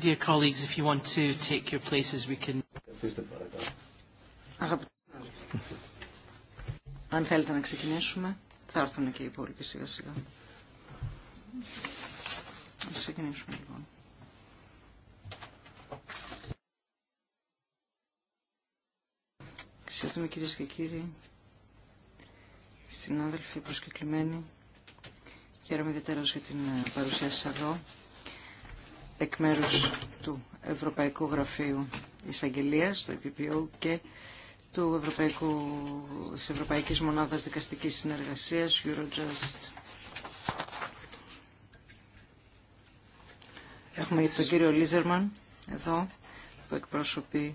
Dear colleagues, if you want to take your places, we can... Αν θέλετε να ξεκινήσουμε, θα έρθουν και οι υπόλοιποι σιγά σιγά. Να ξεκινήσουμε λοιπόν. Ξέρετε κυρίες και κύριοι, συνάδελφοι προσκεκλημένοι, χαίρομαι ιδιαίτερα για την παρουσία σας εδώ εκ μέρους του Ευρωπαϊκού Γραφείου Εισαγγελίας, του ΕΠΠΟ και του Ευρωπαϊκού, της Ευρωπαϊκής Μονάδας Δικαστικής Συνεργασίας, Eurojust. Έχουμε τον κύριο Λίζερμαν εδώ που εκπρόσωπη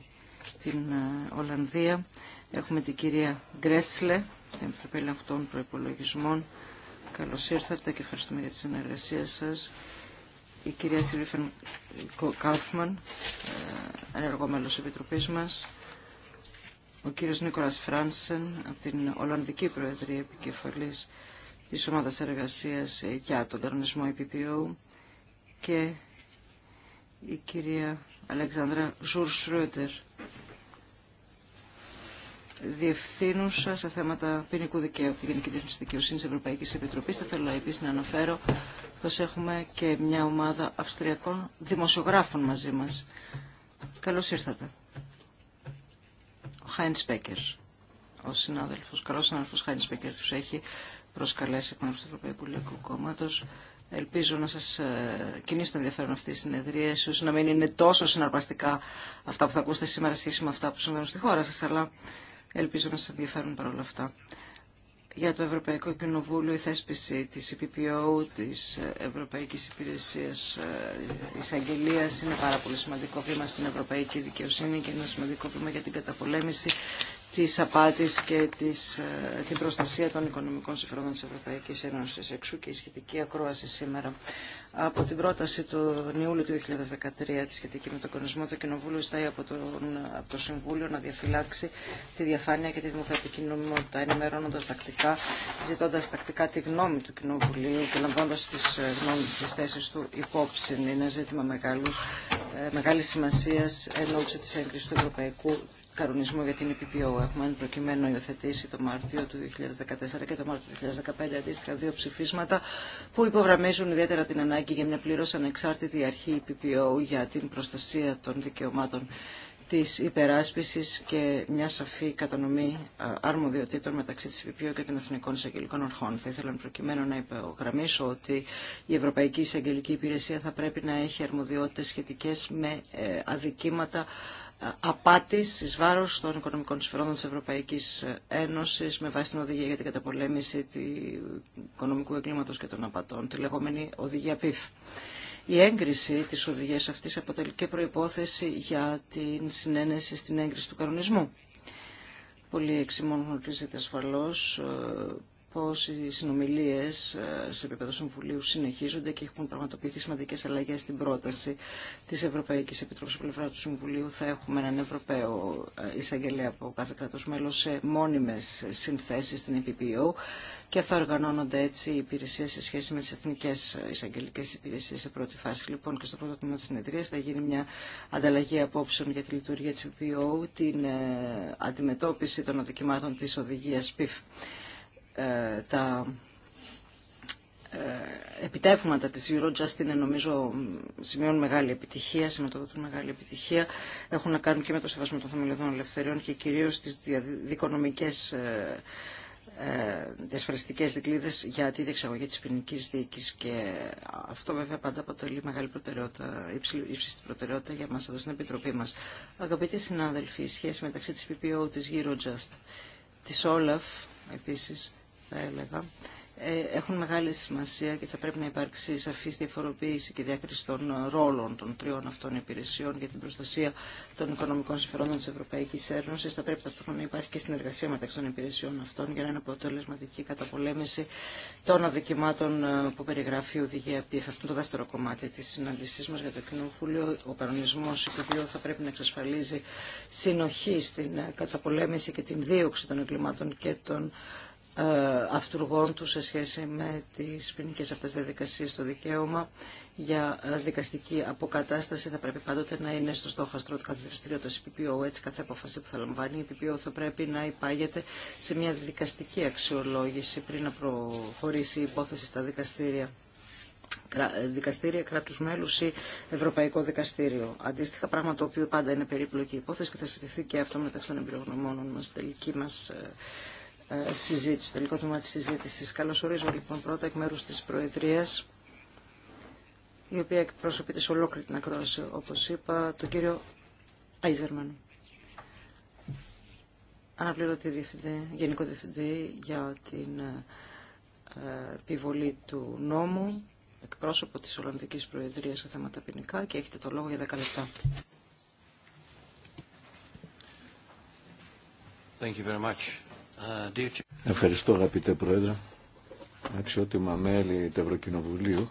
την ε, Ολλανδία. Έχουμε την κυρία Γκρέσλε, την Επιτροπή Ελεγχτών Προϋπολογισμών. Καλώς ήρθατε και ευχαριστούμε για τη συνεργασία σας η κυρία Σιλίφεν Κάουφμαν, ε, ενεργό μέλος Επιτροπής μας, ο κύριος Νίκολας Φράνσεν από την Ολλανδική Προεδρία Επικεφαλής της Ομάδας Εργασίας για τον Τερνισμό EPPO και η κυρία Αλεξάνδρα Ζουρ Σρότερ διευθύνουσα σε θέματα ποινικού δικαίου από τη Γενική Διεθνή Δικαιοσύνη τη Ευρωπαϊκή Επιτροπή. Θα ήθελα επίση να αναφέρω πω έχουμε και μια ομάδα Αυστριακών δημοσιογράφων μαζί μα. Καλώ ήρθατε. Ο Χάιντ Σπέκερ, ο συνάδελφο, καλό συνάδελφο Χάιντ Σπέκερ, του έχει προσκαλέσει εκ μέρου του Ευρωπαϊκού Λαϊκού Κόμματο. Ελπίζω να σας ε, κινήσει το ενδιαφέρον αυτή η συνεδρία, ίσως να μην είναι τόσο συναρπαστικά αυτά που θα ακούσετε σήμερα σχέση με αυτά που συμβαίνουν στη χώρα σας, αλλά Ελπίζω να σας ενδιαφέρουν παρόλα αυτά. Για το Ευρωπαϊκό Κοινοβούλιο η θέσπιση της EPPO, της Ευρωπαϊκής Υπηρεσίας ε, εισαγγελία είναι πάρα πολύ σημαντικό βήμα στην Ευρωπαϊκή Δικαιοσύνη και ένα σημαντικό βήμα για την καταπολέμηση της απάτης και της, ε, την προστασία των οικονομικών συμφερόντων της Ευρωπαϊκής Ένωσης. Εξού και η σχετική ακρόαση σήμερα από την πρόταση του Ιούλιο του 2013 σχετική με τον Κορισμό, το Κοινοβούλιο ζητάει από, τον, από το Συμβούλιο να διαφυλάξει τη διαφάνεια και τη δημοκρατική νομιμότητα, ενημερώνοντα τακτικά, ζητώντα τακτικά τη γνώμη του Κοινοβουλίου και λαμβάνοντα τι ε, γνώμη τη θέση του υπόψη. Είναι ζήτημα ε, μεγάλη σημασία εν ώψη τη έγκριση του Ευρωπαϊκού κανονισμό για την ΕΠΠΟ. Έχουμε εν προκειμένου υιοθετήσει το Μάρτιο του 2014 και το Μάρτιο του 2015 αντίστοιχα δύο ψηφίσματα που υπογραμμίζουν ιδιαίτερα την ανάγκη για μια πλήρω ανεξάρτητη αρχή ΕΠΠΟ για την προστασία των δικαιωμάτων της υπεράσπισης και μια σαφή κατανομή αρμοδιοτήτων μεταξύ της ΕΠΠΟ και των Εθνικών Εισαγγελικών Αρχών. Θα ήθελα προκειμένου να υπογραμμίσω ότι η Ευρωπαϊκή Εισαγγελική Υπηρεσία θα πρέπει να έχει αρμοδιότητες σχετικέ με ε, αδικήματα απάτης εις βάρος των οικονομικών συμφερόντων της Ευρωπαϊκής Ένωσης με βάση την οδηγία για την καταπολέμηση του οικονομικού εγκλήματος και των απατών, τη λεγόμενη οδηγία PIF. Η έγκριση της οδηγίας αυτής αποτελεί και προϋπόθεση για την συνένεση στην έγκριση του κανονισμού. Πολύ εξημών γνωρίζεται ασφαλώς ε, πως οι συνομιλίες ε, σε επίπεδο Συμβουλίου συνεχίζονται και έχουν πραγματοποιηθεί σημαντικές αλλαγές στην πρόταση της Ευρωπαϊκής Επιτροπής πλευρά του Συμβουλίου. Θα έχουμε έναν Ευρωπαίο ε, εισαγγελέα από κάθε κράτος μέλος σε μόνιμες συνθέσεις στην ΕΠΠΟ και θα οργανώνονται έτσι οι υπηρεσίες σε σχέση με τις εθνικές ε, εισαγγελικές υπηρεσίες σε πρώτη φάση. Λοιπόν και στο πρώτο τμήμα της συνεδρίας θα γίνει μια ανταλλαγή απόψεων για τη λειτουργία της EPPO, την αντιμετώπιση των αδικημάτων της οδηγίας PIF. Ε, τα ε, επιτεύγματα της Eurojust είναι νομίζω σημείων μεγάλη επιτυχία, σηματοδοτούν μεγάλη επιτυχία, έχουν να κάνουν και με το σεβασμό των θεμελιωδών ελευθεριών και κυρίως τις δικονομικές ε, διασφαλιστικές δικλείδες για τη διεξαγωγή της ποινική δίκης και αυτό βέβαια πάντα αποτελεί μεγάλη προτεραιότητα, ύψιστη προτεραιότητα για μας εδώ στην Επιτροπή μας. Αγαπητοί συνάδελφοι, η σχέση μεταξύ της PPO, της Eurojust, της Όλαφ επίσης, θα έλεγα, ε, έχουν μεγάλη σημασία και θα πρέπει να υπάρξει σαφή διαφοροποίηση και διάκριση των ρόλων των τριών αυτών υπηρεσιών για την προστασία των οικονομικών συμφερόντων τη Ευρωπαϊκή Ένωση. Θα πρέπει ταυτόχρονα να υπάρχει και συνεργασία μεταξύ των υπηρεσιών αυτών για να είναι αποτελεσματική καταπολέμηση των αδικημάτων ε, που περιγράφει η οδηγία PF. Αυτό είναι το δεύτερο κομμάτι τη συναντησή μα για το Κοινοβούλιο. Ο κανονισμό οποίο θα πρέπει να εξασφαλίζει συνοχή στην καταπολέμηση και την δίωξη των εγκλημάτων και των ε, αυτούργων του σε σχέση με τις ποινικές αυτές διαδικασίες στο δικαίωμα για ε, δικαστική αποκατάσταση θα πρέπει πάντοτε να είναι στο στόχαστρο του κάθε του ΕΠΠΟ Έτσι, κάθε απόφαση που θα λαμβάνει η ΕΠΠΟ θα πρέπει να υπάγεται σε μια δικαστική αξιολόγηση πριν να προχωρήσει η υπόθεση στα δικαστήρια ε, δικαστήρια κράτους μέλους ή Ευρωπαϊκό Δικαστήριο. Αντίστοιχα, πράγμα το οποίο πάντα είναι περίπλοκη υπόθεση και θα συζητηθεί και αυτό μεταξύ των εμπειρογνωμόνων μας, τελική μας συζήτηση, το τελικό τμήμα της συζήτησης. Καλωσορίζω λοιπόν πρώτα εκ μέρους της Προεδρίας, η οποία εκπροσωπείται σε ολόκληρη την ακρόαση, όπως είπα, τον κύριο Άιζερμαν. Αναπληρωτή διευθυντή, Γενικό Διευθυντή για την ε, επιβολή του νόμου, εκπρόσωπο της Ολλανδικής Προεδρίας σε θέματα ποινικά και έχετε το λόγο για 10 λεπτά. Thank you very much. Ευχαριστώ αγαπητέ Πρόεδρε, αξιότιμα μέλη του Ευρωκοινοβουλίου,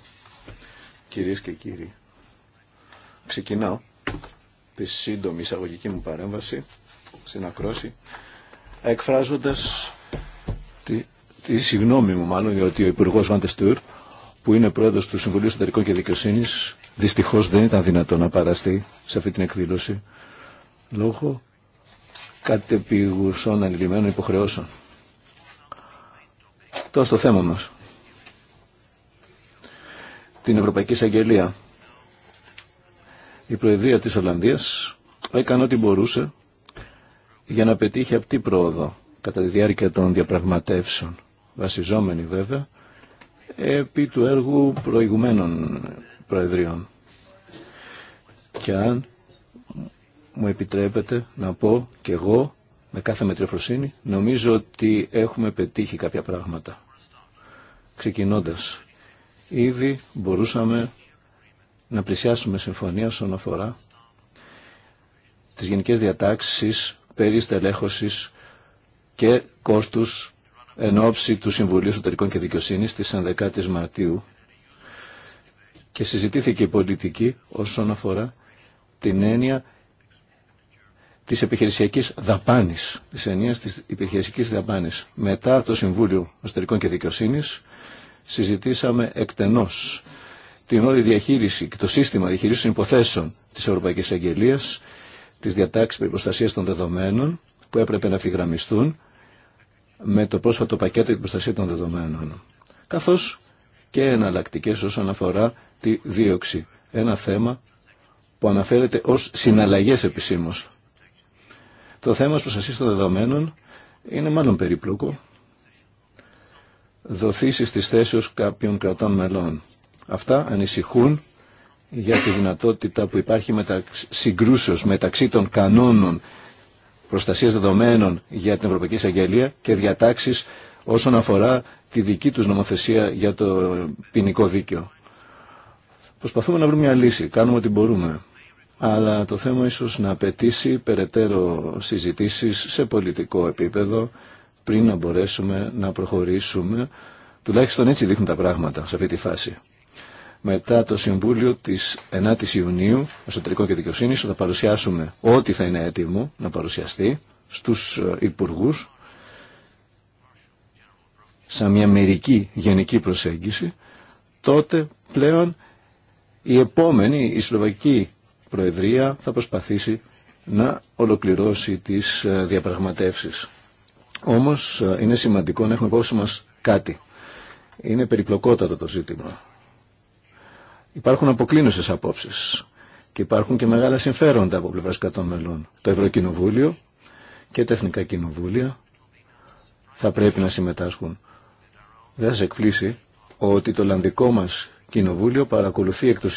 κυρίες και κύριοι. Ξεκινάω τη σύντομη εισαγωγική μου παρέμβαση στην ακρόση, εκφράζοντας τη, τη συγνώμη μου μάλλον, γιατί ο Υπουργό Βαντεστούρ, που είναι πρόεδρος του Συμβουλίου Συντερικών και Δικαιοσύνης, δυστυχώς δεν ήταν δυνατό να παραστεί σε αυτή την εκδήλωση, λόγω κατεπηγουσών ανηλυμένων υποχρεώσεων. Τώρα στο θέμα μας. Την Ευρωπαϊκή Εισαγγελία. Η Προεδρία της Ολλανδίας έκανε ό,τι μπορούσε για να πετύχει αυτή πρόοδο κατά τη διάρκεια των διαπραγματεύσεων, βασιζόμενη βέβαια, επί του έργου προηγουμένων Προεδριών. Και αν μου επιτρέπετε να πω και εγώ με κάθε μετριόφροσυνη νομίζω ότι έχουμε πετύχει κάποια πράγματα. Ξεκινώντας, ήδη μπορούσαμε να πλησιάσουμε συμφωνία όσον αφορά τις γενικές διατάξεις περί στελέχωσης και κόστους εν ώψη του Συμβουλίου Εσωτερικών και δικαιοσύνη στις 11 Μαρτίου και συζητήθηκε η πολιτική όσον αφορά την έννοια της επιχειρησιακής δαπάνης, της ενίας της επιχειρησιακής δαπάνης. Μετά το Συμβούλιο Εσωτερικών και Δικαιοσύνης συζητήσαμε εκτενώς την όλη διαχείριση και το σύστημα διαχειρήσεων υποθέσεων της Ευρωπαϊκής Αγγελίας, τις διατάξεις περί προστασίας των δεδομένων που έπρεπε να αφιγραμμιστούν με το πρόσφατο πακέτο για την προστασία των δεδομένων, καθώς και εναλλακτικέ όσον αφορά τη δίωξη. Ένα θέμα που αναφέρεται ως συναλλαγές επισήμως το θέμα ως προστασίας των δεδομένων είναι μάλλον περίπλοκο. Δοθήσεις της θέσεως κάποιων κρατών μελών. Αυτά ανησυχούν για τη δυνατότητα που υπάρχει μεταξύ, συγκρούσεως μεταξύ των κανόνων προστασίας δεδομένων για την Ευρωπαϊκή Εισαγγελία και διατάξεις όσον αφορά τη δική τους νομοθεσία για το ποινικό δίκαιο. Προσπαθούμε να βρούμε μια λύση. Κάνουμε ό,τι μπορούμε αλλά το θέμα ίσως να απαιτήσει περαιτέρω συζητήσεις σε πολιτικό επίπεδο πριν να μπορέσουμε να προχωρήσουμε. Τουλάχιστον έτσι δείχνουν τα πράγματα σε αυτή τη φάση. Μετά το Συμβούλιο της 9ης Ιουνίου Εσωτερικών και δικαιοσύνη θα παρουσιάσουμε ό,τι θα είναι έτοιμο να παρουσιαστεί στους ε, υπουργούς σαν μια μερική γενική προσέγγιση τότε πλέον η επόμενη, η Σλοβακική Προεδρία θα προσπαθήσει να ολοκληρώσει τις ε, διαπραγματεύσεις. Όμως ε, είναι σημαντικό να έχουμε υπόψη μας κάτι. Είναι περιπλοκότατο το ζήτημα. Υπάρχουν αποκλίνωσες απόψεις και υπάρχουν και μεγάλα συμφέροντα από πλευράς κατών μελών. Το Ευρωκοινοβούλιο και τα Εθνικά Κοινοβούλια θα πρέπει να συμμετάσχουν. Δεν σας εκπλήσει ότι το Ολλανδικό μας Κοινοβούλιο παρακολουθεί εκ του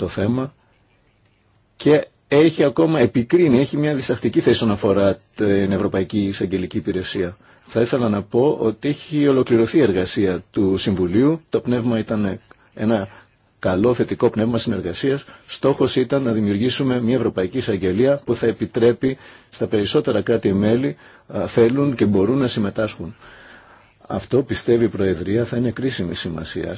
το θέμα και έχει ακόμα επικρίνει, έχει μια διστακτική θέση όσον αφορά την Ευρωπαϊκή Εισαγγελική Υπηρεσία. Θα ήθελα να πω ότι έχει ολοκληρωθεί η εργασία του Συμβουλίου. Το πνεύμα ήταν ένα καλό θετικό πνεύμα συνεργασία. Στόχο ήταν να δημιουργήσουμε μια Ευρωπαϊκή Εισαγγελία που θα επιτρέπει στα περισσότερα κράτη-μέλη θέλουν και μπορούν να συμμετάσχουν. Αυτό πιστεύει η Προεδρία θα είναι κρίσιμη σημασία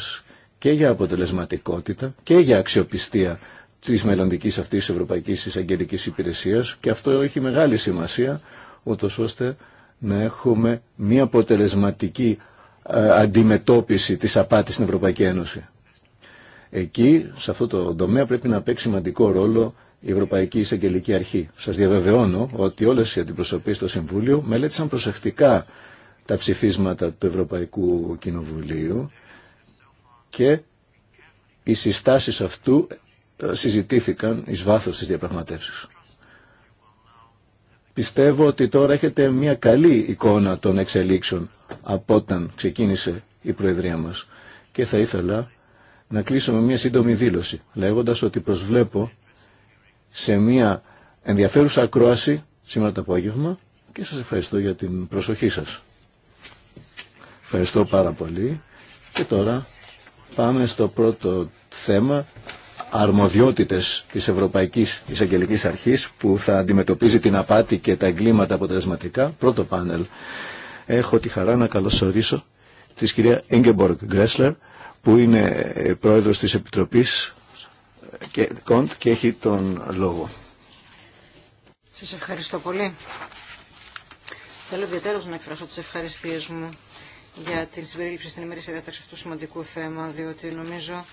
και για αποτελεσματικότητα και για αξιοπιστία τη μελλοντική αυτή, Ευρωπαϊκή Εισαγγελική Υπηρεσία. και αυτό έχει μεγάλη σημασία ούτω ώστε να έχουμε μια αποτελεσματική ε, αντιμετώπιση της απάτης στην Ευρωπαϊκή Ένωση. Εκεί, σε αυτό το τομέα, πρέπει να παίξει σημαντικό ρόλο η Ευρωπαϊκή Εισαγγελική Αρχή. Σας διαβεβαιώνω ότι όλες οι αντιπροσωπείς στο Συμβούλιο μελέτησαν προσεκτικά τα ψηφίσματα του Ευρωπαϊκού Κοινοβουλίου και οι συστάσεις αυτού ε, συζητήθηκαν εις βάθος της διαπραγματεύσης. Πιστεύω ότι τώρα έχετε μια καλή εικόνα των εξελίξεων από όταν ξεκίνησε η Προεδρία μας και θα ήθελα να κλείσω με μια σύντομη δήλωση λέγοντας ότι προσβλέπω σε μια ενδιαφέρουσα ακρόαση σήμερα το απόγευμα και σας ευχαριστώ για την προσοχή σας. Ευχαριστώ πάρα πολύ και τώρα Πάμε στο πρώτο θέμα, αρμοδιότητες της Ευρωπαϊκής Εισαγγελικής Αρχής που θα αντιμετωπίζει την απάτη και τα εγκλήματα αποτελεσματικά. Πρώτο πάνελ. Έχω τη χαρά να καλωσορίσω τη κυρία Ingeborg Γκρέσλερ που είναι ε, πρόεδρος της Επιτροπής ε, και, Κοντ και έχει τον λόγο. Σας ευχαριστώ πολύ. Θέλω ιδιαίτερως να εκφράσω τις ευχαριστίες μου για την συμπερίληψη στην ημέρα διάταξη αυτού του σημαντικού θέμα, διότι νομίζω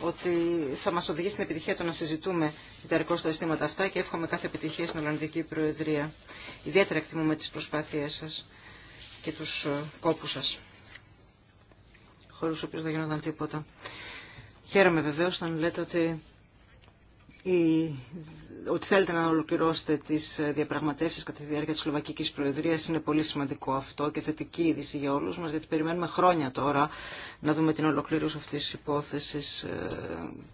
ότι θα μα οδηγήσει στην επιτυχία το να συζητούμε διαρκώ τα αισθήματα αυτά και εύχομαι κάθε επιτυχία στην Ολλανδική Προεδρία. Ιδιαίτερα εκτιμούμε τι προσπάθειε σα και του ε, κόπου σα. χωρί ο οποίο δεν γινόταν τίποτα. Χαίρομαι βεβαίω όταν λέτε ότι ότι θέλετε να ολοκληρώσετε τις ε, διαπραγματεύσεις κατά τη διάρκεια της Σλοβακικής Προεδρίας είναι πολύ σημαντικό αυτό και θετική είδηση για όλους μας γιατί περιμένουμε χρόνια τώρα να δούμε την ολοκλήρωση αυτής της υπόθεσης ε,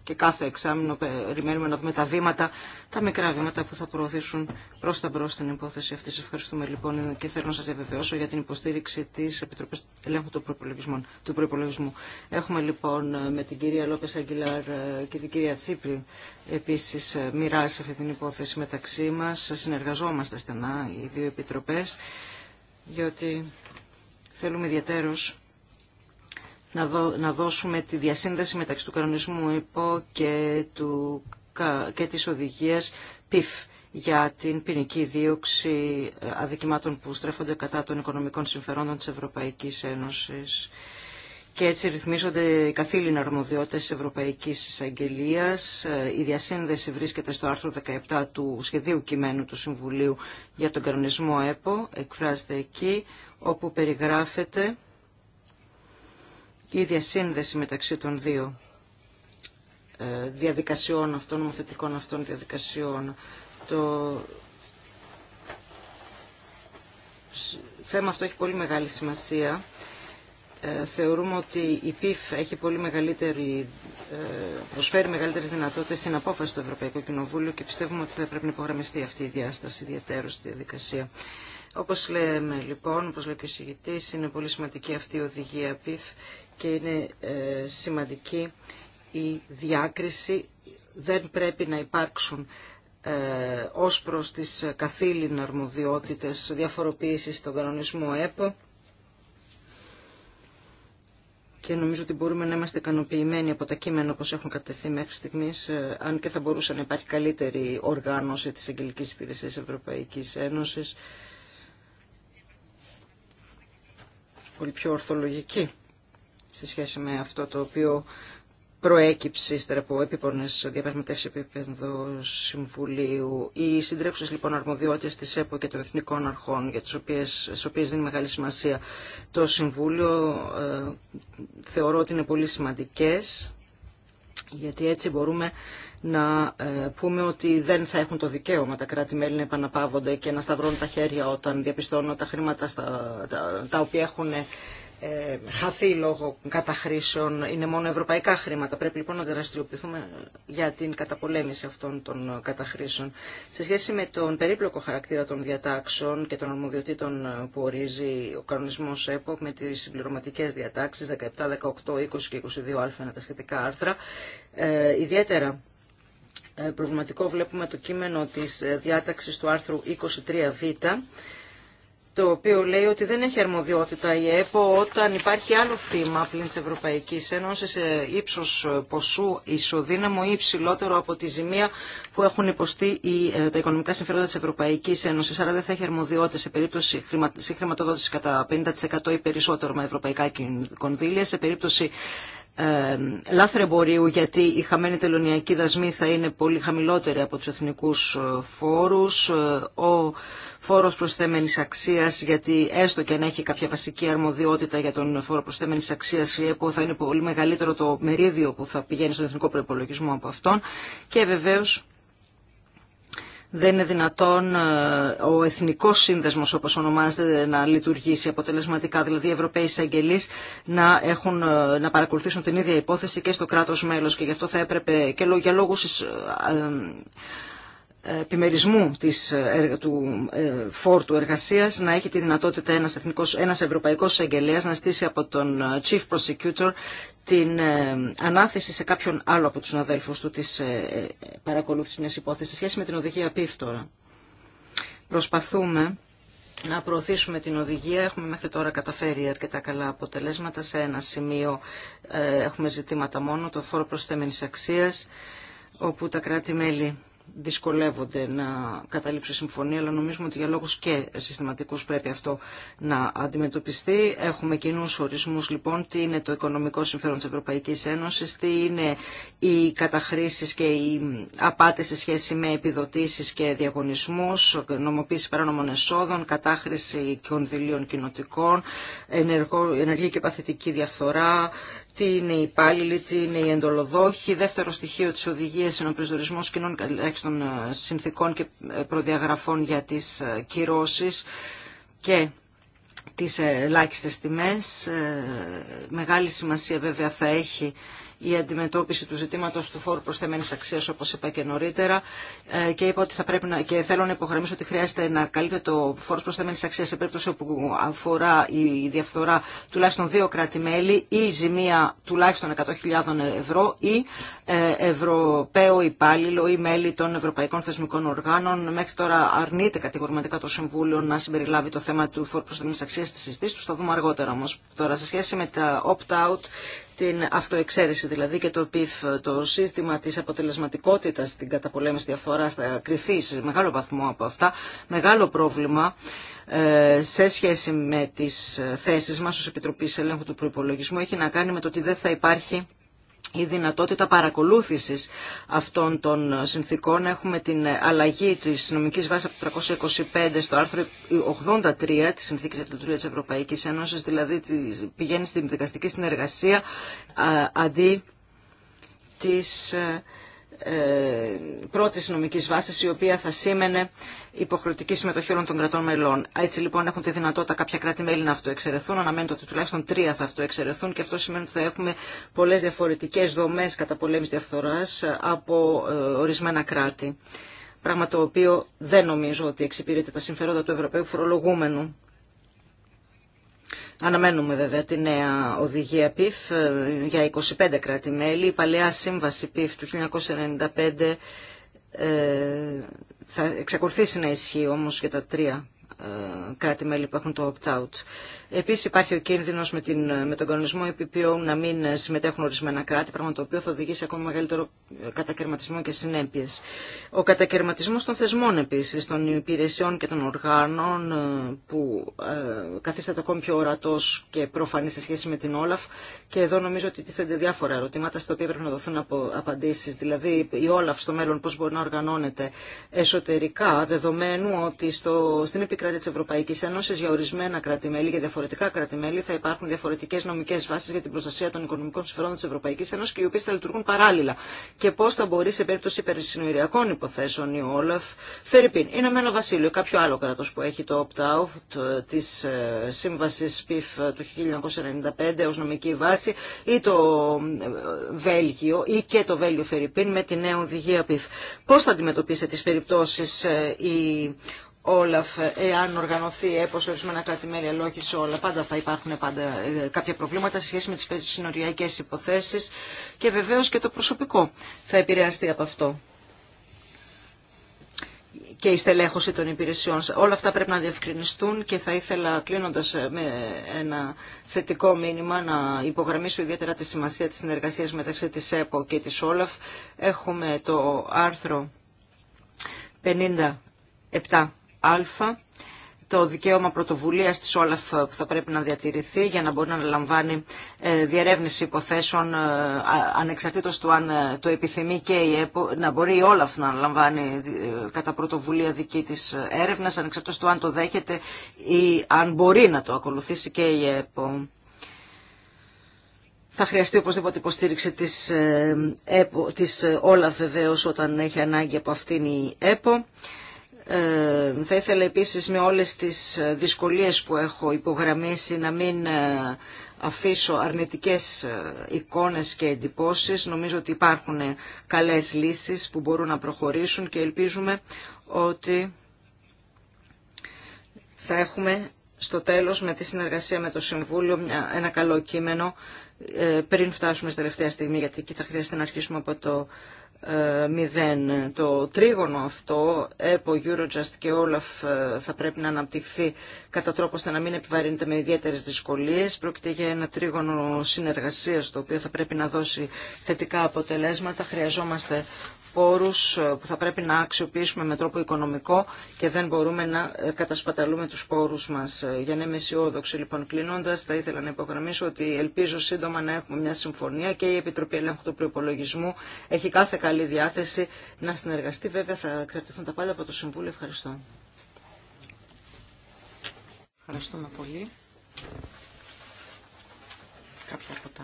και κάθε εξάμεινο περιμένουμε να δούμε τα βήματα, τα μικρά βήματα που θα προωθήσουν προς τα μπρος την υπόθεση αυτή. ευχαριστούμε λοιπόν και θέλω να σας διαβεβαιώσω για την υποστήριξη της Επιτροπής Ελέγχου του Προπολογισμού. Του προπολογισμού. Έχουμε λοιπόν ε, με την κυρία Λόπε Αγγιλάρ και την κυρία Τσίπρη επίσης ε, μοιράσει αυτή την υπόθεση μεταξύ μας. Συνεργαζόμαστε στενά οι δύο επιτροπές, διότι θέλουμε ιδιαίτερως να, να δώσουμε τη διασύνδεση μεταξύ του κανονισμού υπό και, του, και της οδηγίας PIF για την ποινική δίωξη ε, αδικημάτων που στρέφονται κατά των οικονομικών συμφερόντων της Ευρωπαϊκής Ένωσης και έτσι ρυθμίζονται οι καθήλυνα αρμοδιότητε της Ευρωπαϊκής ε, Η διασύνδεση βρίσκεται στο άρθρο 17 του σχεδίου κειμένου του Συμβουλίου για τον κανονισμό ΕΠΟ, εκφράζεται εκεί, όπου περιγράφεται η διασύνδεση μεταξύ των δύο ε, διαδικασιών αυτών, νομοθετικών αυτών διαδικασιών. Το θέμα αυτό έχει πολύ μεγάλη σημασία ε, θεωρούμε ότι η ΠΙΦ έχει πολύ μεγαλύτερη, ε, προσφέρει μεγαλύτερε δυνατότητε στην απόφαση του Ευρωπαϊκού Κοινοβούλου και πιστεύουμε ότι θα πρέπει να υπογραμμιστεί αυτή η διάσταση ιδιαίτερω στη διαδικασία. Όπω λέμε λοιπόν, όπω λέει και ο συγητή, είναι πολύ σημαντική αυτή η οδηγία ΠΙΦ και είναι ε, σημαντική η διάκριση. Δεν πρέπει να υπάρξουν ε, ως προς τις καθήλυνα αρμοδιότητες διαφοροποίησης στον κανονισμό ΕΠΟ και νομίζω ότι μπορούμε να είμαστε ικανοποιημένοι από τα κείμενα όπως έχουν κατευθεί μέχρι στιγμής, ε, αν και θα μπορούσε να υπάρχει καλύτερη οργάνωση της Αγγελικής Υπηρεσίας Ευρωπαϊκής Ένωσης, πολύ πιο ορθολογική σε σχέση με αυτό το οποίο προέκυψε ύστερα από επίπονε διαπραγματεύσει επίπεδο Συμβουλίου. Οι συντρέψει λοιπόν αρμοδιότητε τη ΕΠΟ και των Εθνικών Αρχών, για τι οποίε δίνει μεγάλη σημασία το Συμβούλιο, ε, θεωρώ ότι είναι πολύ σημαντικέ, γιατί έτσι μπορούμε να ε, πούμε ότι δεν θα έχουν το δικαίωμα τα κράτη-μέλη να επαναπαύονται και να σταυρώνουν τα χέρια όταν διαπιστώνουν τα χρήματα στα, τα, τα οποία έχουν ε, ε, χαθεί λόγω καταχρήσεων, είναι μόνο ευρωπαϊκά χρήματα. Πρέπει λοιπόν να δραστηριοποιηθούμε για την καταπολέμηση αυτών των καταχρήσεων. Σε σχέση με τον περίπλοκο χαρακτήρα των διατάξεων και των αρμοδιοτήτων που ορίζει ο κανονισμός ΕΠΟΚ με τις συμπληρωματικέ διατάξεις 17, 18, 20 και 22α τα σχετικά άρθρα, ε, ιδιαίτερα ε, προβληματικό βλέπουμε το κείμενο της ε, διάταξης του άρθρου 23β το οποίο λέει ότι δεν έχει αρμοδιότητα η ΕΠΟ όταν υπάρχει άλλο θύμα πλήν της Ευρωπαϊκής Ένωσης σε ύψος ε, ποσού ισοδύναμο ή υψηλότερο από τη ζημία που έχουν υποστεί ε, τα οικονομικά συμφέροντα της Ευρωπαϊκής Ένωσης. Άρα δεν θα έχει αρμοδιότητα σε περίπτωση χρηματοδότηση κατά 50% ή περισσότερο με ευρωπαϊκά κονδύλια, σε περίπτωση εμπορίου γιατί η χαμένη τελωνιακή δασμή θα είναι πολύ χαμηλότερη από τους εθνικούς ε, φόρους, ε, ο φόρος προσθέμενης αξίας γιατί έστω και αν έχει κάποια βασική αρμοδιότητα για τον φόρο προσθέμενης αξίας η ΕΠΟ θα είναι πολύ μεγαλύτερο το μερίδιο που θα πηγαίνει στον εθνικό προπολογισμό από αυτόν και βεβαίως δεν είναι δυνατόν ε, ο εθνικός σύνδεσμος όπως ονομάζεται να λειτουργήσει αποτελεσματικά, δηλαδή οι Ευρωπαίοι εισαγγελεί να, έχουν, ε, να παρακολουθήσουν την ίδια υπόθεση και στο κράτος μέλος και γι' αυτό θα έπρεπε και για λόγους ε, επιμερισμού της, ε, του ε, φόρτου να έχει τη δυνατότητα ένας, εθνικός, ένας ευρωπαϊκός εισαγγελέας να στήσει από τον ε, Chief Prosecutor την ανάθεση σε κάποιον άλλο από τους αδέλφους του της παρακολούθησης μιας υπόθεσης σε σχέση με την οδηγία PIF Προσπαθούμε να προωθήσουμε την οδηγία. Έχουμε μέχρι τώρα καταφέρει αρκετά καλά αποτελέσματα. Σε ένα σημείο έχουμε ζητήματα μόνο, το φόρο προσθέμενης αξίας, όπου τα κράτη-μέλη δυσκολεύονται να καταλήψουν συμφωνία, αλλά νομίζουμε ότι για λόγους και συστηματικούς πρέπει αυτό να αντιμετωπιστεί. Έχουμε κοινού ορισμούς λοιπόν, τι είναι το οικονομικό συμφέρον της Ευρωπαϊκής Ένωσης, τι είναι οι καταχρήσεις και οι απάτες σε σχέση με επιδοτήσεις και διαγωνισμούς, νομοποίηση παράνομων εσόδων, κατάχρηση κονδυλίων κοινοτικών, ενεργή και παθητική διαφθορά, τι είναι οι υπάλληλοι, τι είναι οι εντολοδόχοι. Δεύτερο στοιχείο της οδηγίας είναι ο προσδορισμός κοινών των ε, συνθήκων και ε, προδιαγραφών για τις ε, κυρώσεις και τις ελάχιστες τιμές. Μεγάλη σημασία βέβαια θα έχει η αντιμετώπιση του ζητήματος του φόρου προσθεμένης αξίας, όπως είπα και νωρίτερα, ε, και είπα ότι θα πρέπει να, και θέλω να υπογραμμίσω ότι χρειάζεται να καλύπτεται το φόρο προσθεμένης αξίας σε περίπτωση όπου αφορά η διαφθορά τουλάχιστον δύο κράτη-μέλη ή ζημία τουλάχιστον 100.000 ευρώ ή ε, Ευρωπαίο υπάλληλο ή μέλη των Ευρωπαϊκών Θεσμικών Οργάνων. Μέχρι τώρα αρνείται κατηγορηματικά το Συμβούλιο να συμπεριλάβει το θέμα του φόρου προσθεμένη αξία στις συζητήσεις του. Θα δούμε αργότερα Τώρα σε σχέση με τα opt-out την αυτοεξαίρεση δηλαδή και το ΠΙΦ, το σύστημα της αποτελεσματικότητας στην καταπολέμηση διαφθοράς θα κρυθεί σε μεγάλο βαθμό από αυτά, μεγάλο πρόβλημα ε, σε σχέση με τις ε, θέσεις μας ως Επιτροπής Ελέγχου του Προϋπολογισμού έχει να κάνει με το ότι δεν θα υπάρχει η δυνατότητα παρακολούθησης αυτών των συνθήκων. Έχουμε την αλλαγή της νομικής βάσης από το 325 στο άρθρο 83 της Συνθήκης Ατλητουργίας της Ευρωπαϊκής Ένωσης, δηλαδή πηγαίνει στην δικαστική συνεργασία αντί της ε, ε, πρώτης νομικής βάσης η οποία θα σήμαινε υποχρεωτική συμμετοχή όλων των κρατών μελών. Έτσι λοιπόν έχουν τη δυνατότητα κάποια κράτη-μέλη να αυτοεξαιρεθούν. Αναμένεται ότι τουλάχιστον τρία θα αυτοεξαιρεθούν και αυτό σημαίνει ότι θα έχουμε πολλέ διαφορετικέ δομέ κατά πολέμη διαφθορά ε, από ε, ορισμένα κράτη. Πράγμα το οποίο δεν νομίζω ότι εξυπηρετεί τα συμφέροντα του Ευρωπαίου φορολογούμενου. Αναμένουμε βέβαια τη νέα οδηγία ΠΥΦ ε, για 25 κράτη-μέλη. Η παλαιά σύμβαση ΠΥΦ του 1995 ε, θα εξακολουθήσει να ισχύει όμως για τα τρία κράτη-μέλη που έχουν το opt-out. Επίσης υπάρχει ο κίνδυνος με, με τον κανονισμό EPPO να μην συμμετέχουν ορισμένα κράτη, πράγμα το οποίο θα οδηγήσει ακόμα μεγαλύτερο κατακαιρματισμό και συνέπειες. Ο κατακαιρματισμός των θεσμών επίση των υπηρεσιών και των οργάνων ε, που ε, καθίσταται ακόμη πιο ορατός και προφανή σε σχέση με την Όλαφ και εδώ νομίζω ότι τίθενται διάφορα ερωτήματα στα οποία πρέπει να δοθούν από απαντήσεις. Δηλαδή η Όλαφ στο μέλλον πώς μπορεί να οργανώνεται εσωτερικά δεδομένου ότι στο, στην επικρα... Τη της Ευρωπαϊκής Ένωσης για ορισμένα κράτη-μέλη, για διαφορετικά κράτη-μέλη, θα υπάρχουν διαφορετικές νομικές βάσεις για την προστασία των οικονομικών συμφερόντων της Ευρωπαϊκής Ένωσης και οι οποίες θα λειτουργούν παράλληλα. Και πώς θα μπορεί σε περίπτωση περισυνοριακών υποθέσεων η Όλαφ, Φερρυπίν, η με ένα βασίλειο, κάποιο άλλο κράτος που έχει το opt-out της ε, σύμβασης PIF του 1995 ως νομική βάση ή το ε, Βέλγιο ή και το Βέλγιο Φερρυπίν με τη νέα οδηγία PIF. Πώς θα αντιμετωπίσετε τις περιπτώσεις ε, η Όλαφ, εάν οργανωθεί έπω ορισμένα λόγη σε όλα, πάντα θα υπάρχουν πάντα ε, κάποια προβλήματα σε σχέση με τι συνοριακέ υποθέσει και βεβαίω και το προσωπικό θα επηρεαστεί από αυτό και η στελέχωση των υπηρεσιών. Όλα αυτά πρέπει να διευκρινιστούν και θα ήθελα κλείνοντας ε, με ένα θετικό μήνυμα να υπογραμμίσω ιδιαίτερα τη σημασία της συνεργασίας μεταξύ της ΕΠΟ και της Όλαφ. Έχουμε το άρθρο 57 α, το δικαίωμα πρωτοβουλίας της Όλαφ που θα πρέπει να διατηρηθεί για να μπορεί να αναλαμβάνει ε, διερεύνηση υποθέσεων ε, ανεξαρτήτως του αν ε, το επιθυμεί και η ΕΠΟ, να μπορεί η Όλαφ να αναλαμβάνει κατά πρωτοβουλία δική της έρευνας ανεξαρτήτως του αν το δέχεται ή αν μπορεί να το ακολουθήσει και η ΕΠΟ. Θα χρειαστεί οπωσδήποτε υποστήριξη της, ΕΠΟ, της Όλαφ βεβαίως όταν έχει ανάγκη από αυτήν η ΕΠΟ. Ε, θα ήθελα επίσης με όλες τις δυσκολίες που έχω υπογραμμίσει να μην ε, αφήσω αρνητικές ε, εικόνες και εντυπώσεις. Νομίζω ότι υπάρχουν καλές λύσεις που μπορούν να προχωρήσουν και ελπίζουμε ότι θα έχουμε στο τέλος με τη συνεργασία με το Συμβούλιο ένα καλό κείμενο πριν φτάσουμε στη τελευταία στιγμή γιατί εκεί θα χρειαστεί να αρχίσουμε από το ε, μηδεν Το τρίγωνο αυτό, ΕΠΟ, Eurojust και Όλαφ ε, θα πρέπει να αναπτυχθεί κατά τρόπο ώστε να μην επιβαρύνεται με ιδιαίτερε δυσκολίε. Πρόκειται για ένα τρίγωνο συνεργασία το οποίο θα πρέπει να δώσει θετικά αποτελέσματα. Χρειαζόμαστε πόρους ε, που θα πρέπει να αξιοποιήσουμε με τρόπο οικονομικό και δεν μπορούμε να ε, κατασπαταλούμε τους πόρους μας. Ε, για να είμαι αισιόδοξη λοιπόν κλείνοντας θα ήθελα να υπογραμμίσω ότι ελπίζω σύντομα να έχουμε μια συμφωνία και η Επιτροπή Ελέγχου του Προπολογισμού έχει κάθε καλή διάθεση να συνεργαστεί. Βέβαια θα κρατηθούν τα πάντα από το Συμβούλιο. Ευχαριστώ. Ευχαριστούμε πολύ. Κάποια από τα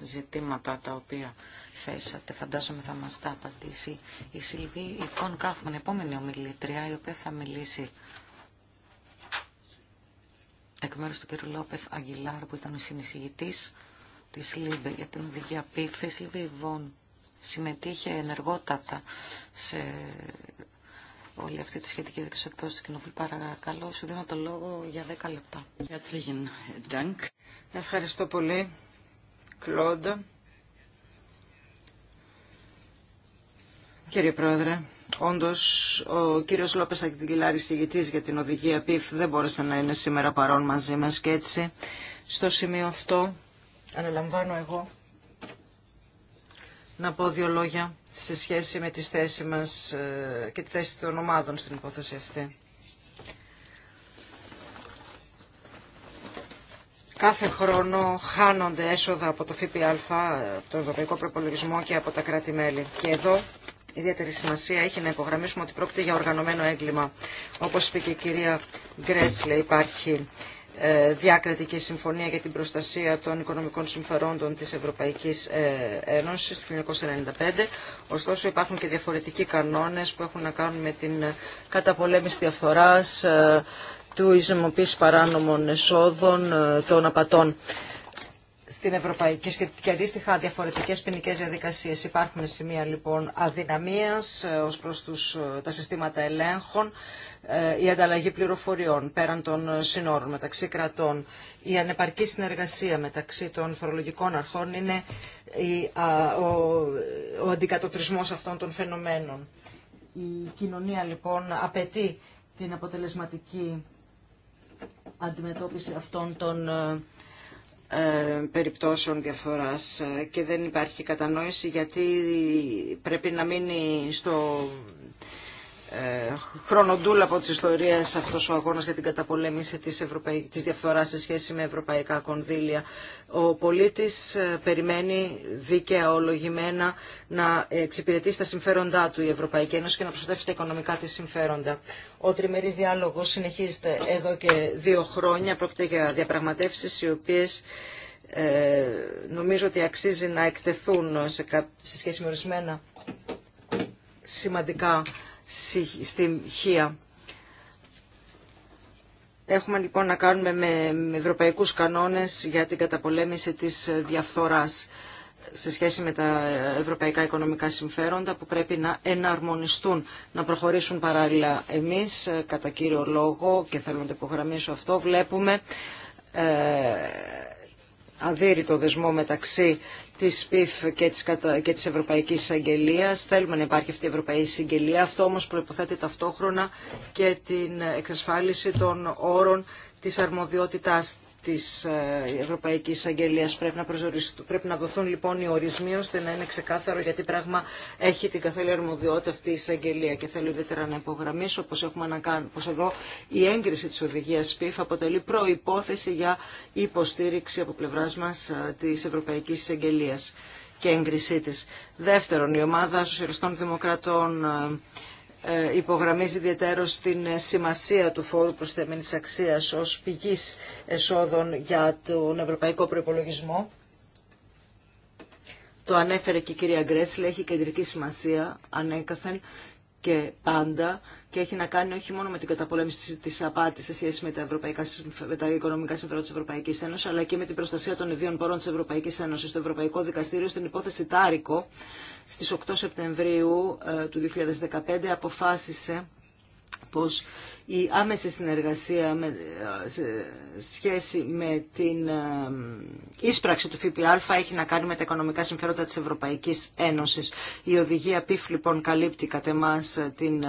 ζητήματα τα οποία θέσατε. Φαντάζομαι θα μας τα απαντήσει η Σιλβή η Φων Κάφμαν, επόμενη ομιλήτρια, η οποία θα μιλήσει εκ μέρους του κ. Λόπεθ Αγγιλάρ, που ήταν ο συνεισηγητής της ΛΥΜΠΕ για την οδηγία ΠΥΦ. Η Σιλβή Ιβών συμμετείχε ενεργότατα σε όλη αυτή τη σχετική δίκηση του Κοινοβουλίου. Παρακαλώ, σου δίνω το λόγο για 10 λεπτά. Ευχαριστώ πολύ, Κλόντα. Κύριε Πρόεδρε, όντω ο κύριο Λόπε Αγγελάρη, ηγητή για την οδηγία ΠΙΦ, δεν μπόρεσε να είναι σήμερα παρόν μαζί μα και έτσι στο σημείο αυτό αναλαμβάνω εγώ να πω δύο λόγια σε σχέση με τη θέση μας ε, και τη θέση των ομάδων στην υπόθεση αυτή. Κάθε χρόνο χάνονται έσοδα από το ΦΠΑ, από ε, τον Ευρωπαϊκό Προπολογισμό και από τα κράτη-μέλη. Και εδώ ιδιαίτερη σημασία έχει να υπογραμμίσουμε ότι πρόκειται για οργανωμένο έγκλημα. Όπως είπε και η κυρία Γκρέσλε, υπάρχει ε, διάκριτική συμφωνία για την προστασία των οικονομικών συμφερόντων της Ευρωπαϊκής ε, Ένωσης του 1995. Ωστόσο υπάρχουν και διαφορετικοί κανόνες που έχουν να κάνουν με την καταπολέμηση διαφθοράς, ε, του ιζωμοποίηση παράνομων εσόδων, των απατών στην ευρωπαϊκή και, αντίστοιχα διαφορετικέ ποινικέ διαδικασίε. Υπάρχουν σημεία λοιπόν αδυναμία ε, ω προ ε, τα συστήματα ελέγχων, ε, η ανταλλαγή πληροφοριών πέραν των συνόρων μεταξύ κρατών, η ανεπαρκή συνεργασία μεταξύ των φορολογικών αρχών είναι ο, ο αυτών των φαινομένων. Η κοινωνία λοιπόν απαιτεί την αποτελεσματική αντιμετώπιση αυτών των ε, περιπτώσεων διαφοράς ε, και δεν υπάρχει κατανόηση γιατί πρέπει να μείνει στο ε, από τις ιστορίες αυτός ο αγώνας για την καταπολέμηση της, Ευρωπαϊ... της διαφθοράς σε σχέση με ευρωπαϊκά κονδύλια. Ο πολίτης ε, περιμένει δίκαια ολογημένα να εξυπηρετήσει τα συμφέροντά του η Ευρωπαϊκή Ένωση και να προστατεύσει τα οικονομικά της συμφέροντα. Ο τριμερής διάλογος συνεχίζεται εδώ και δύο χρόνια. Πρόκειται για διαπραγματεύσεις οι οποίες ε, νομίζω ότι αξίζει να εκτεθούν σε, σε σχέση με ορισμένα σημαντικά στην ΧΙΑ. Έχουμε λοιπόν να κάνουμε με, ευρωπαϊκούς κανόνες για την καταπολέμηση της διαφθοράς σε σχέση με τα ευρωπαϊκά οικονομικά συμφέροντα που πρέπει να εναρμονιστούν, να προχωρήσουν παράλληλα. Εμείς, κατά κύριο λόγο, και θέλω να το υπογραμμίσω αυτό, βλέπουμε ε, αδύρυτο δεσμό μεταξύ της ΠΙΦ και της, και της Ευρωπαϊκής Εισαγγελίας. Θέλουμε να υπάρχει αυτή η Ευρωπαϊκή Εισαγγελία. Αυτό όμως προϋποθέτει ταυτόχρονα και την εξασφάλιση των όρων της αρμοδιότητάς της ε, Ευρωπαϊκής Αγγελίας πρέπει να, πρέπει να δοθούν λοιπόν οι ορισμοί ώστε να είναι ξεκάθαρο γιατί πράγμα έχει την καθέλη αρμοδιότητα αυτή η εισαγγελία και θέλω ιδιαίτερα να υπογραμμίσω πως, έχουμε να κάνουμε, πως εδώ η έγκριση της οδηγίας ΠΥΦ αποτελεί προϋπόθεση για υποστήριξη από πλευράς μας ε, της Ευρωπαϊκής Εισαγγελίας και έγκρισή της. Δεύτερον, η ομάδα Σοσιαλιστών Δημοκρατών ε, ε, υπογραμμίζει ιδιαίτερο την σημασία του φόρου προσθεμένης αξίας ως πηγής εσόδων για τον ευρωπαϊκό προϋπολογισμό. Το ανέφερε και η κυρία Γκρέσλε, έχει κεντρική σημασία ανέκαθεν και πάντα και έχει να κάνει όχι μόνο με την καταπολέμηση τη απάτη σε σχέση με τα, ευρωπαϊκά, με τα οικονομικά συμφέροντα τη Ευρωπαϊκή Ένωση, αλλά και με την προστασία των ιδίων πόρων τη Ευρωπαϊκή Ένωση. Το Ευρωπαϊκό Δικαστήριο στην υπόθεση Τάρικο στις 8 Σεπτεμβρίου ε, του 2015 αποφάσισε πως η άμεση συνεργασία με, ε, σχέση με την ίσπραξη ε, του ΦΠΑ έχει να κάνει με τα οικονομικά συμφέροντα της Ευρωπαϊκής Ένωσης. Η οδηγία ΠΥΦ λοιπόν καλύπτει κατά εμάς την,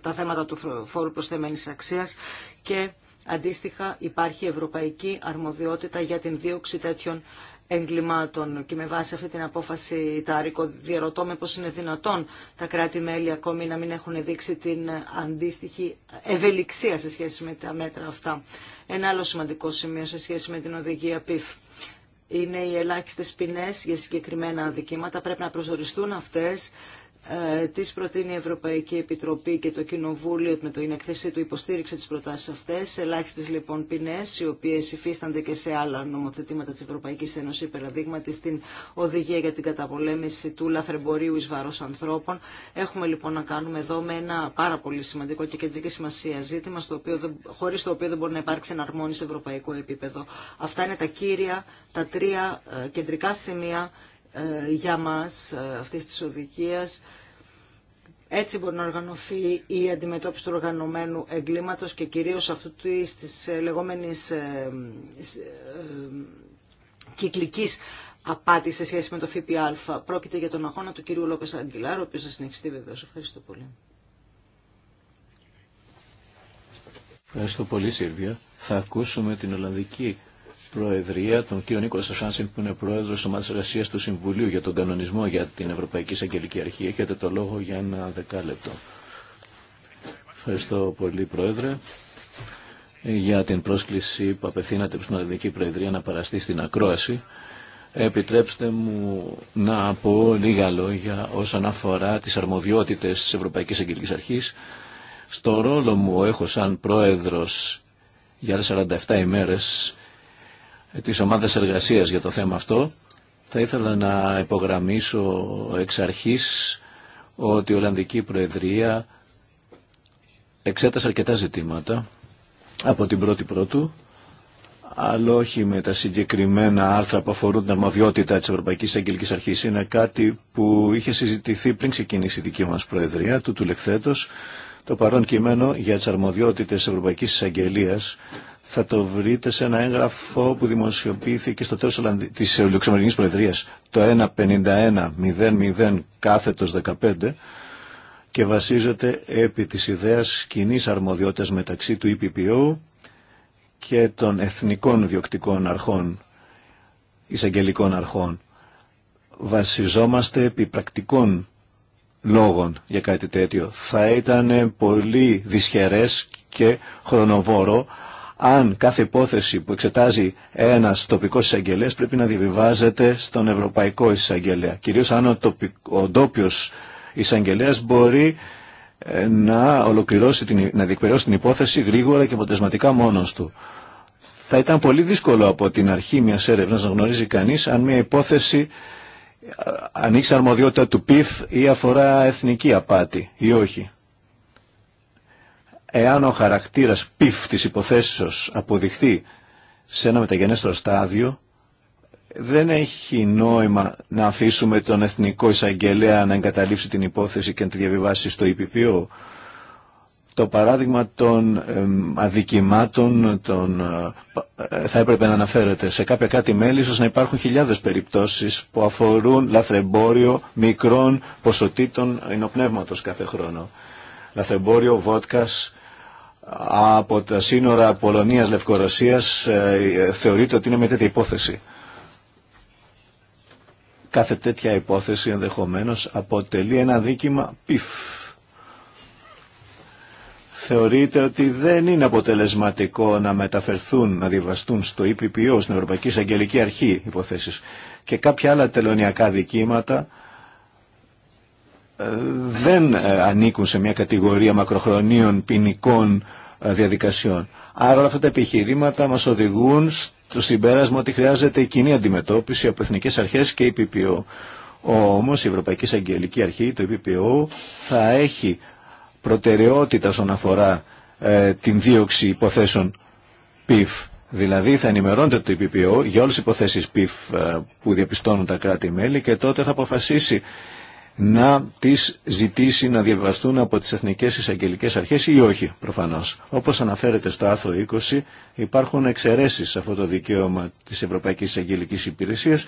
τα θέματα του φόρου προσθεμένης αξίας και αντίστοιχα υπάρχει ευρωπαϊκή αρμοδιότητα για την δίωξη τέτοιων εγκλημάτων και με βάση αυτή την απόφαση Τάρικο, διαρωτώ με πως είναι δυνατόν τα κράτη-μέλη ακόμη να μην έχουν δείξει την αντίστοιχη ευελιξία σε σχέση με τα μέτρα αυτά. Ένα άλλο σημαντικό σημείο σε σχέση με την οδηγία PIF είναι οι ελάχιστες ποινές για συγκεκριμένα αδικήματα. Πρέπει να προσοριστούν αυτές Τη ε, τις προτείνει η Ευρωπαϊκή Επιτροπή και το Κοινοβούλιο με την εκθεσή του υποστήριξε τις προτάσεις αυτές. Ελάχιστες λοιπόν ποινές, οι οποίες υφίστανται και σε άλλα νομοθετήματα της Ευρωπαϊκής Ένωσης, παραδείγματι στην οδηγία για την καταπολέμηση του λαθρεμπορίου εις βάρος ανθρώπων. Έχουμε λοιπόν να κάνουμε εδώ με ένα πάρα πολύ σημαντικό και κεντρική σημασία ζήτημα, στο οποίο χωρίς το οποίο δεν μπορεί να υπάρξει εναρμόνιση σε ευρωπαϊκό επίπεδο. Αυτά είναι τα κύρια, τα τρία ε, κεντρικά σημεία ε, για μας ε, αυτής της οδηγίας. Έτσι μπορεί να οργανωθεί η αντιμετώπιση του οργανωμένου εγκλήματος και κυρίως αυτού της, της ε, λεγόμενης κυκλικής απάτη σε σχέση με το ΦΠΑ. Πρόκειται για τον αγώνα του κυρίου Λόπες Αγγιλάρ, ο οποίος θα συνεχιστεί βεβαίω. Ευχαριστώ πολύ. Ευχαριστώ πολύ, Σύρβια. Θα ακούσουμε την Ολλανδική Προεδρία, τον κύριο Νίκολα Σασάνσιν που είναι Πρόεδρο τη ομάδα εργασίας του Συμβουλίου για τον κανονισμό για την Ευρωπαϊκή Εισαγγελική Αρχή. Έχετε το λόγο για ένα δεκάλεπτο. Ευχαριστώ πολύ Πρόεδρε για την πρόσκληση που απευθύνατε προς την Ελληνική Προεδρία να παραστεί στην ακρόαση. Επιτρέψτε μου να πω λίγα λόγια όσον αφορά τις αρμοδιότητες της Ευρωπαϊκής Αγγελικής Αρχής. Στο ρόλο μου έχω σαν πρόεδρο για 47 ημέρε της ομάδας εργασίας για το θέμα αυτό. Θα ήθελα να υπογραμμίσω εξ αρχής ότι η Ολλανδική Προεδρία εξέτασε αρκετά ζητήματα από την πρώτη πρώτου, αλλά όχι με τα συγκεκριμένα άρθρα που αφορούν την αρμοδιότητα της Ευρωπαϊκής Αγγελικής Αρχής. Είναι κάτι που είχε συζητηθεί πριν ξεκινήσει η δική μας Προεδρία, του του το παρόν κείμενο για τις αρμοδιότητες της Ευρωπαϊκής Αγγελίας θα το βρείτε σε ένα έγγραφο που δημοσιοποιήθηκε στο τέλος της Λουξεμβουργικής Προεδρίας το 151-00 κάθετος 15 και βασίζεται επί της ιδέας κοινή αρμοδιότητας μεταξύ του EPPO και των εθνικών διοκτικών αρχών, εισαγγελικών αρχών. Βασιζόμαστε επί πρακτικών λόγων για κάτι τέτοιο. Θα ήταν πολύ δυσχερές και χρονοβόρο αν κάθε υπόθεση που εξετάζει ένα τοπικό εισαγγελέα πρέπει να διαβιβάζεται στον Ευρωπαϊκό εισαγγελέα. Κυρίω αν ο, ο ντόπιο εισαγγελέα μπορεί ε, να, ολοκληρώσει την... να διεκπαιρεώσει την υπόθεση γρήγορα και αποτελεσματικά μόνο του. Θα ήταν πολύ δύσκολο από την αρχή μια έρευνα να γνωρίζει κανεί αν μια υπόθεση ε, ανοίξει αρμοδιότητα του ΠΙΦ ή αφορά εθνική απάτη ή όχι. Εάν ο χαρακτήρας πιφ της υποθέσεως αποδειχθεί σε ένα μεταγενέστερο στάδιο, δεν έχει νόημα να αφήσουμε τον εθνικό εισαγγελέα να εγκαταλείψει την υπόθεση και να τη διαβιβάσει στο ΕΠΠΟ. Το παράδειγμα των αδικημάτων των, ε, ε, θα έπρεπε να αναφέρεται. Σε κάποια κάτι μέλη ίσως να υπάρχουν χιλιάδες περιπτώσεις που αφορούν λαθρεμπόριο μικρών ποσοτήτων ενοπνεύματος κάθε χρόνο. Λαθρεμπόριο βότκας, από τα σύνορα Πολωνίας-Λευκορωσίας ε, θεωρείται ότι είναι με τέτοια υπόθεση. Κάθε τέτοια υπόθεση ενδεχομένως αποτελεί ένα δίκημα πιφ. Θεωρείται ότι δεν είναι αποτελεσματικό να μεταφερθούν, να διαβαστούν στο ΕΠΠΟ, στην Ευρωπαϊκή Εισαγγελική Αρχή υποθέσεις και κάποια άλλα τελωνιακά δικήματα δεν ε, ανήκουν σε μια κατηγορία μακροχρονίων ποινικών ε, διαδικασιών. Άρα όλα αυτά τα επιχειρήματα μας οδηγούν στο συμπέρασμα ότι χρειάζεται η κοινή αντιμετώπιση από εθνικές αρχές και η ΠΠΟ. Όμως η Ευρωπαϊκή Αγγελική Αρχή, το ΕΠΠΟ, θα έχει προτεραιότητα όσον αφορά ε, την δίωξη υποθέσεων ΠΙΦ. Δηλαδή θα ενημερώνεται το ΕΠΠΟ για όλες τις υποθέσεις ΠΙΦ που διαπιστώνουν τα κράτη-μέλη και τότε θα αποφασίσει να τις ζητήσει να διαβαστούν από τις εθνικές εισαγγελικές αρχές ή όχι προφανώς. Όπως αναφέρεται στο άρθρο 20 υπάρχουν εξαιρέσεις σε αυτό το δικαίωμα της Ευρωπαϊκής Εισαγγελικής Υπηρεσίας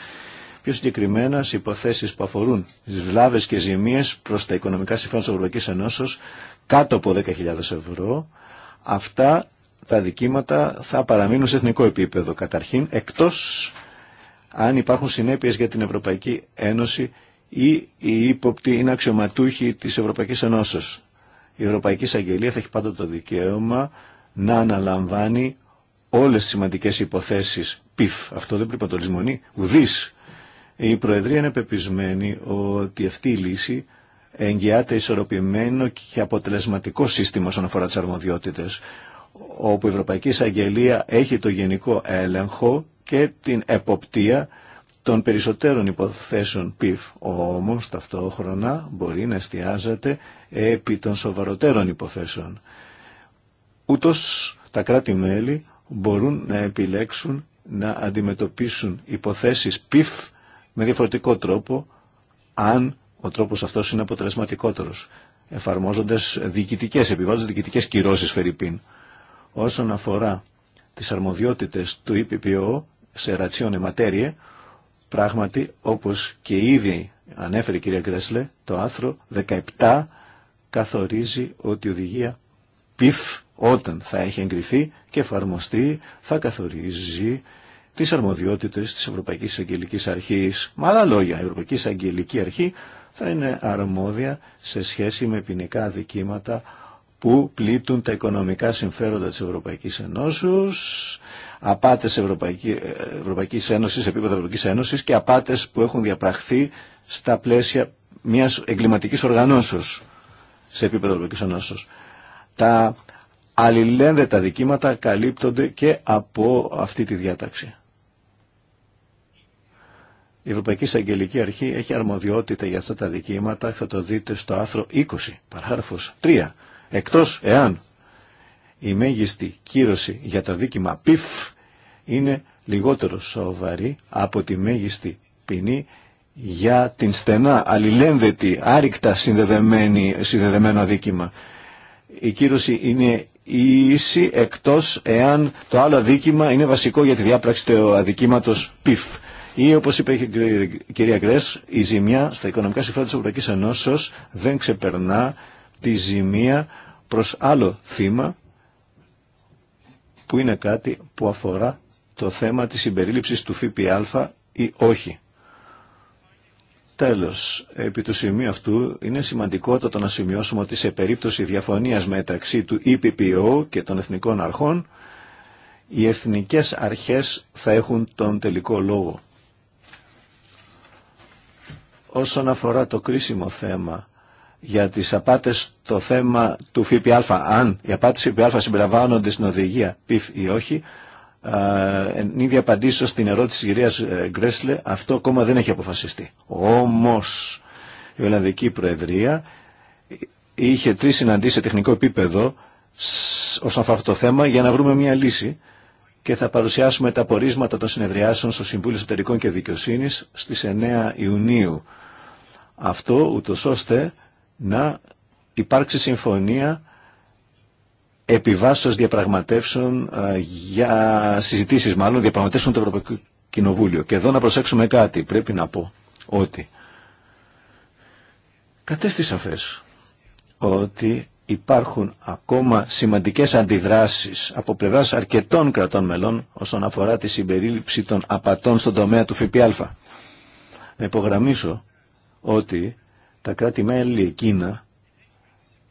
πιο συγκεκριμένα σε υποθέσεις που αφορούν τις βλάβες και ζημίες προς τα οικονομικά συμφέροντα της Ευρωπαϊκής Ενώσεως κάτω από 10.000 ευρώ αυτά τα δικήματα θα παραμείνουν σε εθνικό επίπεδο καταρχήν εκτός αν υπάρχουν συνέπειες για την Ευρωπαϊκή Ένωση ή οι ύποπτοι είναι αξιωματούχοι της Ευρωπαϊκής Ενώσεως. Η οι υποπτοι ειναι αξιωματουχοι τη Ευρωπαϊκή δεν πληροπατορισμονή, ουδή. η ευρωπαικη εισαγγελια θα έχει πάντα το δικαίωμα να αναλαμβάνει όλε τι σημαντικέ υποθέσει πιφ. Αυτό δεν πρέπει να το λησμονεί Η Προεδρία είναι πεπισμένη ότι αυτή η λύση εγγυάται ισορροπημένο και αποτελεσματικό σύστημα όσον αφορά τι αρμοδιοτητε όπου η Ευρωπαϊκή Εισαγγελία έχει το γενικό έλεγχο και την εποπτεία των περισσότερων υποθέσεων πιφ. Όμως ταυτόχρονα μπορεί να εστιάζεται επί των σοβαροτέρων υποθέσεων. Ούτως τα κράτη-μέλη μπορούν να επιλέξουν να αντιμετωπίσουν υποθέσεις πιφ με διαφορετικό τρόπο αν ο τρόπος αυτός είναι αποτελεσματικότερος εφαρμόζοντας διοικητικές, επιβάλλοντας διοικητικές κυρώσεις Φερρυπίν. Όσον αφορά τις αρμοδιότητες του ΕΠΠΟ σε ρατσιόνε ματέριε, Πράγματι, όπως και ήδη ανέφερε η κυρία Γκρέσλε, το άθρο 17 καθορίζει ότι η οδηγία πιφ όταν θα έχει εγκριθεί και εφαρμοστεί θα καθορίζει τις αρμοδιότητες της Ευρωπαϊκής Αγγελικής Αρχής. Με άλλα λόγια, η Ευρωπαϊκή Αγγελική Αρχή θα είναι αρμόδια σε σχέση με ποινικά δικήματα που πλήττουν τα οικονομικά συμφέροντα της Ευρωπαϊκής Ενώσεως Απάτε Ευρωπαϊκή, Ευρωπαϊκής Ένωσης, σε επίπεδο Ευρωπαϊκή Ένωση και απάτε που έχουν διαπραχθεί στα πλαίσια μια εγκληματική οργανώσεω σε επίπεδο Ευρωπαϊκή Ένωση. Τα αλληλένδετα δικήματα καλύπτονται και από αυτή τη διάταξη. Η Ευρωπαϊκή Εισαγγελική Αρχή έχει αρμοδιότητα για αυτά τα δικήματα, θα το δείτε στο άρθρο 20, παράγραφος 3, εκτός εάν η μέγιστη κύρωση για το δίκημα πιφ είναι λιγότερο σοβαρή από τη μέγιστη ποινή για την στενά, αλληλένδετη, άρρηκτα συνδεδεμένη, συνδεδεμένο αδίκημα. Η κύρωση είναι ίση εκτός εάν το άλλο αδίκημα είναι βασικό για τη διάπραξη του αδικήματος πιφ. Ή όπως είπε η κυρία Γκρές, η ζημιά στα οικονομικά συμφέροντα της Ευρωπαϊκής Ενώσεως δεν ξεπερνά τη ζημία προς άλλο θύμα που είναι κάτι που αφορά το θέμα της συμπερίληψης του ΦΠΑ ή όχι. Τέλος, επί του σημείου αυτού είναι σημαντικότατο να σημειώσουμε ότι σε περίπτωση διαφωνίας μεταξύ του ΕΠΠΟ και των εθνικών αρχών, οι εθνικές αρχές θα έχουν τον τελικό λόγο. Όσον αφορά το κρίσιμο θέμα για τις απάτες το θέμα του ΦΠΑ, αν οι απάτες ΦΠΑ συμπεριλαμβάνονται στην οδηγία ΠΙΦ ή όχι, εν ίδια απαντήσω στην ερώτηση της κυρίας ε, Γκρέσλε, αυτό ακόμα δεν έχει αποφασιστεί. Όμως η Ολλανδική Προεδρία είχε τρεις συναντήσεις σε τεχνικό επίπεδο όσον αφορά αυτό το θέμα για να βρούμε μια λύση και θα παρουσιάσουμε τα πορίσματα των συνεδριάσεων στο Συμβούλιο Εσωτερικών και Δικαιοσύνης στις 9 Ιουνίου. Αυτό ούτως ώστε να υπάρξει συμφωνία επιβάσεως διαπραγματεύσεων για συζητήσεις μάλλον διαπραγματεύσεων το ευρωπαϊκό Κοινοβούλιο. Και εδώ να προσέξουμε κάτι. Πρέπει να πω ότι κατέστησα σαφές ότι υπάρχουν ακόμα σημαντικές αντιδράσεις από πλευράς αρκετών κρατών μελών όσον αφορά τη συμπερίληψη των απατών στον τομέα του ΦΠΑ. Να υπογραμμίσω ότι τα κράτη-μέλη εκείνα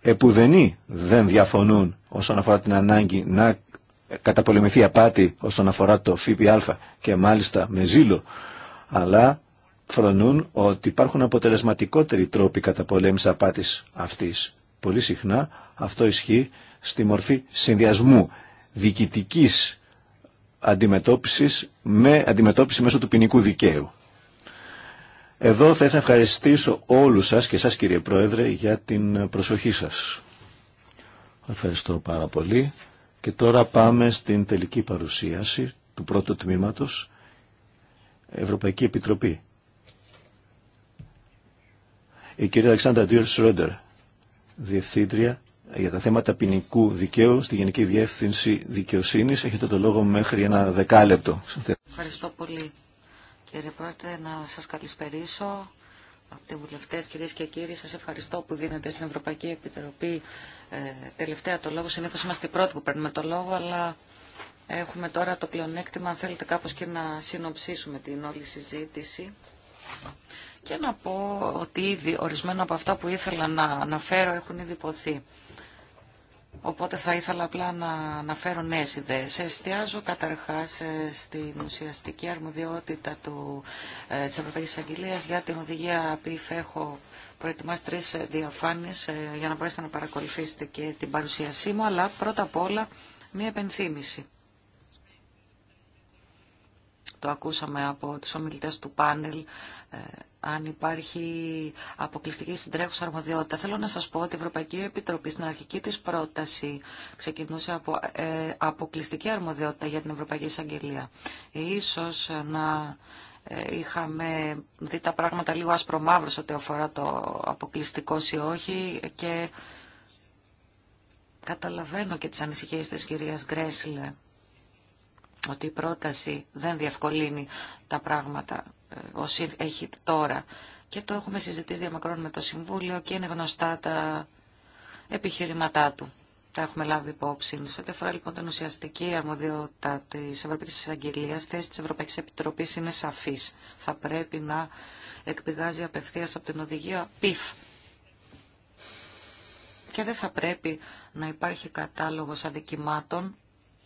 επουδενή δεν διαφωνούν όσον αφορά την ανάγκη να καταπολεμηθεί απάτη όσον αφορά το ΦΠΑ και μάλιστα με ζήλο, αλλά φρονούν ότι υπάρχουν αποτελεσματικότεροι τρόποι καταπολέμησης απάτης αυτής. Πολύ συχνά αυτό ισχύει στη μορφή συνδυασμού διοικητικής αντιμετώπισης με αντιμετώπιση μέσω του ποινικού δικαίου. Εδώ θα ήθελα να ευχαριστήσω όλους σας και σας κύριε Πρόεδρε για την προσοχή σας. Ευχαριστώ πάρα πολύ. Και τώρα πάμε στην τελική παρουσίαση του πρώτου τμήματος Ευρωπαϊκή Επιτροπή. Η κυρία Αλεξάνδρα Ντύρ Σρόντερ, Διευθύντρια για τα θέματα ποινικού δικαίου στη Γενική Διεύθυνση Δικαιοσύνης. Έχετε το λόγο μέχρι ένα δεκάλεπτο. Ευχαριστώ πολύ Κύριε Πρόεδρε, να σας καλησπερίσω. τη βουλευτέ, κυρίε και κύριοι, σα ευχαριστώ που δίνετε στην Ευρωπαϊκή Επιτροπή ε, τελευταία το λόγο. Συνήθω είμαστε οι πρώτοι που παίρνουμε το λόγο, αλλά έχουμε τώρα το πλεονέκτημα, αν θέλετε, κάπω και να συνοψίσουμε την όλη συζήτηση. Και να πω ότι ήδη ορισμένα από αυτά που ήθελα να αναφέρω έχουν ήδη υποθεί. Οπότε θα ήθελα απλά να αναφέρω νέε ιδέε. Εστιάζω καταρχά ε, στην ουσιαστική αρμοδιότητα του, Ευρωπαϊκή της για την οδηγία ΠΥΦ. Έχω προετοιμάσει τρει ε, διαφάνειε ε, για να μπορέσετε να παρακολουθήσετε και την παρουσίασή μου, αλλά πρώτα απ' όλα μία επενθύμηση. Το ακούσαμε από τους ομιλητές του πάνελ ε, αν υπάρχει αποκλειστική συντρέχουσα αρμοδιότητα. Θέλω να σας πω ότι η Ευρωπαϊκή Επιτροπή στην αρχική της πρόταση ξεκινούσε από ε, αποκλειστική αρμοδιότητα για την Ευρωπαϊκή Εισαγγελία. Ίσως να ε, είχαμε δει τα πράγματα λίγο άσπρο-μαύρο ό,τι αφορά το αποκλειστικό ή όχι και καταλαβαίνω και τις ανησυχίες της κυρίας Γκρέσλε ότι η πρόταση δεν διευκολύνει τα πράγματα ε, όσοι έχει τώρα. Και το έχουμε συζητήσει διαμακρών με το Συμβούλιο και είναι γνωστά τα επιχειρηματά του. Τα έχουμε λάβει υπόψη. Σε ό,τι αφορά λοιπόν την ουσιαστική αρμοδιότητα τη Ευρωπαϊκή Εισαγγελία, θέση τη Ευρωπαϊκή Επιτροπή είναι σαφή. Θα πρέπει να εκπηγάζει απευθεία από την οδηγία PIF. Και δεν θα πρέπει να υπάρχει κατάλογος αδικημάτων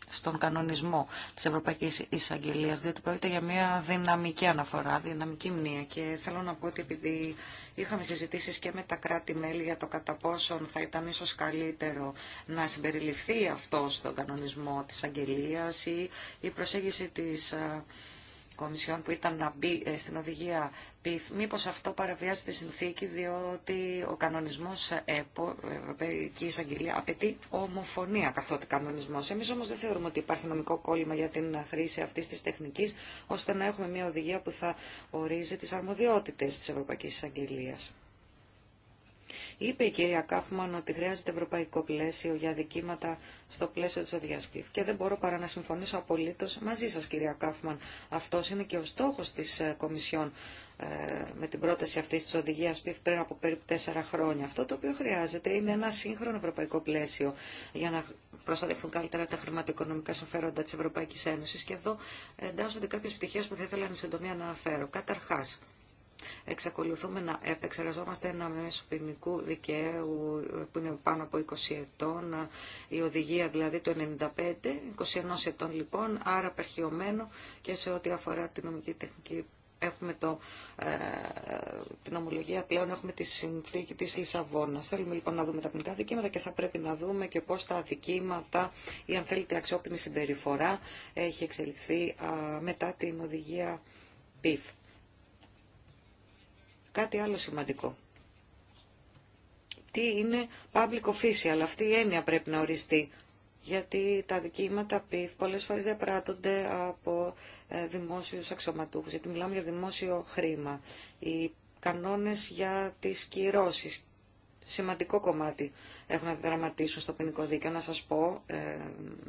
στον κανονισμό της Ευρωπαϊκής Εισαγγελίας διότι πρόκειται για μια δυναμική αναφορά, δυναμική μνήμα. Και θέλω να πω ότι επειδή είχαμε συζητήσεις και με τα κράτη-μέλη για το κατά πόσον θα ήταν ίσως καλύτερο να συμπεριληφθεί αυτό στον κανονισμό της Αγγελίας ή η προσέγγιση της Κομισιόν που ήταν να μπει ε, στην οδηγία ΠΙΦ, μήπως αυτό παραβιάζει τη συνθήκη διότι ο κανονισμός ΕΠΟ, ε, Ευρωπαϊκή Εισαγγελία, απαιτεί ομοφωνία καθότι κανονισμός. Εμείς όμως δεν θεωρούμε ότι υπάρχει νομικό κόλλημα για την χρήση αυτής της τεχνικής, ώστε να έχουμε μια οδηγία που θα ορίζει τις αρμοδιότητες της Ευρωπαϊκής Εισαγγελίας. Είπε η κυρία Κάφμαν ότι χρειάζεται ευρωπαϊκό πλαίσιο για δικήματα στο πλαίσιο τη οδηγία ΠΛΙΦ. Και δεν μπορώ παρά να συμφωνήσω απολύτω μαζί σα, κυρία Κάφμαν. Αυτό είναι και ο στόχο τη ε, Κομισιόν ε, με την πρόταση αυτή τη οδηγία ΠΙΦ πριν από περίπου τέσσερα χρόνια. Αυτό το οποίο χρειάζεται είναι ένα σύγχρονο ευρωπαϊκό πλαίσιο για να προστατευτούν καλύτερα τα χρηματοοικονομικά συμφέροντα τη Ευρωπαϊκή Ένωση. Και εδώ εντάσσονται κάποιε πτυχέ που θα ήθελα να συντομία να αναφέρω. Καταρχά, Εξακολουθούμε να επεξεργαζόμαστε ένα μέσο ποινικού δικαίου που είναι πάνω από 20 ετών, η οδηγία δηλαδή του 95, 21 ετών λοιπόν, άρα απερχιωμένο και σε ό,τι αφορά την νομική τεχνική έχουμε το, ε, την ομολογία πλέον, έχουμε τη συνθήκη της Λισαβόνας. Θέλουμε λοιπόν να δούμε τα ποινικά δικήματα και θα πρέπει να δούμε και πώς τα δικήματα ή αν θέλετε αξιόπινη συμπεριφορά έχει εξελιχθεί μετά την οδηγία PIF. Κάτι άλλο σημαντικό. Τι είναι public official, αυτή η έννοια πρέπει να οριστεί. Γιατί τα δικήματα PIF πολλές φορές δεν πράττονται από ε, δημόσιους αξιωματούχους, γιατί μιλάμε για δημόσιο χρήμα. Οι κανόνες για τις κυρώσεις σημαντικό κομμάτι έχουν να δραματίσουν στο ποινικό δίκαιο. Να σας πω, ε,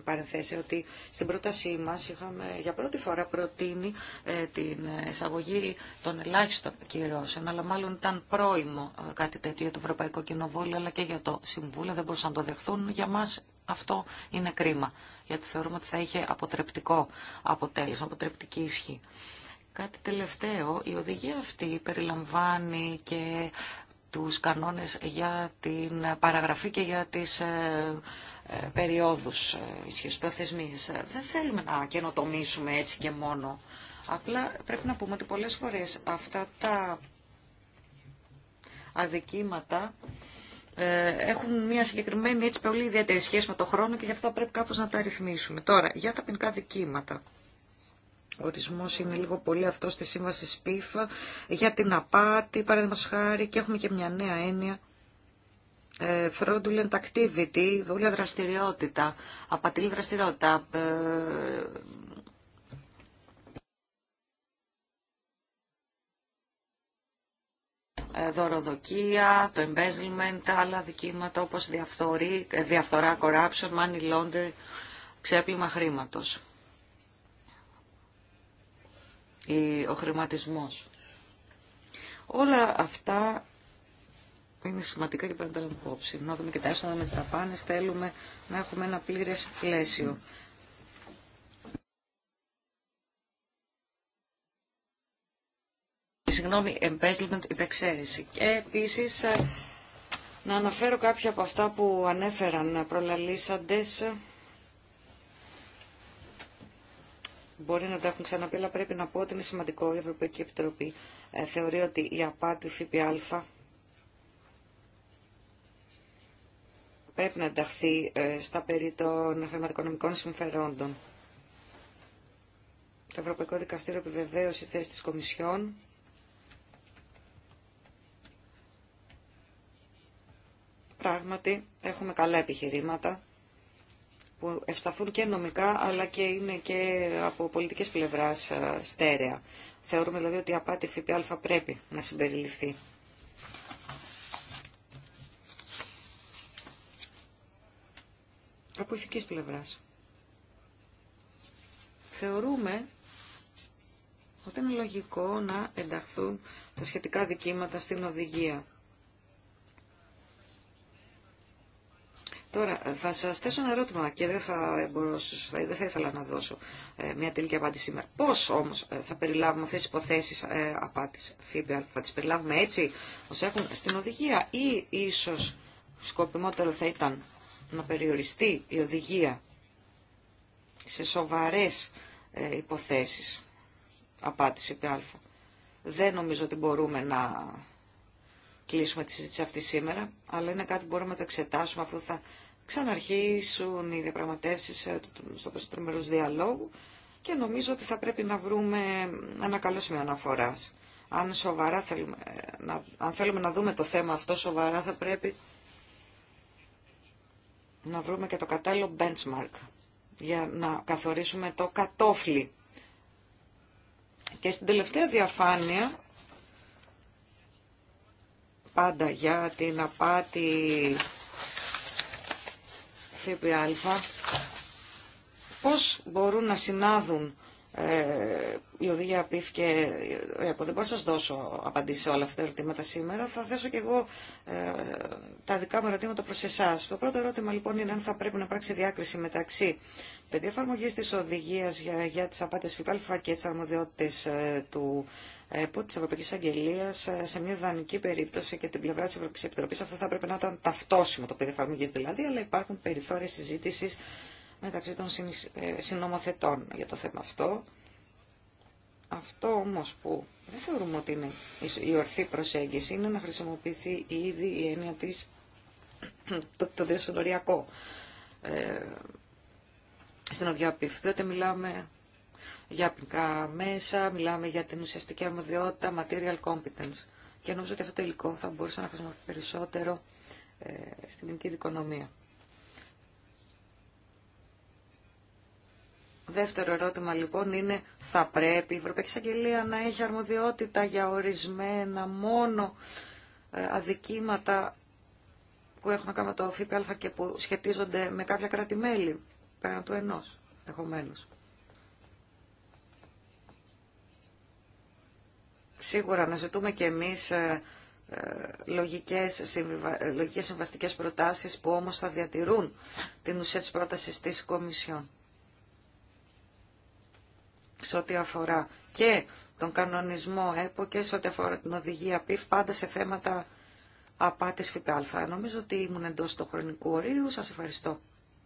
παρενθέσει, ότι στην πρότασή μας είχαμε για πρώτη φορά προτείνει ε, την εισαγωγή των ελάχιστων κυρώσεων, αλλά μάλλον ήταν πρόημο ε, κάτι τέτοιο για το Ευρωπαϊκό Κοινοβούλιο, αλλά και για το Συμβούλιο, δεν μπορούσαν να το δεχθούν. Για μας αυτό είναι κρίμα, γιατί θεωρούμε ότι θα είχε αποτρεπτικό αποτέλεσμα, αποτρεπτική ισχύ. Κάτι τελευταίο, η οδηγία αυτή περιλαμβάνει και τους κανόνες για την παραγραφή και για τις ε, ε, περιόδους ε, ισχύσεις προθεσμίες. Δεν θέλουμε να καινοτομήσουμε έτσι και μόνο. Απλά πρέπει να πούμε ότι πολλές φορές αυτά τα αδικήματα έχουν μια συγκεκριμένη έτσι πολύ ιδιαίτερη σχέση με το χρόνο και γι' αυτό πρέπει κάπως να τα ρυθμίσουμε. Τώρα, για τα ποινικά δικήματα ορισμός είναι λίγο πολύ αυτό στη σύμβαση ΣΠΙΦΑ για την απάτη, παραδείγματος χάρη, και έχουμε και μια νέα έννοια ε, fraudulent activity, δούλια δραστηριότητα, απατηλή δραστηριότητα. Ε, ε, δωροδοκία, το embezzlement, άλλα δικήματα όπως διαφθορή, διαφθορά, corruption, money laundering, ξέπλυμα χρήματος ο χρηματισμός. Όλα αυτά είναι σημαντικά και πρέπει να τα λέμε υπόψη. Να δούμε και τα έσοδα με τι δαπάνε. Θέλουμε να έχουμε ένα πλήρε πλαίσιο. Συγγνώμη, embezzlement, υπεξαίρεση. Και επίση ε, να αναφέρω κάποια από αυτά που ανέφεραν προλαλήσαντες Μπορεί να τα έχουν ξαναπεί, αλλά πρέπει να πω ότι είναι σημαντικό. Η Ευρωπαϊκή Επιτροπή ε, θεωρεί ότι η απάτη ΦΠΑ πρέπει να ενταχθεί ε, στα περί των χρηματοοικονομικών συμφερόντων. Το Ευρωπαϊκό Δικαστήριο επιβεβαίωσε τη θέση της Κομισιόν πράγματι έχουμε καλά επιχειρήματα που ευσταθούν και νομικά αλλά και είναι και από πολιτικές πλευράς ε, στέρεα. Θεωρούμε δηλαδή ότι η απάτη ΦΠΑ πρέπει να συμπεριληφθεί. Από ηθικής πλευράς. Θεωρούμε ότι είναι λογικό να ενταχθούν τα σχετικά δικήματα στην οδηγία. Τώρα, θα σα θέσω ένα ερώτημα και δεν θα, μπορώ, δεν θα ήθελα να δώσω ε, μια τελική απάντηση σήμερα. Πώ όμω ε, θα περιλάβουμε αυτέ τι υποθέσει ε, απάτη ΦΥΠΕΑ, θα τι περιλάβουμε έτσι όσο έχουν στην οδηγία ή ίσω σκοπιμότερο θα ήταν να περιοριστεί η οδηγία σε σοβαρέ ε, υποθέσεις απάτη ΦΠΑ. Δεν νομίζω ότι μπορούμε να κλείσουμε τη συζήτηση αυτή σήμερα, αλλά είναι κάτι που μπορούμε να το εξετάσουμε αφού θα ξαναρχίσουν οι διαπραγματεύσει ε, στο πλαίσιο μέρο διαλόγου και νομίζω ότι θα πρέπει να βρούμε ένα καλό σημείο αναφορά. Αν, σοβαρά θέλουμε, ε, να, αν θέλουμε να δούμε το θέμα αυτό σοβαρά, θα πρέπει να βρούμε και το κατάλληλο benchmark για να καθορίσουμε το κατόφλι. Και στην τελευταία διαφάνεια πάντα για την απάτη ΦΠΑ, πώς μπορούν να συνάδουν ε, η οδηγία ΑΠΙΦ και ε, δεν μπορώ να σας δώσω απαντήσει σε όλα αυτά τα ερωτήματα σήμερα. Θα θέσω και εγώ ε, τα δικά μου ερωτήματα προς εσάς. Το πρώτο ερώτημα λοιπόν είναι αν θα πρέπει να υπάρξει διάκριση μεταξύ πεδία εφαρμογή τη οδηγία για, για τι απάτες ΦΠΑ και τι αρμοδιότητε ε, του ΕΠΟ τη Ευρωπαϊκή Αγγελία ε, σε μια ιδανική περίπτωση και την πλευρά τη Ευρωπαϊκή Επιτροπή. Αυτό θα πρέπει να ήταν ταυτόσιμο το πεδίο εφαρμογή δηλαδή, αλλά υπάρχουν περιθώρια συζήτηση μεταξύ των ε, συνομοθετών για το θέμα αυτό. Αυτό όμως που δεν θεωρούμε ότι είναι η ορθή προσέγγιση είναι να χρησιμοποιηθεί ήδη η έννοια τη το, το διασυνοριακό ε, στην οδιαπίφη, Διότι μιλάμε για απλικά μέσα, μιλάμε για την ουσιαστική αρμοδιότητα, material competence. Και νομίζω ότι αυτό το υλικό θα μπορούσε να χρησιμοποιηθεί περισσότερο ε, στην ελληνική δικονομία. Δεύτερο ερώτημα λοιπόν είναι θα πρέπει η Ευρωπαϊκή Εισαγγελία να έχει αρμοδιότητα για ορισμένα μόνο ε, αδικήματα που έχουν να με το ΦΠΑ και που σχετίζονται με κάποια κράτη-μέλη, πέραν του ενός ενδεχομένω. σίγουρα να ζητούμε και εμείς ε, ε, λογικές, συμβιβα... Ε, λογικές συμβαστικές προτάσεις που όμως θα διατηρούν την ουσία της πρότασης της Κομισιόν. Σε ό,τι αφορά και τον κανονισμό ΕΠΟ και σε ό,τι αφορά την οδηγία ΠΙΦ, πάντα σε θέματα απάτης ΦΠΑ. Νομίζω ότι ήμουν εντός του χρονικού ορίου. Σας ευχαριστώ.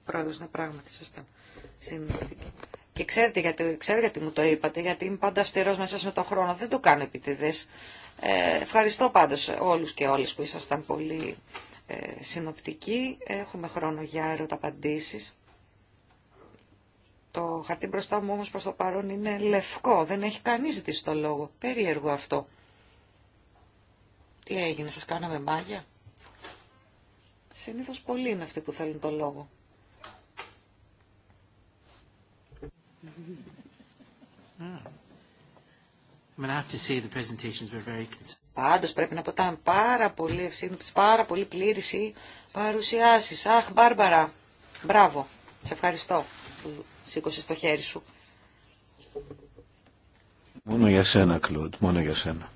Πρόεδρος, να πράγματι σας και ξέρετε γιατί, ξέρετε γιατί μου το είπατε, γιατί είμαι πάντα αυστηρός μέσα με τον χρόνο. Δεν το κάνω επίτηδες. Ε, ευχαριστώ πάντως όλους και όλες που ήσασταν πολύ ε, συνοπτικοί. Έχουμε χρόνο για ερωταπαντήσεις. Το χαρτί μπροστά μου όμως προς το παρόν είναι λευκό. Δεν έχει κανείς ζητήσει το λόγο. Περίεργο αυτό. Τι έγινε, σας κάναμε μάγια. Συνήθως πολλοί είναι αυτοί που θέλουν το λόγο. Πάντω πρέπει να πω πάρα πολύ ευσύνοπτες, πάρα πολύ πλήρηση παρουσιάσεις. Αχ, Μπάρμπαρα, μπράβο, σε ευχαριστώ που σήκωσες το χέρι σου. Μόνο για σένα, Κλοντ, μόνο για σένα.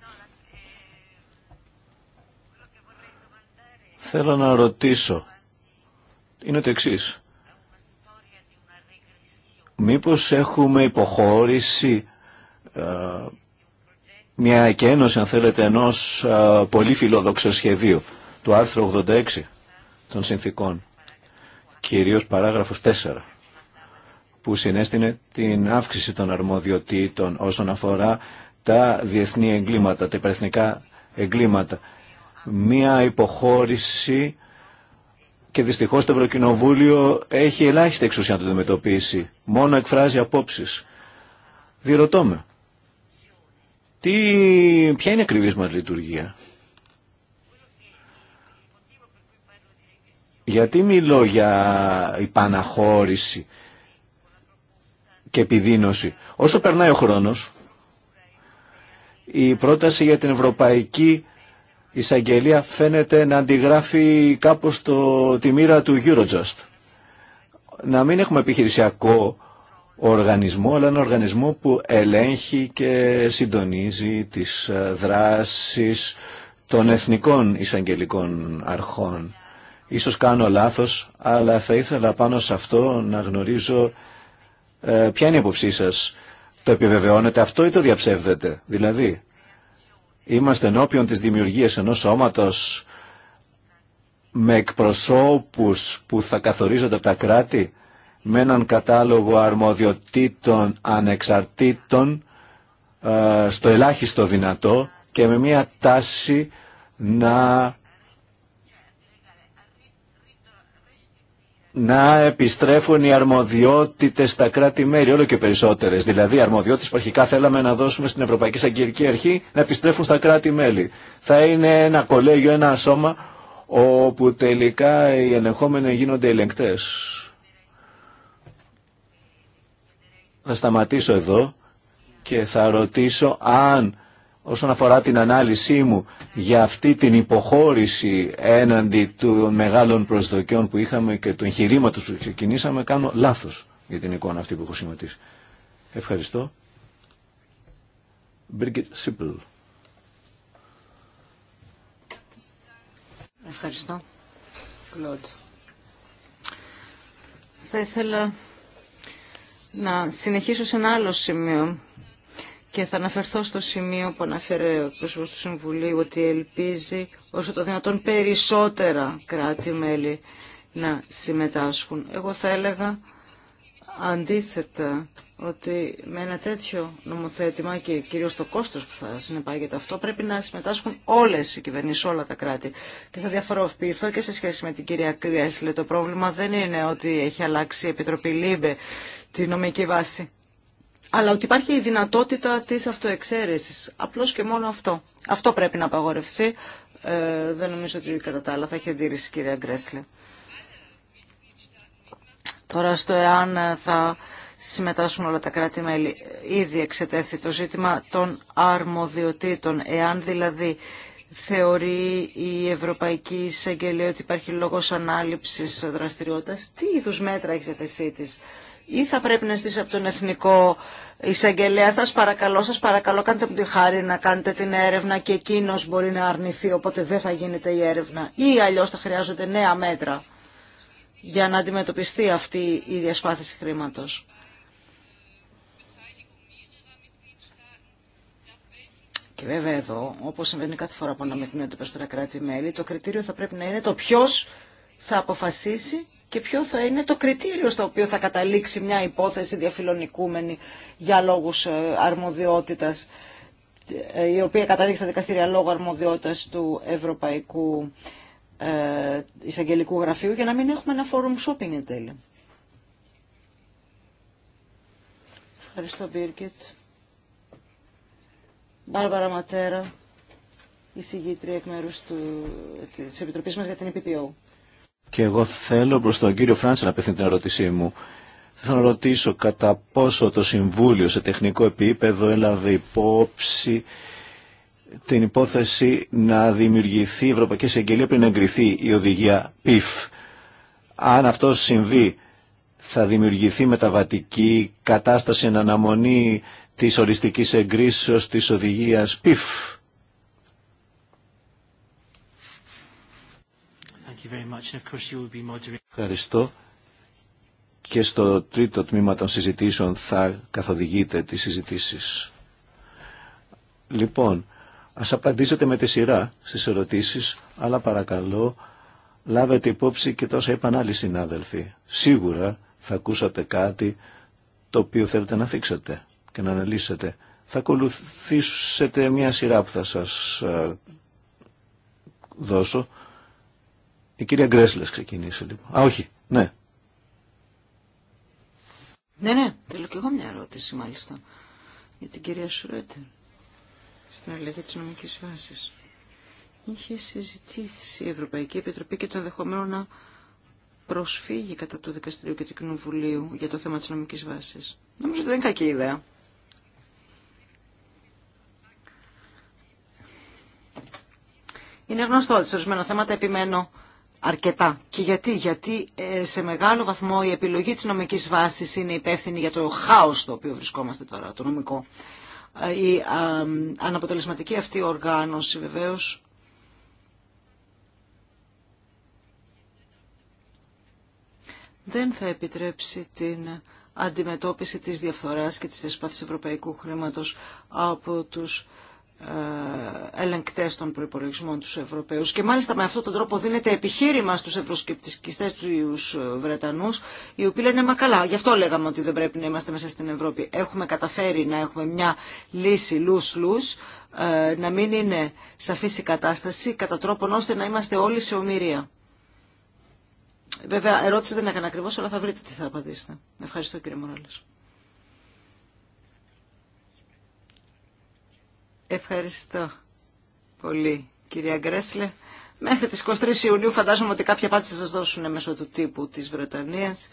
Θέλω να ρωτήσω. Είναι το εξής. Μήπως έχουμε υποχώρηση ε, μια εκένωση, αν θέλετε, ενός ε, πολύ φιλόδοξου σχεδίου του άρθρου 86 των συνθήκων, κυρίως παράγραφος 4 που συνέστηνε την αύξηση των αρμοδιοτήτων όσον αφορά τα διεθνή εγκλήματα, τα υπερεθνικά εγκλήματα. Μία υποχώρηση και δυστυχώς το Ευρωκοινοβούλιο έχει ελάχιστη εξουσία να το αντιμετωπίσει. Μόνο εκφράζει απόψεις. Διερωτώ με. Τι, ποια είναι η ακριβής μας λειτουργία. Γιατί μιλώ για υπαναχώρηση και επιδείνωση. Όσο περνάει ο χρόνος, η πρόταση για την ευρωπαϊκή η εισαγγελία φαίνεται να αντιγράφει κάπως το, τη μοίρα του Eurojust. Να μην έχουμε επιχειρησιακό οργανισμό, αλλά ένα οργανισμό που ελέγχει και συντονίζει τις ε, δράσεις των εθνικών εισαγγελικών αρχών. Ίσως κάνω λάθος, αλλά θα ήθελα πάνω σε αυτό να γνωρίζω ε, ποια είναι η υποψή σας. Το επιβεβαιώνετε αυτό ή το διαψεύδετε. Δηλαδή, Είμαστε ενώπιον της δημιουργίας ενός σώματος με εκπροσώπους που θα καθορίζονται από τα κράτη με έναν κατάλογο αρμοδιοτήτων ανεξαρτήτων ε, στο ελάχιστο δυνατό και με μια τάση να να επιστρέφουν οι αρμοδιότητες στα κράτη-μέλη, όλο και περισσότερες. Δηλαδή, αρμοδιότητες που αρχικά θέλαμε να δώσουμε στην Ευρωπαϊκή Σαγκυρική Αρχή να επιστρέφουν στα κράτη-μέλη. Θα είναι ένα κολέγιο, ένα σώμα, όπου τελικά οι ελεγχόμενοι γίνονται ελεγκτές. Θα σταματήσω εδώ και θα ρωτήσω αν όσον αφορά την ανάλυση μου για αυτή την υποχώρηση έναντι των μεγάλων προσδοκιών που είχαμε και του εγχειρήματο που ξεκινήσαμε, κάνω λάθος για την εικόνα αυτή που έχω σχηματίσει. Ευχαριστώ. Μπρίγκετ Σίπλ. Ευχαριστώ. Κλοντ. Θα ήθελα να συνεχίσω σε ένα άλλο σημείο και θα αναφερθώ στο σημείο που αναφέρε ο πρόσωπος του Συμβουλίου ότι ελπίζει όσο το δυνατόν περισσότερα κράτη-μέλη να συμμετάσχουν. Εγώ θα έλεγα αντίθετα ότι με ένα τέτοιο νομοθέτημα και κυρίως το κόστος που θα συνεπάγεται αυτό πρέπει να συμμετάσχουν όλες οι κυβερνήσεις, όλα τα κράτη. Και θα διαφοροποιηθώ και σε σχέση με την κυρία Κρέσλε. Το πρόβλημα δεν είναι ότι έχει αλλάξει η Επιτροπή Λίμπε τη νομική βάση αλλά ότι υπάρχει η δυνατότητα της αυτοεξαίρεσης. Απλώς και μόνο αυτό. Αυτό πρέπει να απαγορευτεί. Ε, δεν νομίζω ότι κατά τα άλλα θα έχει αντίρρηση κυρία Γκρέσλε. Τώρα στο εάν θα συμμετάσχουν όλα τα κράτη-μέλη. Ήδη εξετέθη το ζήτημα των αρμοδιοτήτων. Εάν δηλαδή θεωρεί η Ευρωπαϊκή Εισαγγελία ότι υπάρχει λόγος ανάληψης δραστηριότητας, τι είδους μέτρα έχει ή θα πρέπει να στήσει από τον Εθνικό Εισαγγελέα, σας παρακαλώ, σας παρακαλώ, κάντε μου τη χάρη να κάνετε την έρευνα και εκείνο μπορεί να αρνηθεί, οπότε δεν θα γίνεται η έρευνα. Ή αλλιώς θα χρειάζονται νέα μέτρα για να αντιμετωπιστεί αυτή η διασπάθηση χρήματο. Και βέβαια εδώ, όπω συμβαίνει κάθε φορά που αναμειγνύονται προ τα κράτη-μέλη, το κριτήριο θα πρέπει να είναι το ποιο θα αποφασίσει και ποιο θα είναι το κριτήριο στο οποίο θα καταλήξει μια υπόθεση διαφιλονικούμενη για λόγους ε, αρμοδιότητας ε, η οποία καταλήξει στα δικαστήρια λόγω αρμοδιότητας του Ευρωπαϊκού ε, Εισαγγελικού Γραφείου για να μην έχουμε ένα forum shopping εν τέλει. Ευχαριστώ Μπίρκετ. Μπάρμπαρα Ματέρα, εισηγήτρια εκ μέρους του, της Επιτροπής μας για την ΕΠΠΟ. Και εγώ θέλω προς τον κύριο Φράντσα να απευθύνω την ερώτησή μου. Θα ρωτήσω κατά πόσο το Συμβούλιο σε τεχνικό επίπεδο έλαβε υπόψη την υπόθεση να δημιουργηθεί η Ευρωπαϊκή Συγγελία πριν εγκριθεί η οδηγία PIF. Αν αυτό συμβεί, θα δημιουργηθεί μεταβατική κατάσταση εν αναμονή της οριστικής εγκρίσεως της οδηγίας PIF. Ευχαριστώ. Και στο τρίτο τμήμα των συζητήσεων θα καθοδηγείτε τις συζητήσεις. Λοιπόν, ας απαντήσετε με τη σειρά στις ερωτήσεις, αλλά παρακαλώ λάβετε υπόψη και τόσα είπαν άλλοι συνάδελφοι. Σίγουρα θα ακούσατε κάτι το οποίο θέλετε να θίξετε και να αναλύσετε. Θα ακολουθήσετε μια σειρά που θα σας ε, δώσω. Η κυρία Γκρέσλες ξεκινήσει λοιπόν. Α, όχι. Ναι. Ναι, ναι. Θέλω κι εγώ μια ερώτηση μάλιστα. Για την κυρία Σουρέτερ. Στην αλληλεγγύη της νομικής βάσης. Είχε συζητήσει η Ευρωπαϊκή Επιτροπή και το ενδεχομένο να προσφύγει κατά του Δικαστηρίου και του Κοινοβουλίου για το θέμα της νομικής βάσης. Νομίζω ότι δεν είναι κακή ιδέα. Είναι γνωστό ότι σε ορισμένα θέματα επιμένω αρκετά. Και γιατί, γιατί ε, σε μεγάλο βαθμό η επιλογή της νομικής βάσης είναι υπεύθυνη για το χάος στο οποίο βρισκόμαστε τώρα, το νομικό. Ε, η αναποτελεσματική αυτή οργάνωση βεβαίως δεν θα επιτρέψει την αντιμετώπιση της διαφθοράς και της δεσπάθησης ευρωπαϊκού χρήματος από τους ε, ελεγκτές των προϋπολογισμών τους Ευρωπαίους και μάλιστα με αυτόν τον τρόπο δίνεται επιχείρημα στους ευρωσκεπτικιστές τους Βρετανούς οι οποίοι λένε μα καλά γι' αυτό λέγαμε ότι δεν πρέπει να είμαστε μέσα στην Ευρώπη έχουμε καταφέρει να έχουμε μια λύση λούς-λούς ε, να μην είναι σαφής η κατάσταση κατά τρόπον ώστε να είμαστε όλοι σε ομοιρία Βέβαια ερώτηση δεν έκανα ακριβώς αλλά θα βρείτε τι θα απαντήσετε Ευχαριστώ κύριε Μοράλης Ευχαριστώ πολύ κυρία Γκρέσλε. Μέχρι τις 23 Ιουνίου φαντάζομαι ότι κάποια απάντηση θα σας δώσουν μέσω του τύπου της Βρετανίας.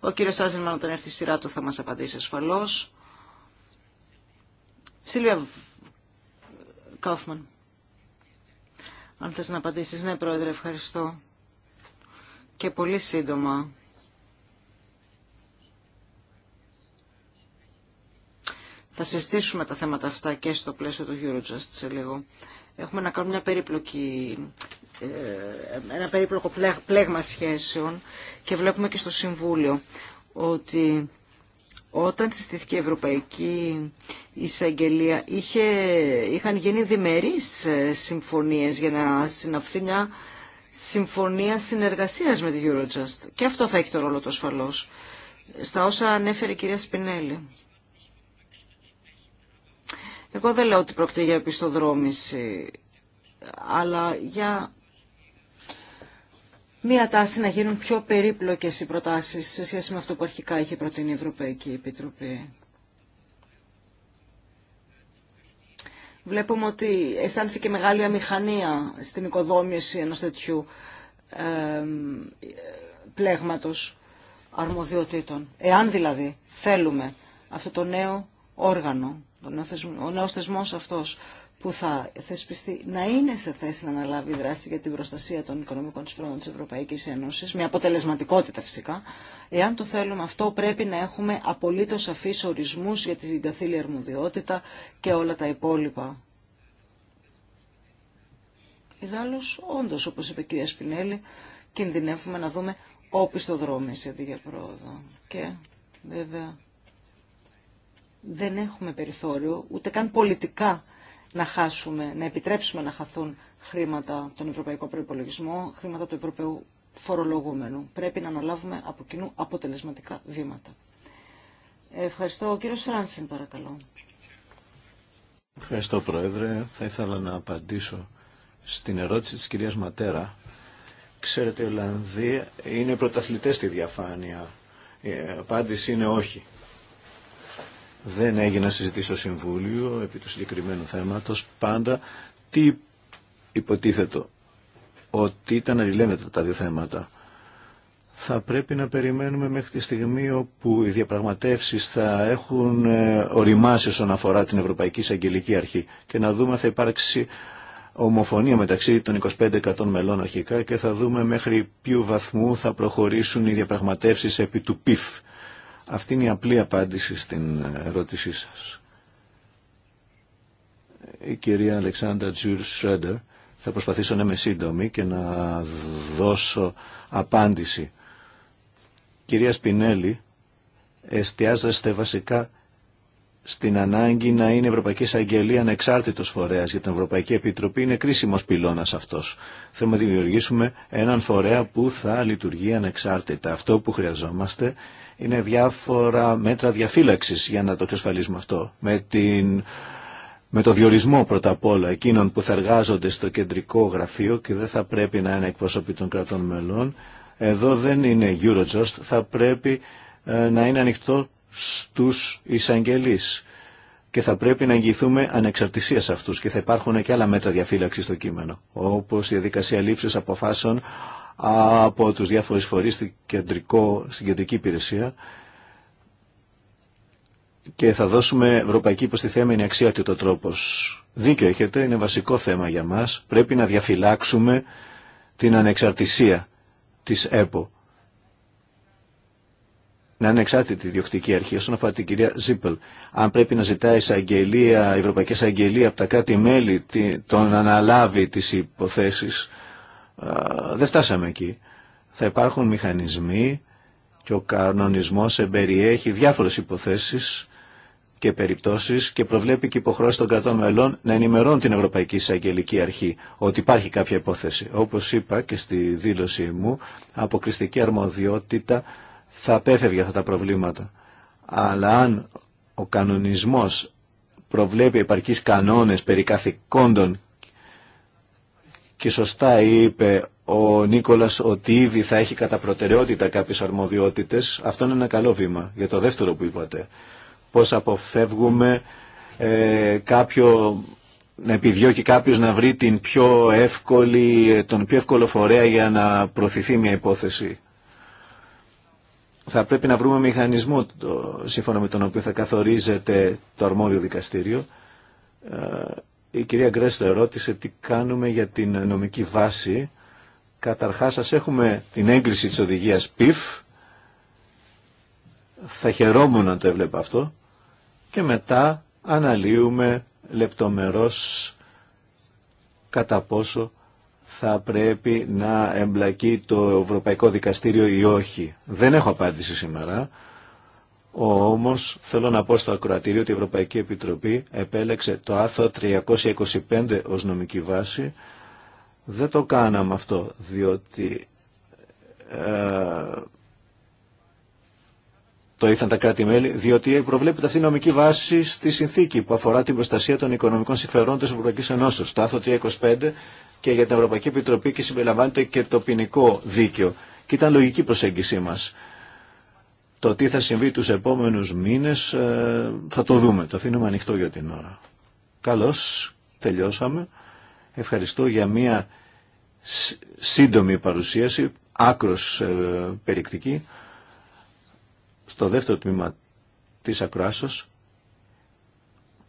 Ο κύριος Άζελμαν όταν έρθει η σειρά του θα μας απαντήσει ασφαλώς. Σίλβια Κάουφμαν. Αν θες να απαντήσεις. Ναι, Πρόεδρε, ευχαριστώ. Και πολύ σύντομα. Θα συζητήσουμε τα θέματα αυτά και στο πλαίσιο του Eurojust σε λίγο. Έχουμε να κάνουμε μια περίπλοκη, ε, ένα περίπλοκο πλέγμα σχέσεων και βλέπουμε και στο Συμβούλιο ότι όταν συστήθηκε η Ευρωπαϊκή Εισαγγελία είχε, είχαν γίνει διμερείς ε, συμφωνίες για να συναυθεί μια συμφωνία συνεργασίας με τη Eurojust. Και αυτό θα έχει το ρόλο του ασφαλώς. Στα όσα ανέφερε η κυρία Σπινέλη. Εγώ δεν λέω ότι πρόκειται για επιστοδρόμηση, αλλά για μία τάση να γίνουν πιο περίπλοκες οι προτάσεις σε σχέση με αυτό που αρχικά είχε προτείνει η Ευρωπαϊκή Επιτροπή. Βλέπουμε ότι αισθάνθηκε μεγάλη αμηχανία στην οικοδόμηση ενός τέτοιου ε, πλέγματος αρμοδιοτήτων. Εάν δηλαδή θέλουμε αυτό το νέο όργανο ο νέος θεσμός αυτός που θα θεσπιστεί να είναι σε θέση να αναλάβει δράση για την προστασία των οικονομικών συμφερόντων της Ευρωπαϊκής Ένωσης, με αποτελεσματικότητα φυσικά. Εάν το θέλουμε αυτό πρέπει να έχουμε απολύτως σαφείς ορισμούς για την καθήλια αρμοδιότητα και όλα τα υπόλοιπα. Ιδάλλως, όντως, όπως είπε η κυρία Σπινέλη, κινδυνεύουμε να δούμε όπιστο δρόμο σε για πρόοδο. Και βέβαια δεν έχουμε περιθώριο ούτε καν πολιτικά να χάσουμε, να επιτρέψουμε να χαθούν χρήματα των τον Ευρωπαϊκό προπολογισμό, χρήματα του Ευρωπαίου φορολογούμενου. Πρέπει να αναλάβουμε από κοινού αποτελεσματικά βήματα. Ευχαριστώ. Ο κύριος Φράνσιν, παρακαλώ. Ευχαριστώ, Πρόεδρε. Θα ήθελα να απαντήσω στην ερώτηση της κυρίας Ματέρα. Ξέρετε, οι Ολλανδοί είναι πρωταθλητές στη διαφάνεια. Η απάντηση είναι όχι δεν να συζητήσει στο Συμβούλιο επί του συγκεκριμένου θέματος. Πάντα τι υποτίθετο ότι ήταν αλληλένδετα τα δύο θέματα. Θα πρέπει να περιμένουμε μέχρι τη στιγμή όπου οι διαπραγματεύσεις θα έχουν ε, οριμάσει όσον αφορά την Ευρωπαϊκή Εισαγγελική Αρχή και να δούμε αν θα υπάρξει ομοφωνία μεταξύ των 25 εκατών μελών αρχικά και θα δούμε μέχρι ποιου βαθμού θα προχωρήσουν οι διαπραγματεύσεις επί του ΠΙΦ αυτή είναι η απλή απάντηση στην ερώτησή σας. Η κυρία Αλεξάνδρα Τζιουρ Σρέντερ θα προσπαθήσω να είμαι σύντομη και να δώσω απάντηση. Κυρία Σπινέλη, εστιάζεστε βασικά στην ανάγκη να είναι η Ευρωπαϊκή Εισαγγελία ανεξάρτητο φορέα για την Ευρωπαϊκή Επιτροπή είναι κρίσιμο πυλώνα αυτό. Θέλουμε να δημιουργήσουμε έναν φορέα που θα λειτουργεί ανεξάρτητα. Αυτό που χρειαζόμαστε είναι διάφορα μέτρα διαφύλαξης για να το εξασφαλίσουμε αυτό. Με, την, με το διορισμό πρώτα απ' όλα εκείνων που θα εργάζονται στο κεντρικό γραφείο και δεν θα πρέπει να είναι εκπρόσωποι των κρατών μελών. Εδώ δεν είναι Eurojust, θα πρέπει ε, να είναι ανοιχτό στους εισαγγελείς και θα πρέπει να εγγυηθούμε ανεξαρτησία σε αυτούς και θα υπάρχουν και άλλα μέτρα διαφύλαξης στο κείμενο, όπως η διαδικασία λήψης αποφάσεων από τους διάφορους φορείς στην, κεντρικό, στην κεντρική υπηρεσία και θα δώσουμε ευρωπαϊκή υποστηθέμενη αξία του το τρόπος. Δίκιο έχετε, είναι βασικό θέμα για μας. Πρέπει να διαφυλάξουμε την ανεξαρτησία της ΕΠΟ. Να είναι εξάρτητη η διοκτική αρχή. Όσον αφορά την κυρία Ζίπελ, αν πρέπει να ζητάει εισαγγελία, ευρωπαϊκή εισαγγελία από τα κράτη-μέλη, τον αναλάβει τις υποθέσεις δεν φτάσαμε εκεί. Θα υπάρχουν μηχανισμοί και ο κανονισμός εμπεριέχει διάφορες υποθέσεις και περιπτώσεις και προβλέπει και υποχρεώσει των κρατών μελών να ενημερώνουν την Ευρωπαϊκή Εισαγγελική Αρχή ότι υπάρχει κάποια υπόθεση. Όπως είπα και στη δήλωσή μου, αποκλειστική αρμοδιότητα θα απέφευγε αυτά τα προβλήματα. Αλλά αν ο κανονισμός προβλέπει επαρκείς κανόνες περί καθηκόντων και σωστά είπε ο Νίκολας ότι ήδη θα έχει κατά προτεραιότητα κάποιες αρμοδιότητες. Αυτό είναι ένα καλό βήμα για το δεύτερο που είπατε. Πώς αποφεύγουμε ε, κάποιο να επιδιώκει κάποιος να βρει την πιο εύκολη, τον πιο εύκολο φορέα για να προωθηθεί μια υπόθεση. Θα πρέπει να βρούμε μηχανισμό το, σύμφωνα με τον οποίο θα καθορίζεται το αρμόδιο δικαστήριο ε, η κυρία Γκρέσλε ρώτησε τι κάνουμε για την νομική βάση. Καταρχάς σας έχουμε την έγκριση της οδηγίας PIF. Θα χαιρόμουν να το έβλεπα αυτό. Και μετά αναλύουμε λεπτομερώς κατά πόσο θα πρέπει να εμπλακεί το Ευρωπαϊκό Δικαστήριο ή όχι. Δεν έχω απάντηση σήμερα. Όμως θέλω να πω στο ακροατήριο ότι η Ευρωπαϊκή Επιτροπή επέλεξε το άθρο 325 ως νομική βάση. Δεν το κάναμε αυτό διότι ε, το ήθαν τα κράτη-μέλη, διότι προβλέπεται αυτή η νομική βάση στη συνθήκη που αφορά την προστασία των οικονομικών συμφερόντων της Ευρωπαϊκής Ενώσεως, το άθρο 325 και για την Ευρωπαϊκή Επιτροπή και συμπεριλαμβάνεται και το ποινικό δίκαιο. Και ήταν λογική προσέγγιση μας. Το τι θα συμβεί τους επόμενους μήνες ε, θα το δούμε. Το αφήνουμε ανοιχτό για την ώρα. Καλώς, τελειώσαμε. Ευχαριστώ για μία σύντομη παρουσίαση, άκρος ε, περιεκτική. Στο δεύτερο τμήμα της Ακράσος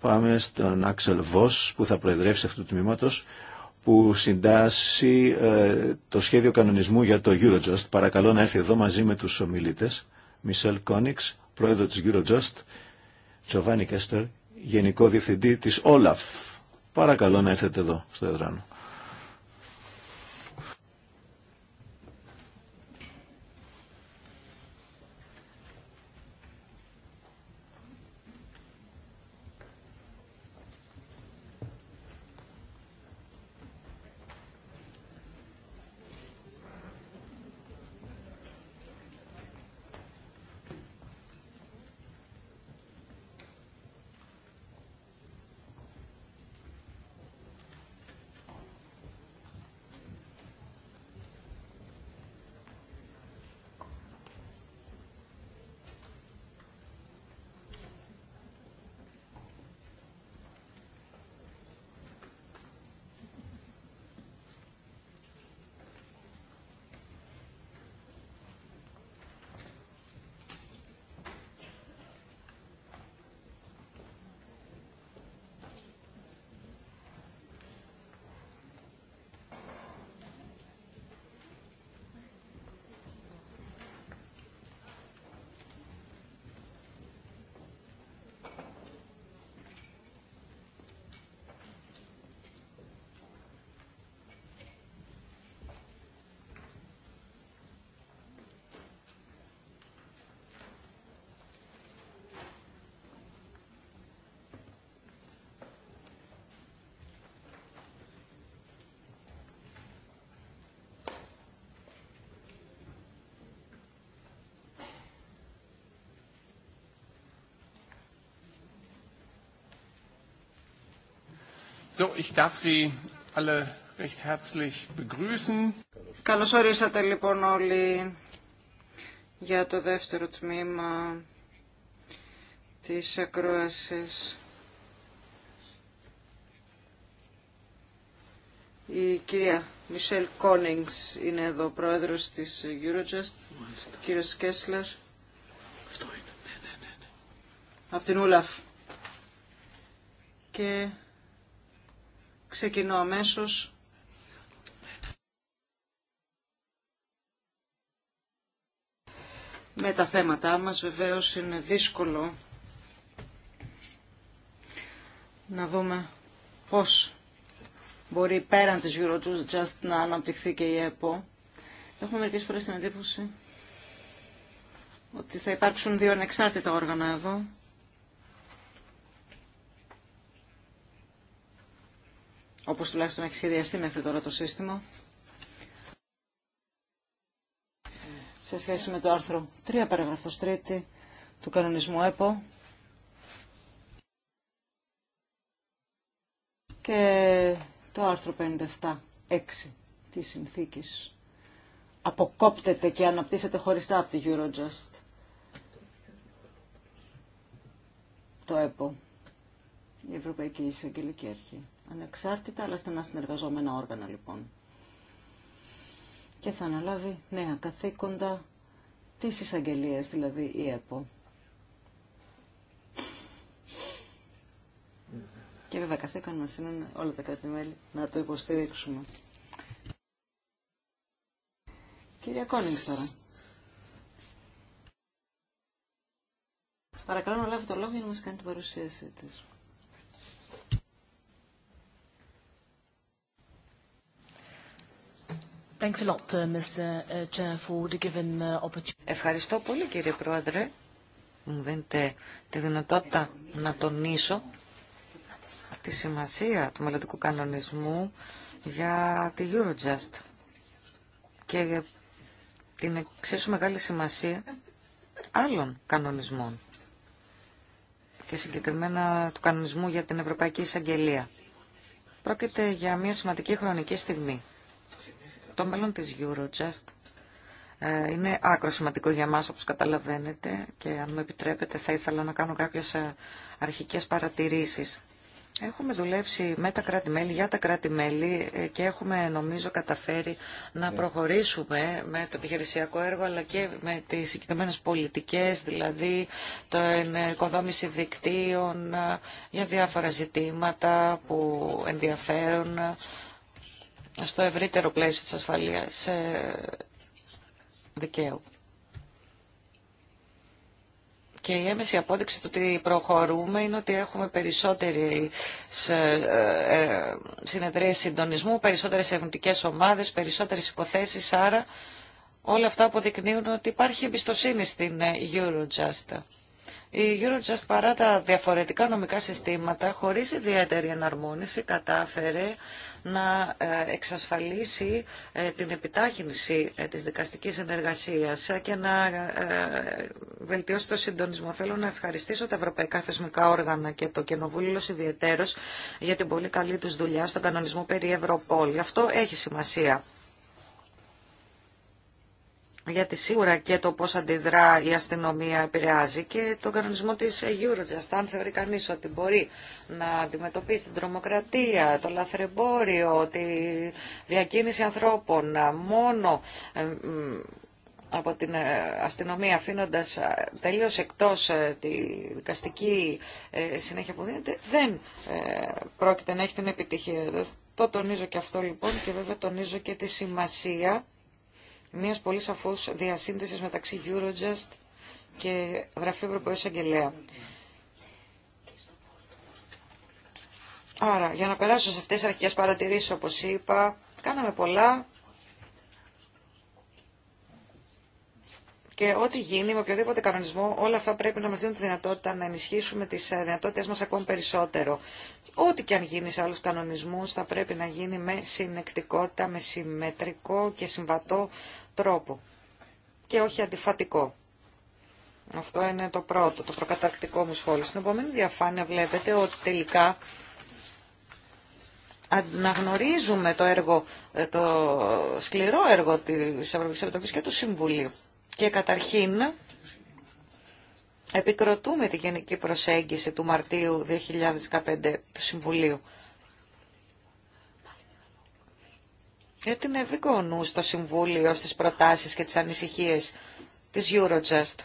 πάμε στον Άξελ Βος που θα προεδρεύσει αυτού του τμήματος που συντάσσει ε, το σχέδιο κανονισμού για το Eurojust. Παρακαλώ να έρθει εδώ μαζί με τους ομιλητές. Μισελ Κόνιξ, πρόεδρο της Eurojust, Τζοβάνι Κέστερ, γενικό διευθυντή της Όλαφ. Παρακαλώ να έρθετε εδώ, στο Εδράνο. So, ich darf Sie alle recht herzlich begrüßen. Καλώς ορίσατε λοιπόν όλοι για το δεύτερο τμήμα της ακρόασης. Η κυρία Μισελ Κόνιγκς είναι εδώ πρόεδρος της Eurojust, κύριος Κέσλερ. Αυτό είναι, ναι, ναι, ναι. ναι. Από την Ούλαφ. Και Ξεκινώ αμέσω. Με τα θέματά μας βεβαίως είναι δύσκολο να δούμε πώς μπορεί πέραν της Eurojust να αναπτυχθεί και η ΕΠΟ. Έχουμε μερικές φορές την εντύπωση ότι θα υπάρξουν δύο ανεξάρτητα όργανα εδώ όπως τουλάχιστον έχει σχεδιαστεί μέχρι τώρα το σύστημα. Σε σχέση με το άρθρο 3, παραγραφος 3 του κανονισμού ΕΠΟ και το άρθρο 57.6 της συνθήκης αποκόπτεται και αναπτύσσεται χωριστά από τη Eurojust. Το ΕΠΟ, η Ευρωπαϊκή Εισαγγελική Αρχή ανεξάρτητα αλλά στενά συνεργαζόμενα όργανα λοιπόν. Και θα αναλάβει νέα καθήκοντα τι εισαγγελία, δηλαδή η ΕΠΟ. Και βέβαια καθήκον μας είναι όλα τα κρατημέλη να το υποστηρίξουμε. Κυρία Κόνιγκς τώρα. Παρακαλώ να λάβει το λόγο για να μας κάνει την παρουσίασή της. Ευχαριστώ πολύ κύριε Πρόεδρε. Μου δίνετε τη δυνατότητα να τονίσω τη σημασία του μελλοντικού κανονισμού για τη Eurojust και την εξίσου μεγάλη σημασία άλλων κανονισμών και συγκεκριμένα του κανονισμού για την Ευρωπαϊκή Εισαγγελία. Πρόκειται για μια σημαντική χρονική στιγμή. Το μέλλον της Eurojust ε, είναι άκρο σημαντικό για μας όπως καταλαβαίνετε και αν μου επιτρέπετε θα ήθελα να κάνω κάποιες ε, αρχικές παρατηρήσεις. Έχουμε δουλέψει με τα κράτη-μέλη, για τα κράτη-μέλη ε, και έχουμε νομίζω καταφέρει να ναι. προχωρήσουμε με το επιχειρησιακό έργο αλλά και με τις συγκεκριμένε πολιτικές, δηλαδή το οικοδόμηση δικτύων για διάφορα ζητήματα που ενδιαφέρουν στο ευρύτερο πλαίσιο της ασφαλείας ε, δικαίου. Και η έμεση απόδειξη του ότι προχωρούμε είναι ότι έχουμε περισσότερες ε, ε, συνεδρίες συντονισμού, περισσότερες ευνητικές ομάδες, περισσότερες υποθέσεις, άρα όλα αυτά αποδεικνύουν ότι υπάρχει εμπιστοσύνη στην Eurojust. Η Eurojust παρά τα διαφορετικά νομικά συστήματα, χωρίς ιδιαίτερη εναρμόνιση, κατάφερε να ε, εξασφαλίσει ε, την επιτάχυνση ε, της δικαστικής ενεργασίας και να βελτιώσει το συντονισμό. Θέλω να ευχαριστήσω τα ευρωπαϊκά θεσμικά όργανα και το Κοινοβούλιο ιδιαίτερος για την πολύ καλή τους δουλειά στον κανονισμό περί Ευρωπόλη. Αυτό έχει σημασία γιατί σίγουρα και το πώς αντιδρά η αστυνομία επηρεάζει και τον κανονισμό της Eurojust. Αν θεωρεί κανείς ότι μπορεί να αντιμετωπίσει την τρομοκρατία, το λαθρεμπόριο, τη διακίνηση ανθρώπων μόνο από την ε, αστυνομία αφήνοντας ε, τελείως εκτός ε, τη δικαστική συνέχεια που δίνεται, δεν πρόκειται να έχει την επιτυχία. Το τονίζω και αυτό λοιπόν και βέβαια τονίζω και τη σημασία Μία πολύ σαφού διασύνδεσης μεταξύ Eurojust και Γραφείου Ευρωπαϊκού Αγγελέα. Άρα, για να περάσω σε αυτές τις αρχικές παρατηρήσεις, όπως είπα, κάναμε πολλά και ό,τι γίνει με οποιοδήποτε κανονισμό, όλα αυτά πρέπει να μας δίνουν τη δυνατότητα να ενισχύσουμε τις ε, δυνατότητες μας ακόμη περισσότερο. Ό,τι και αν γίνει σε άλλους κανονισμούς θα πρέπει να γίνει με συνεκτικότητα, με συμμετρικό και συμβατό τρόπο και όχι αντιφατικό. Αυτό είναι το πρώτο, το προκαταρκτικό μου σχόλιο. Στην επόμενη διαφάνεια βλέπετε ότι τελικά αναγνωρίζουμε το έργο, ε, το σκληρό έργο της Ευρωπαϊκής Επιτροπής και του Συμβουλίου. Και καταρχήν επικροτούμε τη γενική προσέγγιση του Μαρτίου 2015 του Συμβουλίου. Γιατί ε, είναι νου στο Συμβούλιο στις προτάσεις και τις ανησυχίες της Eurojust.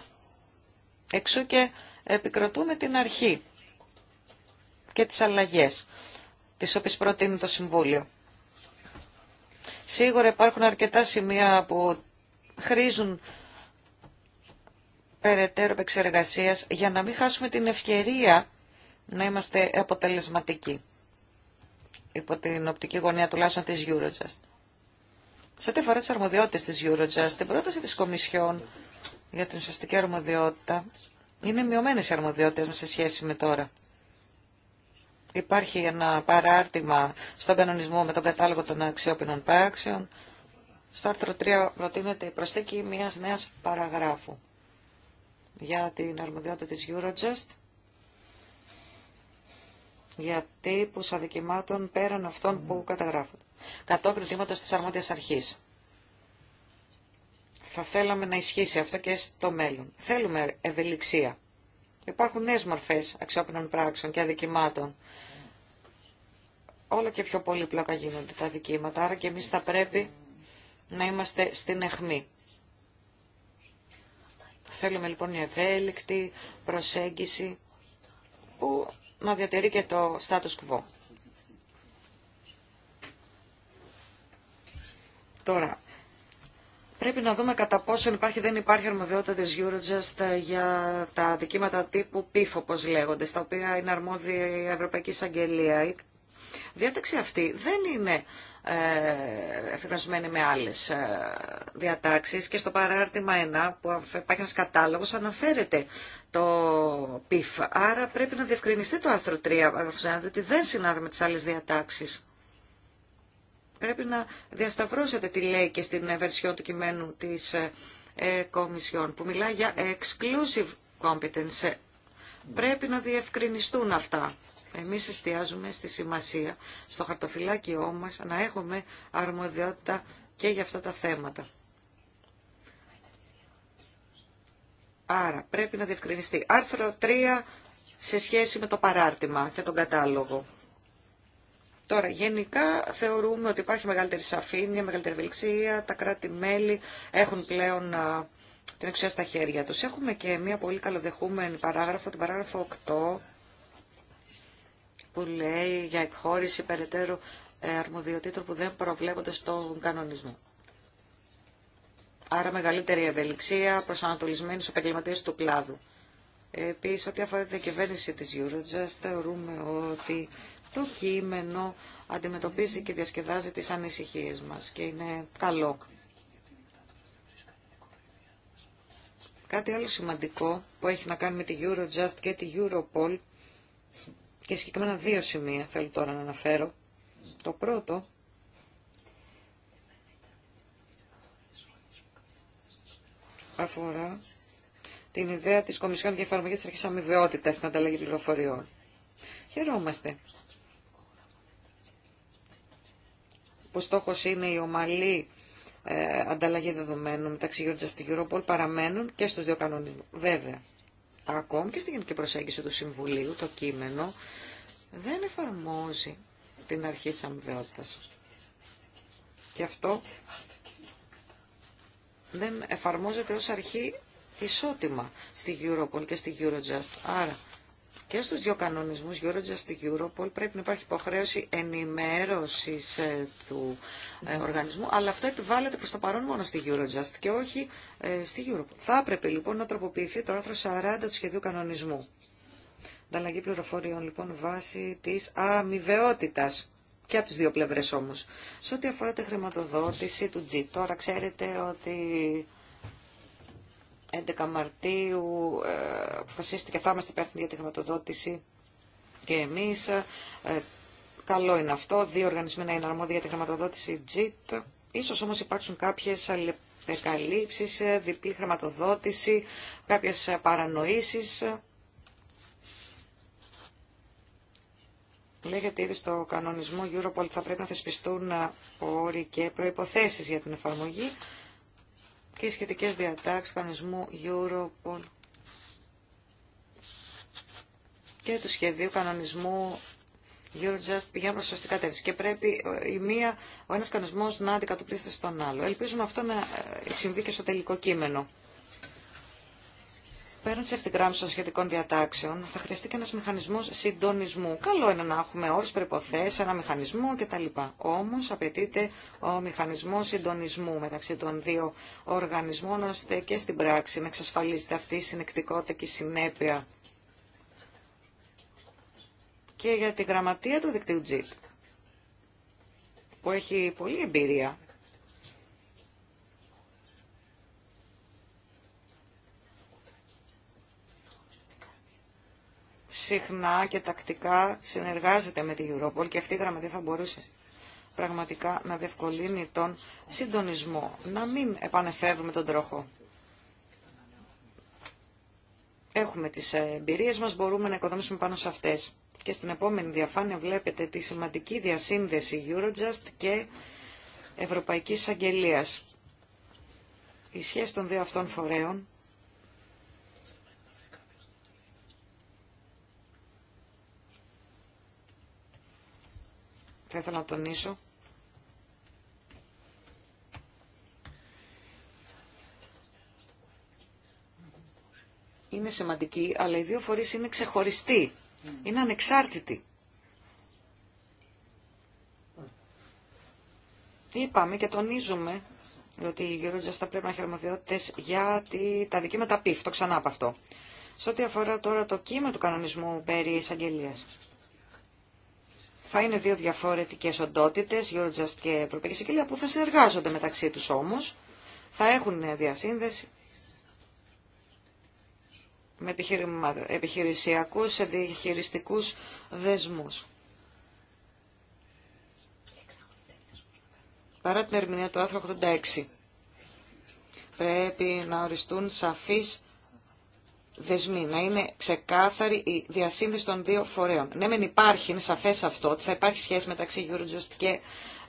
Εξού και επικροτούμε την αρχή και τις αλλαγές τις οποίες προτείνει το Συμβούλιο. Σίγουρα υπάρχουν αρκετά σημεία που χρήζουν περαιτέρω επεξεργασίας για να μην χάσουμε την ευκαιρία να είμαστε αποτελεσματικοί υπό την οπτική γωνία τουλάχιστον της Eurojust. Σε ό,τι αφορά τις αρμοδιότητες της Eurojust, την πρόταση της Κομισιόν για την ουσιαστική αρμοδιότητα είναι μειωμένες οι αρμοδιότητες μας σε σχέση με τώρα. Υπάρχει ένα παράρτημα στον κανονισμό με τον κατάλογο των αξιόπινων πράξεων. Στο άρθρο 3 προτείνεται η προσθήκη μιας νέας παραγράφου για την αρμοδιότητα της Eurojust για τύπους αδικημάτων πέραν αυτών που καταγράφονται. Κατόπιν δήματος της αρμόδιας αρχής. Θα θέλαμε να ισχύσει αυτό και στο μέλλον. Θέλουμε ευελιξία. Υπάρχουν νέες μορφές αξιόπινων πράξεων και αδικημάτων. Όλο και πιο πολύπλοκα γίνονται τα αδικήματα, άρα και εμείς θα πρέπει να είμαστε στην αιχμή Θέλουμε λοιπόν η ευέλικτη προσέγγιση που να διατηρεί και το status quo. Τώρα, πρέπει να δούμε κατά πόσο υπάρχει δεν υπάρχει αρμοδιότητα της Eurojust για τα δικήματα τύπου PIF, όπως λέγονται, στα οποία είναι αρμόδια η Ευρωπαϊκή Εισαγγελία διάταξη αυτή δεν είναι ευθυνωσμένη με άλλες ε, διατάξεις και στο παράρτημα 1 που υπάρχει ένας κατάλογος αναφέρεται το ΠΙΦ. Άρα πρέπει να διευκρινιστεί το άρθρο 3, ότι δεν συνάδει με τις άλλες διατάξεις. Πρέπει να διασταυρώσετε τι λέει και στην ε, βερσιό του κειμένου της ε, ε Κομισιόν που μιλά για exclusive competence. Πρέπει να διευκρινιστούν αυτά. Εμείς εστιάζουμε στη σημασία, στο χαρτοφυλάκιό μας, να έχουμε αρμοδιότητα και για αυτά τα θέματα. Άρα πρέπει να διευκρινιστεί. Άρθρο 3 σε σχέση με το παράρτημα και τον κατάλογο. Τώρα, γενικά θεωρούμε ότι υπάρχει μεγαλύτερη σαφήνεια, μεγαλύτερη ευελιξία, τα κράτη-μέλη έχουν πλέον την εξουσία στα χέρια τους. Έχουμε και μια πολύ καλοδεχούμενη παράγραφο, την παράγραφο 8, που λέει για εκχώρηση περαιτέρω ε, αρμοδιοτήτων που δεν προβλέπονται στον κανονισμό. Άρα μεγαλύτερη ευελιξία προς ανατολισμένους επαγγελματίες του κλάδου. Επίσης, ό,τι αφορά την κυβέρνηση της Eurojust, θεωρούμε ότι το κείμενο αντιμετωπίζει και διασκεδάζει τις ανησυχίες μας και είναι καλό. Κάτι άλλο σημαντικό που έχει να κάνει με τη Eurojust και τη Europol και συγκεκριμένα δύο σημεία θέλω τώρα να αναφέρω. Το πρώτο αφορά την ιδέα της Κομισιόν για εφαρμογή της αρχής αμοιβαιότητας στην ανταλλαγή πληροφοριών. Χαιρόμαστε που στόχος είναι η ομαλή ε, ανταλλαγή δεδομένων μεταξύ Γιώργης και Europol παραμένουν και στους δύο κανονισμούς. Βέβαια, ακόμη και στη γενική προσέγγιση του Συμβουλίου, το κείμενο δεν εφαρμόζει την αρχή της αμοιβαιότητας. Και αυτό δεν εφαρμόζεται ως αρχή ισότιμα στη Europol και στη Eurojust. Άρα και στους δύο κανονισμούς, Eurojust και Europol, πρέπει να υπάρχει υποχρέωση ενημέρωσης ε, του ε, οργανισμού, αλλά αυτό επιβάλλεται προς το παρόν μόνο στη Eurojust και όχι ε, στη Europol. Θα έπρεπε λοιπόν να τροποποιηθεί το άρθρο 40 του σχεδίου κανονισμού. Ανταλλαγή πληροφοριών λοιπόν βάσει της αμοιβαιότητας και από τις δύο πλευρές όμως. Σε ό,τι αφορά τη χρηματοδότηση του G, τώρα ξέρετε ότι 11 Μαρτίου ε, αποφασίστηκε θα είμαστε υπεύθυνοι για τη χρηματοδότηση και εμείς. Ε, καλό είναι αυτό. Δύο οργανισμοί να είναι αρμόδια για τη χρηματοδότηση JIT. Ίσως όμως υπάρξουν κάποιες αλληλεπικαλύψει, ε, διπλή χρηματοδότηση, κάποιες παρανοήσεις. Λέγεται ήδη στο κανονισμό Europol θα πρέπει να θεσπιστούν όροι και προϋποθέσεις για την εφαρμογή και οι σχετικές διατάξεις κανονισμού Europol και του σχεδίου κανονισμού Eurojust πηγαίνουν προς σωστή κατεύθυνση και πρέπει ε, η μία, ο ένας κανονισμός να αντικατοπτρίσει στον άλλο. Ελπίζουμε αυτό να ε, συμβεί και στο τελικό κείμενο. Πέραν τη ευθυγράμμιση των σχετικών διατάξεων, θα χρειαστεί και ένα μηχανισμό συντονισμού. Καλό είναι να έχουμε όρου, προποθέσει, ένα μηχανισμό κτλ. Όμω, απαιτείται ο μηχανισμό συντονισμού μεταξύ των δύο οργανισμών, ώστε και στην πράξη να εξασφαλίζεται αυτή η συνεκτικότητα και η συνέπεια. Και για τη γραμματεία του δικτύου JIT, που έχει πολλή εμπειρία συχνά και τακτικά συνεργάζεται με την Europol και αυτή η γραμματεία θα μπορούσε πραγματικά να διευκολύνει τον συντονισμό, να μην επανεφεύρουμε τον τροχό. Έχουμε τις εμπειρίες μας, μπορούμε να οικοδομήσουμε πάνω σε αυτές. Και στην επόμενη διαφάνεια βλέπετε τη σημαντική διασύνδεση Eurojust και Ευρωπαϊκής Αγγελίας. Η σχέση των δύο αυτών φορέων θα ήθελα να τονίσω είναι σημαντική, αλλά οι δύο φορείς είναι ξεχωριστοί, είναι ανεξάρτητοι. Είπαμε και τονίζουμε ότι οι γερόντζες θα πρέπει να αρμοδιότητες για τα δικήματα πιφ, το ξανά από αυτό. Σε ό,τι αφορά τώρα το κείμενο του κανονισμού περί εισαγγελίας θα είναι δύο διαφορετικές οντότητες, Eurojust και Ευρωπαϊκή Σικελία, που θα συνεργάζονται μεταξύ τους όμως, θα έχουν διασύνδεση με επιχειρησιακούς, διαχειριστικού δεσμούς. Παρά την ερμηνεία του άρθρου 86, πρέπει να οριστούν σαφείς δεσμοί, να είναι ξεκάθαρη η διασύνδεση των δύο φορέων. Ναι, μεν υπάρχει, είναι σαφές αυτό, ότι θα υπάρχει σχέση μεταξύ Eurojust και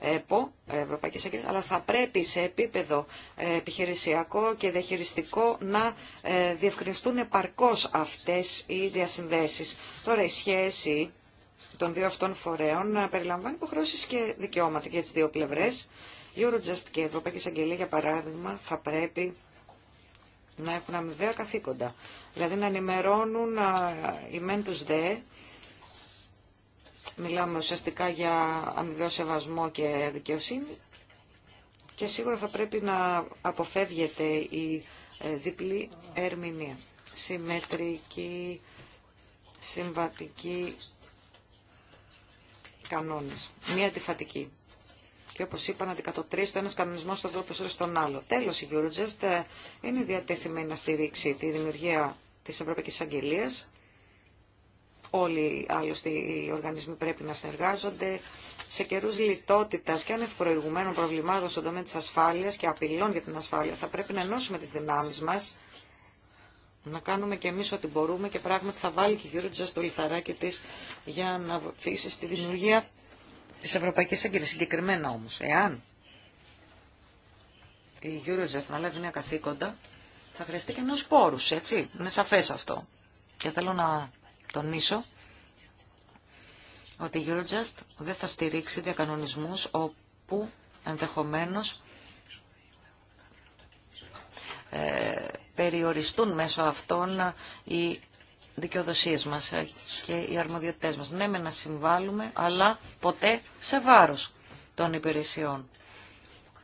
ΕΠΟ, ε, Ευρωπαϊκή αλλά θα πρέπει σε επίπεδο ε, επιχειρησιακό και διαχειριστικό να ε, διευκρινιστούν επαρκώς αυτές οι διασυνδέσεις. Τώρα η σχέση των δύο αυτών φορέων περιλαμβάνει υποχρεώσει και δικαιώματα για τις δύο πλευρές. Eurojust και Ευρωπαϊκή Αγγελία, για παράδειγμα, θα πρέπει να έχουν αμοιβαία καθήκοντα. Δηλαδή να ενημερώνουν οι μεν τους δε. Μιλάμε ουσιαστικά για αμοιβαίο σεβασμό και δικαιοσύνη. Και σίγουρα θα πρέπει να αποφεύγεται η ε, διπλή ερμηνεία. Συμμετρική, συμβατική κανόνες. Μία αντιφατική και όπως είπα να αντικατοπτρίσει το ένας κανονισμός στον τρόπο στον άλλο. Τέλο, η Eurojust ε, είναι διατεθειμένη να στηρίξει τη δημιουργία τη Ευρωπαϊκή Αγγελία. Όλοι άλλωστε οι οργανισμοί πρέπει να συνεργάζονται σε καιρού λιτότητα και ανευπροηγουμένων προβλημάτων στον τομέα τη ασφάλεια και απειλών για την ασφάλεια. Θα πρέπει να ενώσουμε τι δυνάμει μα να κάνουμε και εμείς ό,τι μπορούμε και πράγματι θα βάλει και η Eurojust το λιθαράκι της για να βοηθήσει στη δημιουργία Τη Ευρωπαϊκή Έγκυρης. Συγκεκριμένα όμως, εάν η Eurojust να λάβει νέα καθήκοντα, θα χρειαστεί και ενό πόρου, έτσι. Είναι σαφέ αυτό. Και θέλω να τονίσω ότι η Eurojust δεν θα στηρίξει διακανονισμού όπου ενδεχομένω ε, περιοριστούν μέσω αυτών οι Δικαιοδοσίε μας ε, και οι αρμοδιότητέ μας. Ναι, με να συμβάλλουμε, αλλά ποτέ σε βάρος των υπηρεσιών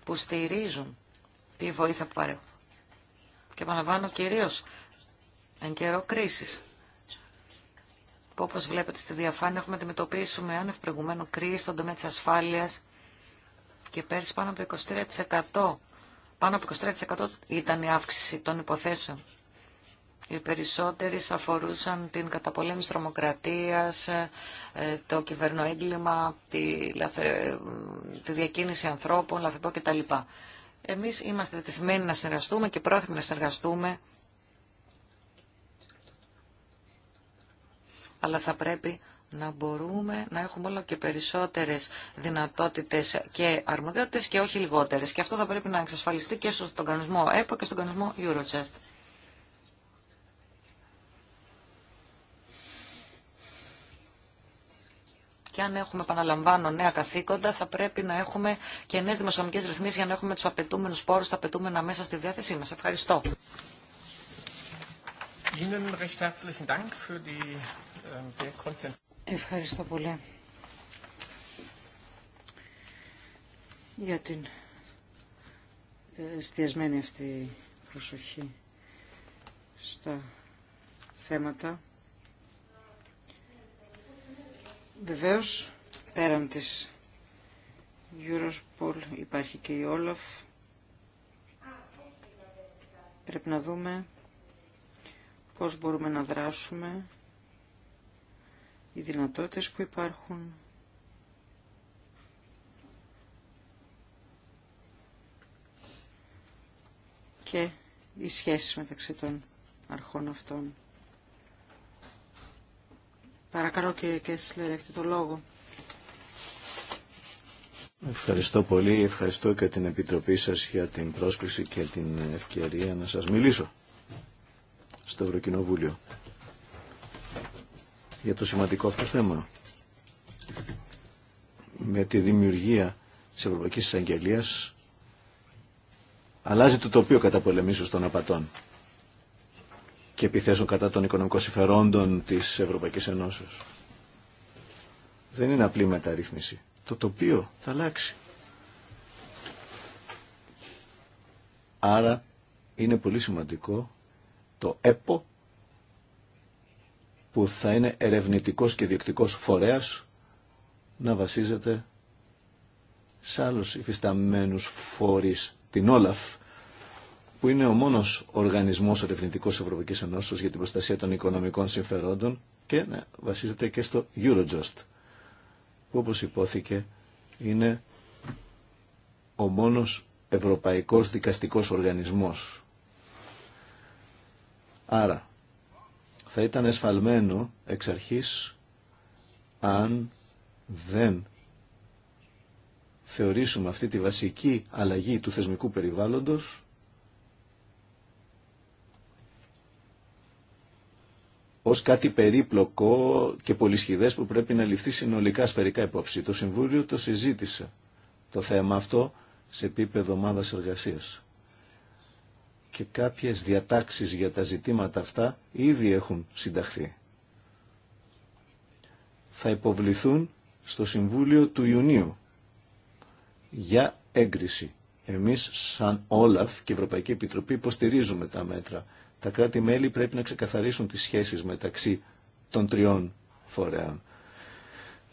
που στηρίζουν τη βοήθεια που παρέχουν. Και επαναλαμβάνω κυρίω εν καιρό κρίση. Όπω όπως βλέπετε στη διαφάνεια έχουμε με άνευ προηγουμένου κρίση στον τομέα τη ασφάλειας και πέρσι πάνω από 23%. Πάνω από 23% ήταν η αύξηση των υποθέσεων οι περισσότεροι αφορούσαν την καταπολέμηση τρομοκρατίας, ε, το κυβερνοέγκλημα, τη, τη διακίνηση ανθρώπων, λαθρεπό κτλ. Εμείς είμαστε τεθειμένοι να συνεργαστούμε και πρόθυμοι να συνεργαστούμε, αλλά θα πρέπει να μπορούμε να έχουμε όλο και περισσότερες δυνατότητες και αρμοδιότητες και όχι λιγότερες. Και αυτό θα πρέπει να εξασφαλιστεί και στον κανονισμό ΕΠΟ και στον κανονισμό Eurojust. και αν έχουμε, επαναλαμβάνω, νέα καθήκοντα, θα πρέπει να έχουμε και νέε δημοσιονομικέ ρυθμίσει για να έχουμε του απαιτούμενου πόρου, τα απαιτούμενα μέσα στη διάθεσή μα. Ευχαριστώ. Ähm, Ευχαριστώ πολύ για την ε, εστιασμένη αυτή προσοχή στα θέματα Βεβαίως, πέραν της Europol υπάρχει και η Όλαφ. Πρέπει να δούμε πώς μπορούμε να δράσουμε, οι δυνατότητες που υπάρχουν. και οι σχέσεις μεταξύ των αρχών αυτών. Παρακαλώ κύριε Κέσλερ, έχετε το λόγο. Ευχαριστώ πολύ, ευχαριστώ και την Επιτροπή σας για την πρόσκληση και την ευκαιρία να σας μιλήσω στο Ευρωκοινοβούλιο για το σημαντικό αυτό θέμα με τη δημιουργία της Ευρωπαϊκής Αγγελίας αλλάζει το τοπίο κατά πολεμήσεως των απατών και επιθέσεων κατά των οικονομικών συμφερόντων της Ευρωπαϊκής Ενώσεως. Δεν είναι απλή μεταρρύθμιση. Το τοπίο θα αλλάξει. Άρα είναι πολύ σημαντικό το ΕΠΟ που θα είναι ερευνητικός και διεκτικός φορέας να βασίζεται σε άλλους υφισταμένους φορείς την Όλαφ που είναι ο μόνος οργανισμός ερευνητικό Ευρωπαϊκή Ενώσεως για την προστασία των οικονομικών συμφερόντων και ναι βασίζεται και στο Eurojust, που όπως υπόθηκε είναι ο μόνος ευρωπαϊκός δικαστικός οργανισμός. Άρα, θα ήταν εσφαλμένο εξ αρχής αν δεν θεωρήσουμε αυτή τη βασική αλλαγή του θεσμικού περιβάλλοντος ως κάτι περίπλοκο και πολυσχηδές που πρέπει να ληφθεί συνολικά σφαιρικά υπόψη. Το Συμβούλιο το συζήτησε το θέμα αυτό σε επίπεδο ομάδα εργασίας. Και κάποιες διατάξεις για τα ζητήματα αυτά ήδη έχουν συνταχθεί. Θα υποβληθούν στο Συμβούλιο του Ιουνίου για έγκριση. Εμείς σαν Όλαφ και Ευρωπαϊκή Επιτροπή υποστηρίζουμε τα μέτρα τα κράτη-μέλη πρέπει να ξεκαθαρίσουν τις σχέσεις μεταξύ των τριών φορέων.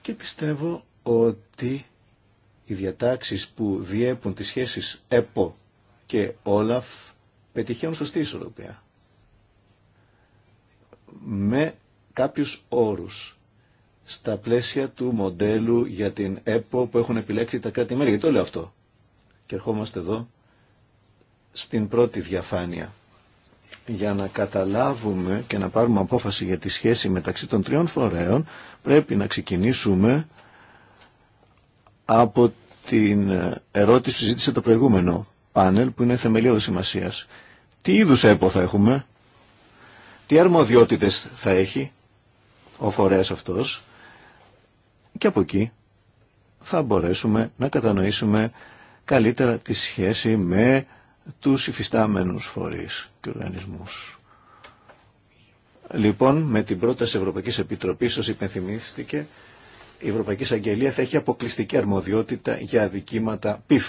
Και πιστεύω ότι οι διατάξεις που διέπουν τις σχέσεις ΕΠΟ και Όλαφ πετυχαίνουν σωστή ισορροπία. Με κάποιους όρους στα πλαίσια του μοντέλου για την ΕΠΟ που έχουν επιλέξει τα κράτη-μέλη. Γιατί το λέω αυτό. Και ερχόμαστε εδώ στην πρώτη διαφάνεια για να καταλάβουμε και να πάρουμε απόφαση για τη σχέση μεταξύ των τριών φορέων πρέπει να ξεκινήσουμε από την ερώτηση που συζήτησε το προηγούμενο πάνελ που είναι θεμελιώδη σημασία. Τι είδους έπο θα έχουμε, τι αρμοδιότητες θα έχει ο φορέας αυτός και από εκεί θα μπορέσουμε να κατανοήσουμε καλύτερα τη σχέση με τους υφιστάμενους φορείς και οργανισμούς. Λοιπόν, με την πρόταση Ευρωπαϊκής Επιτροπής, όσο υπενθυμίστηκε, η Ευρωπαϊκή Αγγελία θα έχει αποκλειστική αρμοδιότητα για αδικήματα πιφ.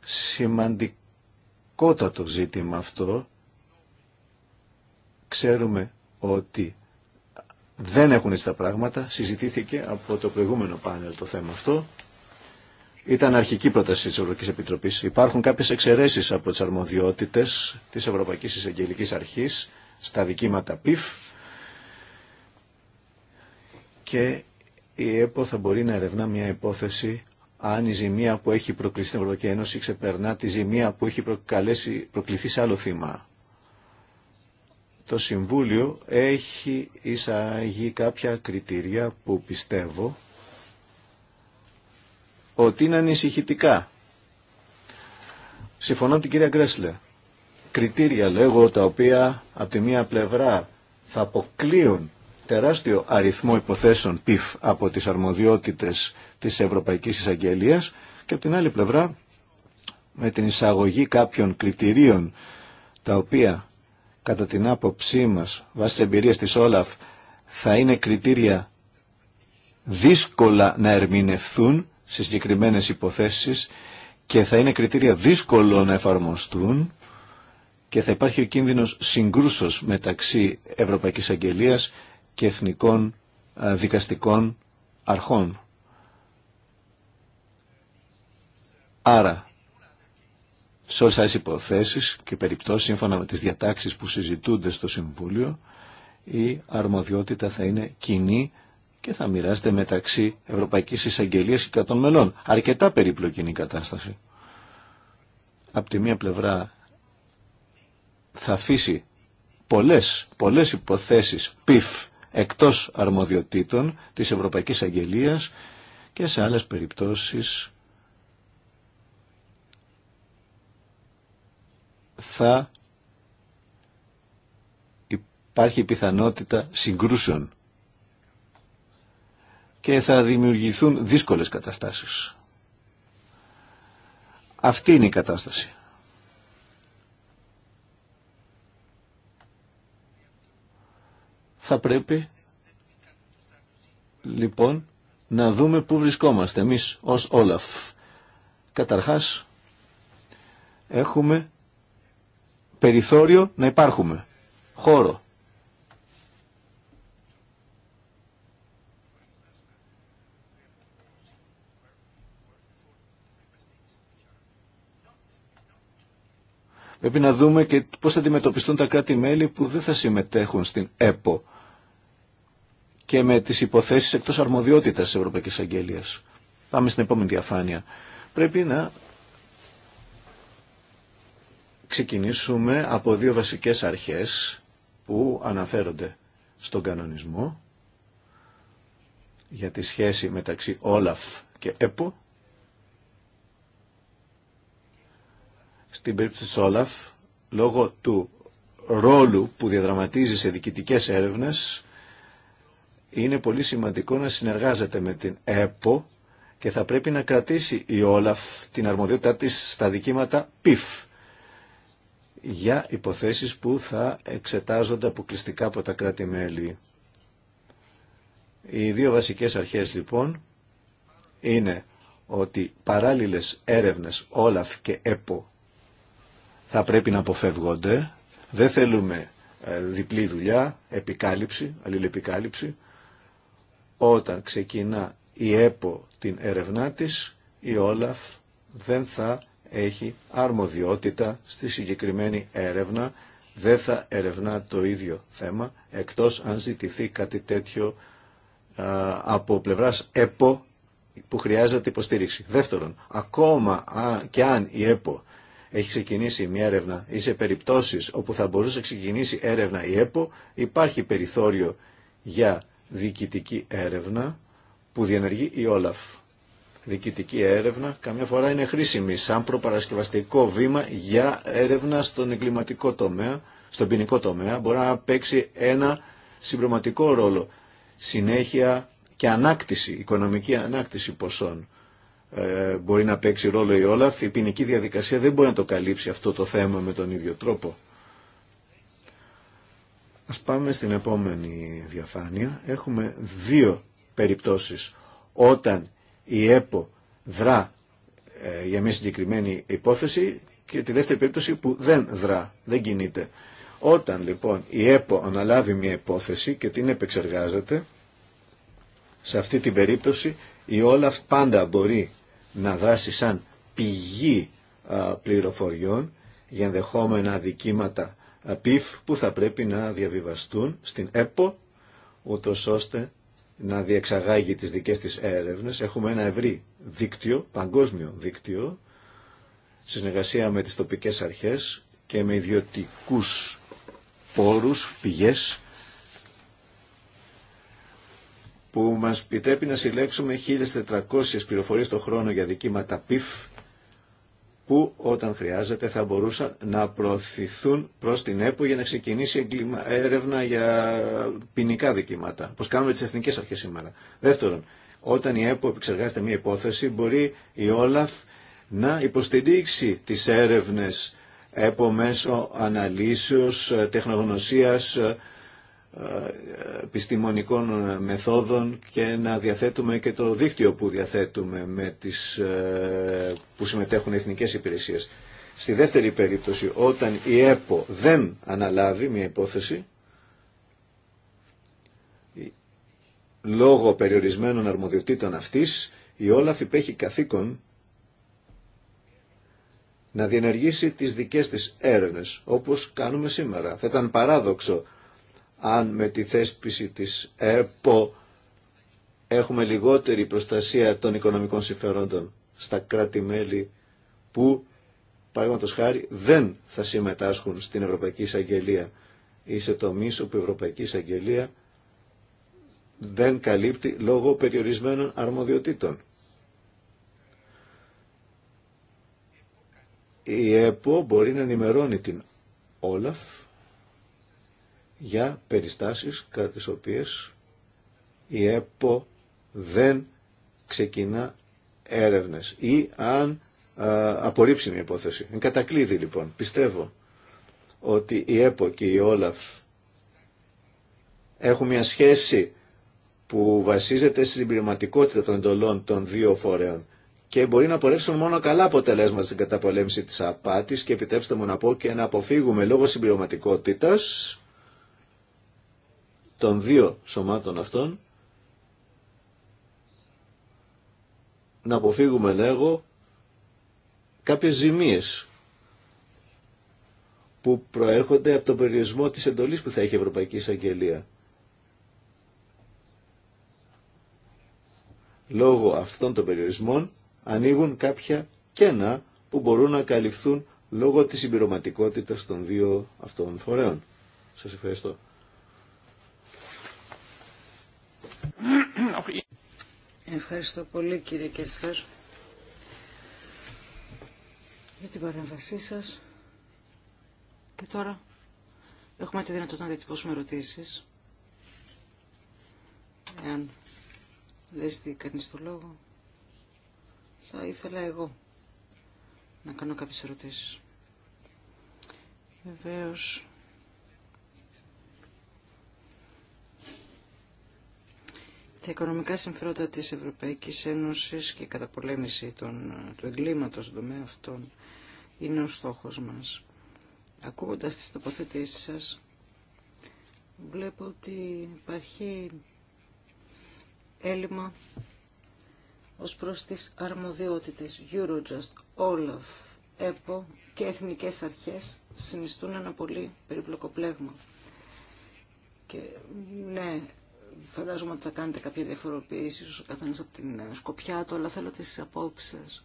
Σημαντικότατο ζήτημα αυτό. Ξέρουμε ότι δεν έχουν έτσι τα πράγματα. Συζητήθηκε από το προηγούμενο πάνελ το θέμα αυτό. Ήταν αρχική πρόταση τη Ευρωπαϊκή Επιτροπή. Υπάρχουν κάποιες εξαιρεσει από τι αρμοδιότητε της Ευρωπαϊκής Εισαγγελική Αρχής στα δικήματα ΠΙΦ και η ΕΠΟ θα μπορεί να ερευνά μια υπόθεση αν η ζημία που έχει προκληθεί στην Ευρωπαϊκή Ένωση ξεπερνά τη ζημία που έχει προκαλέσει, προκληθεί σε άλλο θύμα. Το Συμβούλιο έχει εισαγεί κάποια κριτήρια που πιστεύω ότι είναι ανησυχητικά. Συμφωνώ με την κυρία Γκρέσλε. Κριτήρια λέγω τα οποία από τη μία πλευρά θα αποκλείουν τεράστιο αριθμό υποθέσεων πιφ από τις αρμοδιότητες της Ευρωπαϊκής Εισαγγελίας και από την άλλη πλευρά με την εισαγωγή κάποιων κριτηρίων τα οποία κατά την άποψή μας βάσει της εμπειρίας της Όλαφ θα είναι κριτήρια δύσκολα να ερμηνευθούν σε συγκεκριμένες υποθέσεις και θα είναι κριτήρια δύσκολο να εφαρμοστούν και θα υπάρχει ο κίνδυνος συγκρούσος μεταξύ Ευρωπαϊκής Αγγελίας και εθνικών δικαστικών αρχών. Άρα, σε όλες τις υποθέσεις και περιπτώσεις σύμφωνα με τις διατάξεις που συζητούνται στο Συμβούλιο, η αρμοδιότητα θα είναι κοινή και θα μοιράζεται μεταξύ Ευρωπαϊκής Εισαγγελίας και κρατών μελών. Αρκετά περίπλοκη είναι η κατάσταση. Απ' τη μία πλευρά θα αφήσει πολλές, πολλές υποθέσεις πιφ εκτός αρμοδιοτήτων της Ευρωπαϊκής Αγγελίας και σε άλλες περιπτώσεις θα υπάρχει πιθανότητα συγκρούσεων και θα δημιουργηθούν δύσκολες καταστάσεις. Αυτή είναι η κατάσταση. Θα πρέπει λοιπόν να δούμε πού βρισκόμαστε εμείς ως Όλαφ. Καταρχάς έχουμε περιθώριο να υπάρχουμε, χώρο. Πρέπει να δούμε και πώς θα αντιμετωπιστούν τα κράτη-μέλη που δεν θα συμμετέχουν στην ΕΠΟ και με τις υποθέσεις εκτός αρμοδιότητας της Ευρωπαϊκής Αγγέλιας. Πάμε στην επόμενη διαφάνεια. Πρέπει να ξεκινήσουμε από δύο βασικές αρχές που αναφέρονται στον κανονισμό για τη σχέση μεταξύ Όλαφ και ΕΠΟ στην περίπτωση της Όλαφ, λόγω του ρόλου που διαδραματίζει σε διοικητικές έρευνες, είναι πολύ σημαντικό να συνεργάζεται με την ΕΠΟ και θα πρέπει να κρατήσει η Όλαφ την αρμοδιότητά της στα δικήματα ΠΙΦ για υποθέσεις που θα εξετάζονται αποκλειστικά από τα κράτη-μέλη. Οι δύο βασικές αρχές λοιπόν είναι ότι παράλληλες έρευνες Όλαφ και ΕΠΟ θα πρέπει να αποφεύγονται. Δεν θέλουμε ε, διπλή δουλειά, επικάλυψη, αλληλεπικάλυψη. Όταν ξεκινά η ΕΠΟ την έρευνά της, η Όλαφ δεν θα έχει αρμοδιότητα στη συγκεκριμένη έρευνα, δεν θα ερευνά το ίδιο θέμα, εκτός αν ζητηθεί κάτι τέτοιο από πλευράς ΕΠΟ που χρειάζεται υποστήριξη. Δεύτερον, ακόμα και αν η ΕΠΟ έχει ξεκινήσει μια έρευνα ή σε περιπτώσεις όπου θα μπορούσε να ξεκινήσει έρευνα η ΕΠΟ υπάρχει περιθώριο για διοικητική έρευνα που διενεργεί η Όλαφ. Διοικητική έρευνα καμιά φορά είναι χρήσιμη σαν προπαρασκευαστικό βήμα για έρευνα στον εγκληματικό τομέα, στον ποινικό τομέα. Μπορεί να παίξει ένα συμπληρωματικό ρόλο. Συνέχεια και ανάκτηση, οικονομική ανάκτηση ποσών. Ε, μπορεί να παίξει ρόλο η Όλαφ, η ποινική διαδικασία δεν μπορεί να το καλύψει αυτό το θέμα με τον ίδιο τρόπο. Ας πάμε στην επόμενη διαφάνεια. Έχουμε δύο περιπτώσεις όταν η ΕΠΟ δρά ε, για μια συγκεκριμένη υπόθεση και τη δεύτερη περίπτωση που δεν δρά, δεν κινείται. Όταν λοιπόν η ΕΠΟ αναλάβει μια υπόθεση και την επεξεργάζεται, σε αυτή την περίπτωση η Όλαφ πάντα μπορεί να δράσει σαν πηγή πληροφοριών για ενδεχόμενα δικήματα ΠΙΦ που θα πρέπει να διαβιβαστούν στην ΕΠΟ ούτω ώστε να διεξαγάγει τις δικές της έρευνες. Έχουμε ένα ευρύ δίκτυο, παγκόσμιο δίκτυο, συνεργασία με τις τοπικές αρχές και με ιδιωτικούς πόρους, πηγές που μας επιτρέπει να συλλέξουμε 1.400 πληροφορίες το χρόνο για δικήματα PIF που όταν χρειάζεται θα μπορούσαν να προωθηθούν προς την ΕΠΟ για να ξεκινήσει έρευνα για ποινικά δικήματα, όπως κάνουμε τις εθνικές αρχές σήμερα. Δεύτερον, όταν η ΕΠΟ επεξεργάζεται μια υπόθεση, μπορεί η Όλαφ να υποστηρίξει τις έρευνες ΕΠΟ μέσω αναλύσεως, τεχνογνωσίας, επιστημονικών μεθόδων και να διαθέτουμε και το δίκτυο που διαθέτουμε με τις, ε, που συμμετέχουν οι εθνικές υπηρεσίες. Στη δεύτερη περίπτωση, όταν η ΕΠΟ δεν αναλάβει μια υπόθεση, λόγω περιορισμένων αρμοδιοτήτων αυτής, η Όλαφ υπέχει καθήκον να διενεργήσει τις δικές της έρευνες, όπως κάνουμε σήμερα. Θα ήταν παράδοξο αν με τη θέσπιση της ΕΠΟ έχουμε λιγότερη προστασία των οικονομικών συμφερόντων στα κράτη-μέλη που, παραδείγματος χάρη, δεν θα συμμετάσχουν στην Ευρωπαϊκή Εισαγγελία ή σε τομείς όπου η σε τομεις που Εισαγγελία δεν καλύπτει λόγω περιορισμένων αρμοδιοτήτων. Η ΕΠΟ μπορεί να ενημερώνει την Όλαφ για περιστάσεις κατά τις οποίες η ΕΠΟ δεν ξεκινά έρευνες ή αν α, απορρίψει μια υπόθεση. Εν κατακλείδη λοιπόν πιστεύω ότι η ΕΠΟ και η ΟΛΑΦ έχουν μια σχέση που βασίζεται στην πληρωματικότητα των εντολών των δύο φορέων και μπορεί να απορρέψουν μόνο καλά αποτελέσματα στην καταπολέμηση της απάτης και επιτρέψτε μου να πω και να αποφύγουμε λόγω συμπληρωματικότητας των δύο σωμάτων αυτών να αποφύγουμε λέγω κάποιες ζημίες που προέρχονται από τον περιορισμό της εντολής που θα έχει η Ευρωπαϊκή Εισαγγελία. Λόγω αυτών των περιορισμών ανοίγουν κάποια κένα που μπορούν να καλυφθούν λόγω της συμπληρωματικότητα των δύο αυτών φορέων. Σας ευχαριστώ. Ευχαριστώ πολύ κύριε και για την παρέμβασή σας. Και τώρα έχουμε τη δυνατότητα να διατυπώσουμε ερωτήσεις. Εάν δεν είστε κανείς το λόγο, θα ήθελα εγώ να κάνω κάποιες ερωτήσεις. Βεβαίως, Τα οικονομικά συμφέροντα της Ευρωπαϊκής Ένωσης και η καταπολέμηση των, του εγκλήματος στον τομέα αυτών είναι ο στόχος μας. Ακούγοντας τις τοποθετήσεις σας, βλέπω ότι υπάρχει έλλειμμα ως προς τις αρμοδιότητες Eurojust, Olaf, ΕΠΟ και εθνικές αρχές συνιστούν ένα πολύ περίπλοκο πλέγμα. Και ναι, φαντάζομαι ότι θα κάνετε κάποια διαφοροποίηση, ίσως ο καθένας από την σκοπιά του, αλλά θέλω τις απόψεις.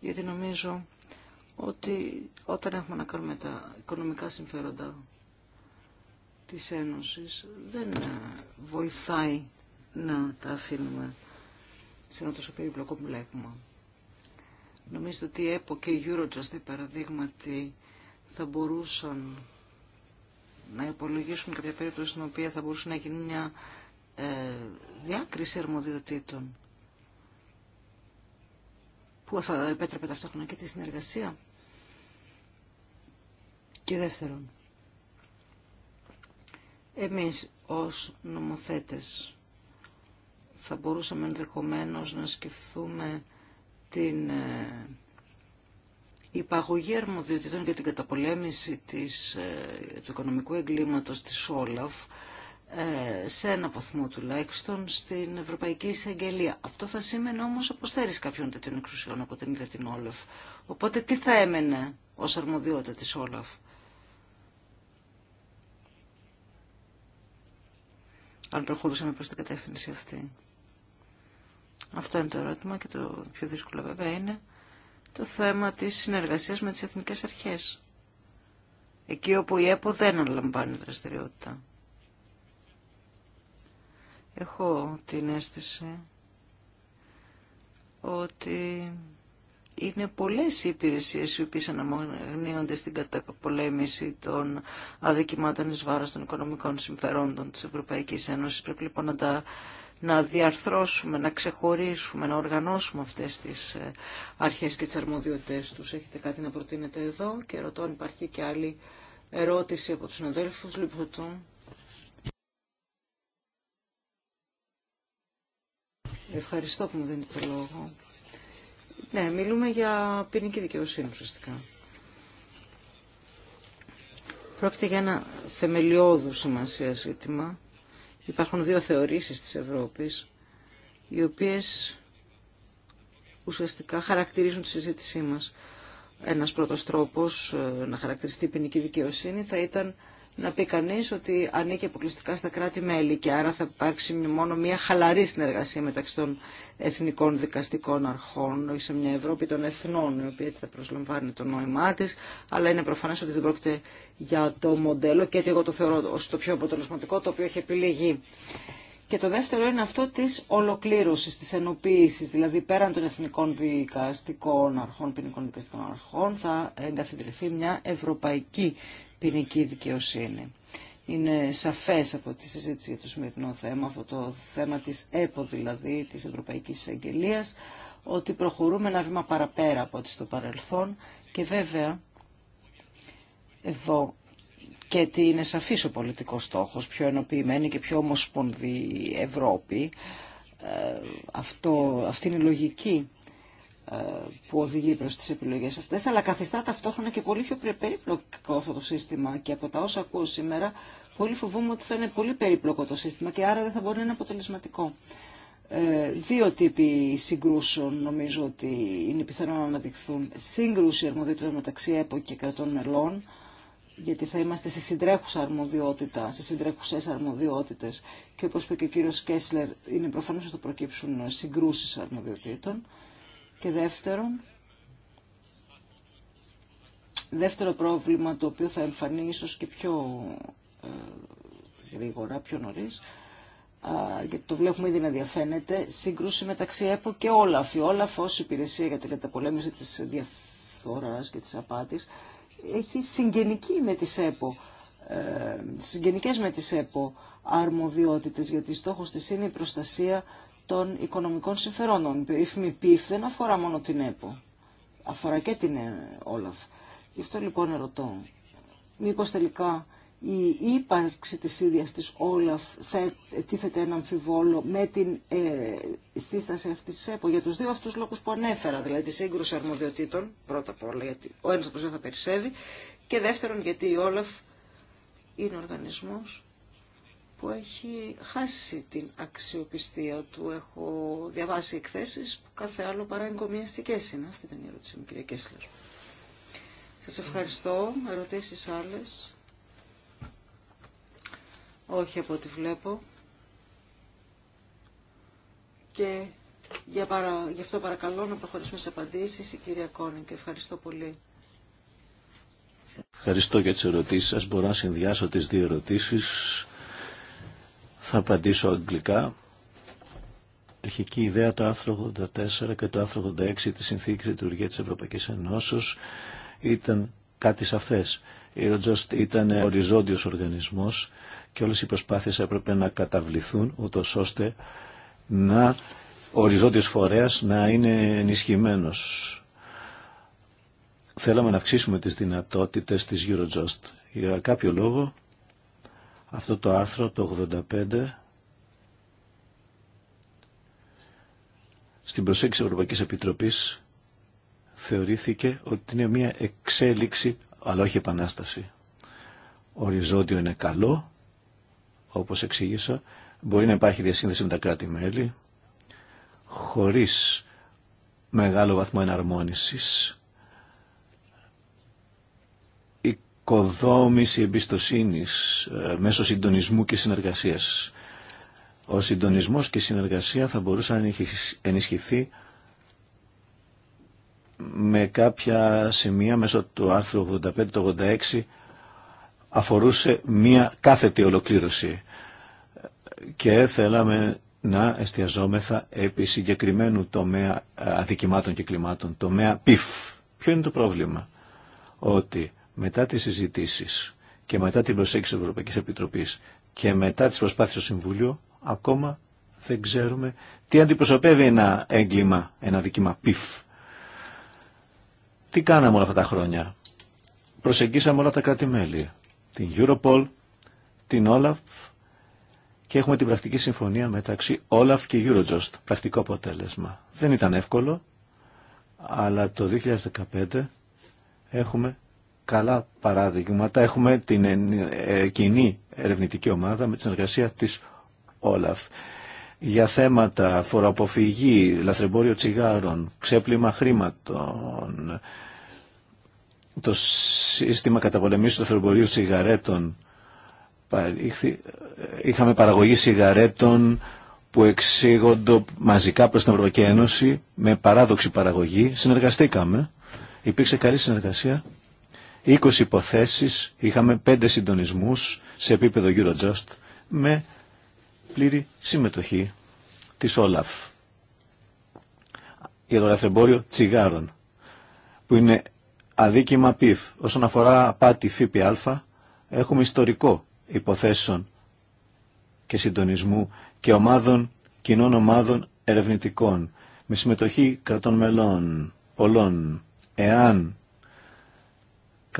Γιατί νομίζω ότι όταν έχουμε να κάνουμε τα οικονομικά συμφέροντα της Ένωσης, δεν ε, βοηθάει να τα αφήνουμε σε ένα τόσο περίπλοκο μπλέγμα. Νομίζετε ότι η ΕΠΟ και η Eurojust, παραδείγματι, θα μπορούσαν να υπολογίσουν κάποια περίπτωση στην οποία θα μπορούσε να γίνει μια ε, διάκριση αρμοδιοτήτων που θα επέτρεπε ταυτόχρονα και τη συνεργασία. Και δεύτερον, εμείς ως νομοθέτες θα μπορούσαμε ενδεχομένω να σκεφτούμε την ε, υπαγωγή αρμοδιοτήτων για την καταπολέμηση της, ε, του οικονομικού εγκλήματος της Όλαφ ε, σε ένα βαθμό τουλάχιστον στην Ευρωπαϊκή Εισαγγελία. Αυτό θα σήμαινε όμως αποστέρηση κάποιων τέτοιων εξουσιών από την ίδια την Όλαφ. Οπότε τι θα έμενε ως αρμοδιότητα της Όλαφ. Αν προχωρούσαμε προς την κατεύθυνση αυτή. Αυτό είναι το ερώτημα και το πιο δύσκολο βέβαια είναι το θέμα της συνεργασίας με τις εθνικές αρχές. Εκεί όπου η ΕΠΟ δεν αναλαμβάνει δραστηριότητα έχω την αίσθηση ότι είναι πολλές οι υπηρεσίες οι οποίες αναμονίονται στην καταπολέμηση των αδικημάτων εις βάρος των οικονομικών συμφερόντων της Ευρωπαϊκής Ένωσης. Πρέπει λοιπόν να τα να διαρθρώσουμε, να ξεχωρίσουμε, να οργανώσουμε αυτές τις ε, αρχές και τις αρμοδιότητες τους. Έχετε κάτι να προτείνετε εδώ και ρωτώ αν υπάρχει και άλλη ερώτηση από τους συναδέλφους. Λοιπόν, Ευχαριστώ που μου δίνετε το λόγο. Ναι, μιλούμε για ποινική δικαιοσύνη ουσιαστικά. Πρόκειται για ένα θεμελιώδου σημασία ζήτημα. Υπάρχουν δύο θεωρήσεις της Ευρώπης, οι οποίες ουσιαστικά χαρακτηρίζουν τη συζήτησή μας. Ένας πρώτος τρόπος ε, να χαρακτηριστεί η ποινική δικαιοσύνη θα ήταν να πει κανεί ότι ανήκει αποκλειστικά στα κράτη-μέλη και άρα θα υπάρξει μόνο μια χαλαρή συνεργασία μεταξύ των εθνικών δικαστικών αρχών, όχι σε μια Ευρώπη των εθνών, η οποία έτσι θα προσλαμβάνει το νόημά τη, αλλά είναι προφανέ ότι δεν πρόκειται για το μοντέλο και ότι εγώ το θεωρώ ω το πιο αποτελεσματικό το οποίο έχει επιλεγεί. Και το δεύτερο είναι αυτό της ολοκλήρωσης, της ενοποίησης, δηλαδή πέραν των εθνικών δικαστικών αρχών, ποινικών δικαστικών αρχών, θα εγκαθιδρυθεί μια ευρωπαϊκή ποινική δικαιοσύνη. Είναι σαφές από τη συζήτηση για το σημερινό θέμα, αυτό το θέμα της ΕΠΟ δηλαδή, της Ευρωπαϊκής Εισαγγελίας, ότι προχωρούμε ένα βήμα παραπέρα από ό,τι στο παρελθόν και βέβαια εδώ και ότι είναι σαφής ο πολιτικός στόχος, πιο ενοποιημένη και πιο ομοσπονδή Ευρώπη. Ε, αυτό, αυτή είναι η λογική που οδηγεί προς τις επιλογές αυτές, αλλά καθιστά ταυτόχρονα και πολύ πιο περίπλοκο αυτό το σύστημα και από τα όσα ακούω σήμερα, πολύ φοβούμαι ότι θα είναι πολύ περίπλοκο το σύστημα και άρα δεν θα μπορεί να είναι αποτελεσματικό. Ε, δύο τύποι συγκρούσεων νομίζω ότι είναι πιθανό να αναδειχθούν. Σύγκρουση αρμοδιότητα μεταξύ ΕΠΟ και κρατών μελών, γιατί θα είμαστε σε συντρέχουσα αρμοδιότητα, σε συντρέχουσες αρμοδιότητες και όπως είπε και ο κύριο Κέσλερ, είναι προφανώς ότι θα προκύψουν συγκρούσεις αρμοδιοτήτων και δεύτερον, δεύτερο πρόβλημα το οποίο θα εμφανεί ίσως και πιο ε, γρήγορα, πιο νωρίς, γιατί το βλέπουμε ήδη να διαφαίνεται, σύγκρουση μεταξύ ΕΠΟ και Όλαφ. Η Όλαφ ως υπηρεσία για την καταπολέμηση της διαφθοράς και της απάτης έχει συγγενική με τις ΕΠΟ ε, συγγενικές με τις ΕΠΟ αρμοδιότητες, γιατί στόχος της είναι η προστασία των οικονομικών συμφερόντων. Η περίφημη ΠΙΦ δεν αφορά μόνο την ΕΠΟ, αφορά και την ε, Όλαφ. Γι' αυτό λοιπόν ρωτώ, μήπως τελικά η ύπαρξη της ίδιας της Όλαφ θα τίθεται ένα αμφιβόλο με την ε, σύσταση αυτής της ΕΠΟ για τους δύο αυτούς λόγους που ανέφερα, δηλαδή τη σύγκρουση αρμοδιοτήτων, πρώτα απ' όλα γιατί ο ένας από δύο θα περισσεύει και δεύτερον γιατί η Όλαφ είναι οργανισμός που έχει χάσει την αξιοπιστία του. Έχω διαβάσει εκθέσεις που κάθε άλλο παρά εγκομιαστικές είναι. Αυτή ήταν η ερώτησή μου, κυρία Κέσλερ. Σας ευχαριστώ. Ερωτήσεις άλλες. Όχι από ό,τι βλέπω. Και για παρα... γι' αυτό παρακαλώ να προχωρήσουμε σε απαντήσεις. Η κυρία Κόνη και ευχαριστώ πολύ. Ευχαριστώ για τις ερωτήσεις Σα Μπορώ να συνδυάσω τις δύο ερωτήσεις θα απαντήσω αγγλικά. Αρχική ιδέα το άρθρο 84 και το άρθρο 86 της Συνθήκης Λειτουργία της Ευρωπαϊκής Ενώσεως ήταν κάτι σαφές. Η Eurojust ήταν οριζόντιος οργανισμός και όλες οι προσπάθειες έπρεπε να καταβληθούν ούτως ώστε να ο οριζόντιος φορέας να είναι ενισχυμένος. Θέλαμε να αυξήσουμε τις δυνατότητες της Eurojust. Για κάποιο λόγο αυτό το άρθρο το 85 στην προσέγγιση Ευρωπαϊκής Επιτροπής θεωρήθηκε ότι είναι μια εξέλιξη αλλά όχι επανάσταση. Οριζόντιο είναι καλό, όπως εξήγησα, μπορεί να υπάρχει διασύνδεση με τα κράτη-μέλη, χωρίς μεγάλο βαθμό εναρμόνισης οικοδόμηση εμπιστοσύνης ε, μέσω συντονισμού και συνεργασίας. Ο συντονισμός και η συνεργασία θα μπορούσαν να ενισχυθεί με κάποια σημεία μέσω του άρθρου 85-86 αφορούσε μία κάθετη ολοκλήρωση και θέλαμε να εστιαζόμεθα επί συγκεκριμένου τομέα ε, αδικημάτων και κλιμάτων, τομέα πιφ. Ποιο είναι το πρόβλημα, ότι μετά τις συζητήσεις και μετά την προσέγγιση της Ευρωπαϊκής Επιτροπής και μετά τις προσπάθειες του Συμβουλίου, ακόμα δεν ξέρουμε τι αντιπροσωπεύει ένα έγκλημα, ένα δίκημα πιφ. Τι κάναμε όλα αυτά τα χρόνια. Προσεγγίσαμε όλα τα κράτη-μέλη, την Europol, την Olaf και έχουμε την πρακτική συμφωνία μεταξύ Olaf και Eurojust. Πρακτικό αποτέλεσμα. Δεν ήταν εύκολο, αλλά το 2015 έχουμε καλά παράδειγματα. Έχουμε την ε, κοινή ερευνητική ομάδα με τη συνεργασία της Όλαφ για θέματα φοροαποφυγή, λαθρεμπόριο τσιγάρων, ξέπλυμα χρήματων, το σύστημα καταπολεμής του λαθρεμπορίου τσιγαρέτων, Είχαμε παραγωγή σιγαρέτων που εξήγονται μαζικά προς την Ευρωπαϊκή Ένωση με παράδοξη παραγωγή. Συνεργαστήκαμε. Υπήρξε καλή συνεργασία 20 υποθέσεις, είχαμε 5 συντονισμούς σε επίπεδο Eurojust με πλήρη συμμετοχή της Όλαφ για το λαθρεμπόριο τσιγάρων που είναι αδίκημα πιφ. Όσον αφορά απάτη ΦΠΑ έχουμε ιστορικό υποθέσεων και συντονισμού και ομάδων, κοινών ομάδων ερευνητικών με συμμετοχή κρατών μελών, πολλών. Εάν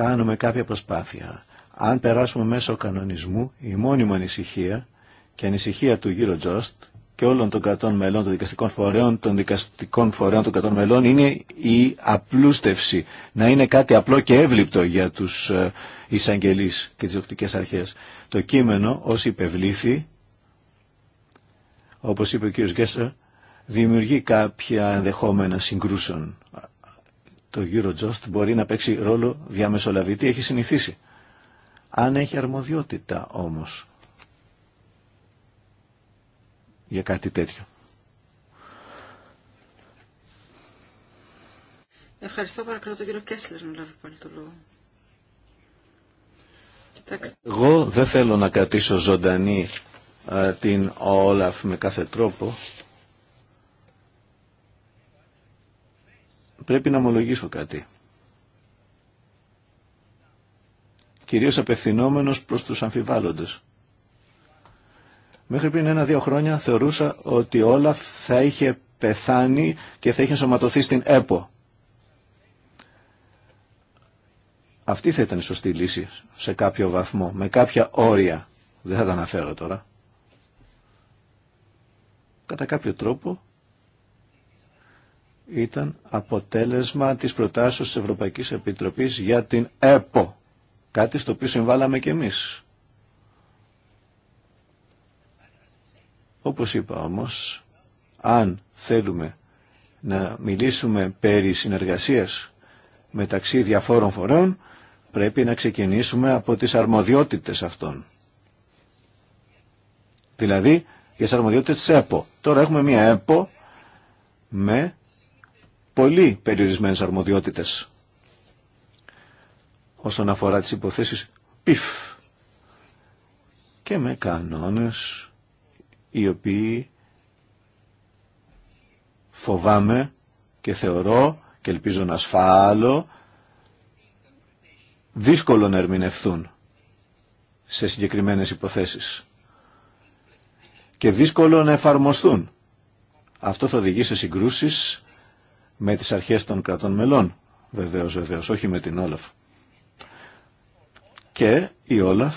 κάνουμε κάποια προσπάθεια. Αν περάσουμε μέσω κανονισμού, η μόνιμη ανησυχία και ανησυχία του Τζοστ και όλων των κρατών μελών, των δικαστικών φορέων, των δικαστικών φορέων των κρατών μελών είναι η απλούστευση. Να είναι κάτι απλό και εύληπτο για τους ε, εισαγγελείς και τις οπτικές αρχές. Το κείμενο ως υπευλήθη, όπως είπε ο κ. Γκέσσερ, δημιουργεί κάποια ενδεχόμενα συγκρούσεων το γύρο Eurojust μπορεί να παίξει ρόλο διαμεσολαβητή, έχει συνηθίσει. Αν έχει αρμοδιότητα όμως για κάτι τέτοιο. Ευχαριστώ παρακαλώ τον κύριο Κέσλερ να λάβει πάλι το λόγο. Εγώ δεν θέλω να κρατήσω ζωντανή την Όλαφ με κάθε τρόπο. πρέπει να ομολογήσω κάτι. Κυρίως απευθυνόμενος προς τους αμφιβάλλοντες. Μέχρι πριν ένα-δύο χρόνια θεωρούσα ότι όλα θα είχε πεθάνει και θα είχε σωματωθεί στην ΕΠΟ. Αυτή θα ήταν η σωστή λύση σε κάποιο βαθμό, με κάποια όρια. Δεν θα τα αναφέρω τώρα. Κατά κάποιο τρόπο ήταν αποτέλεσμα της προτάσεως της Ευρωπαϊκής Επιτροπής για την ΕΠΟ. Κάτι στο οποίο συμβάλαμε και εμείς. Όπως είπα όμως, αν θέλουμε να μιλήσουμε περί συνεργασίας μεταξύ διαφόρων φορέων, πρέπει να ξεκινήσουμε από τις αρμοδιότητες αυτών. Δηλαδή, για τις αρμοδιότητες της ΕΠΟ. Τώρα έχουμε μία ΕΠΟ με πολύ περιορισμένες αρμοδιότητες όσον αφορά τις υποθέσεις πιφ και με κανόνες οι οποίοι φοβάμαι και θεωρώ και ελπίζω να ασφάλω δύσκολο να ερμηνευθούν σε συγκεκριμένες υποθέσεις και δύσκολο να εφαρμοστούν. Αυτό θα οδηγεί σε συγκρούσεις με τις αρχές των κρατών μελών. Βεβαίως, βεβαίως, όχι με την Όλαφ. Και η Όλαφ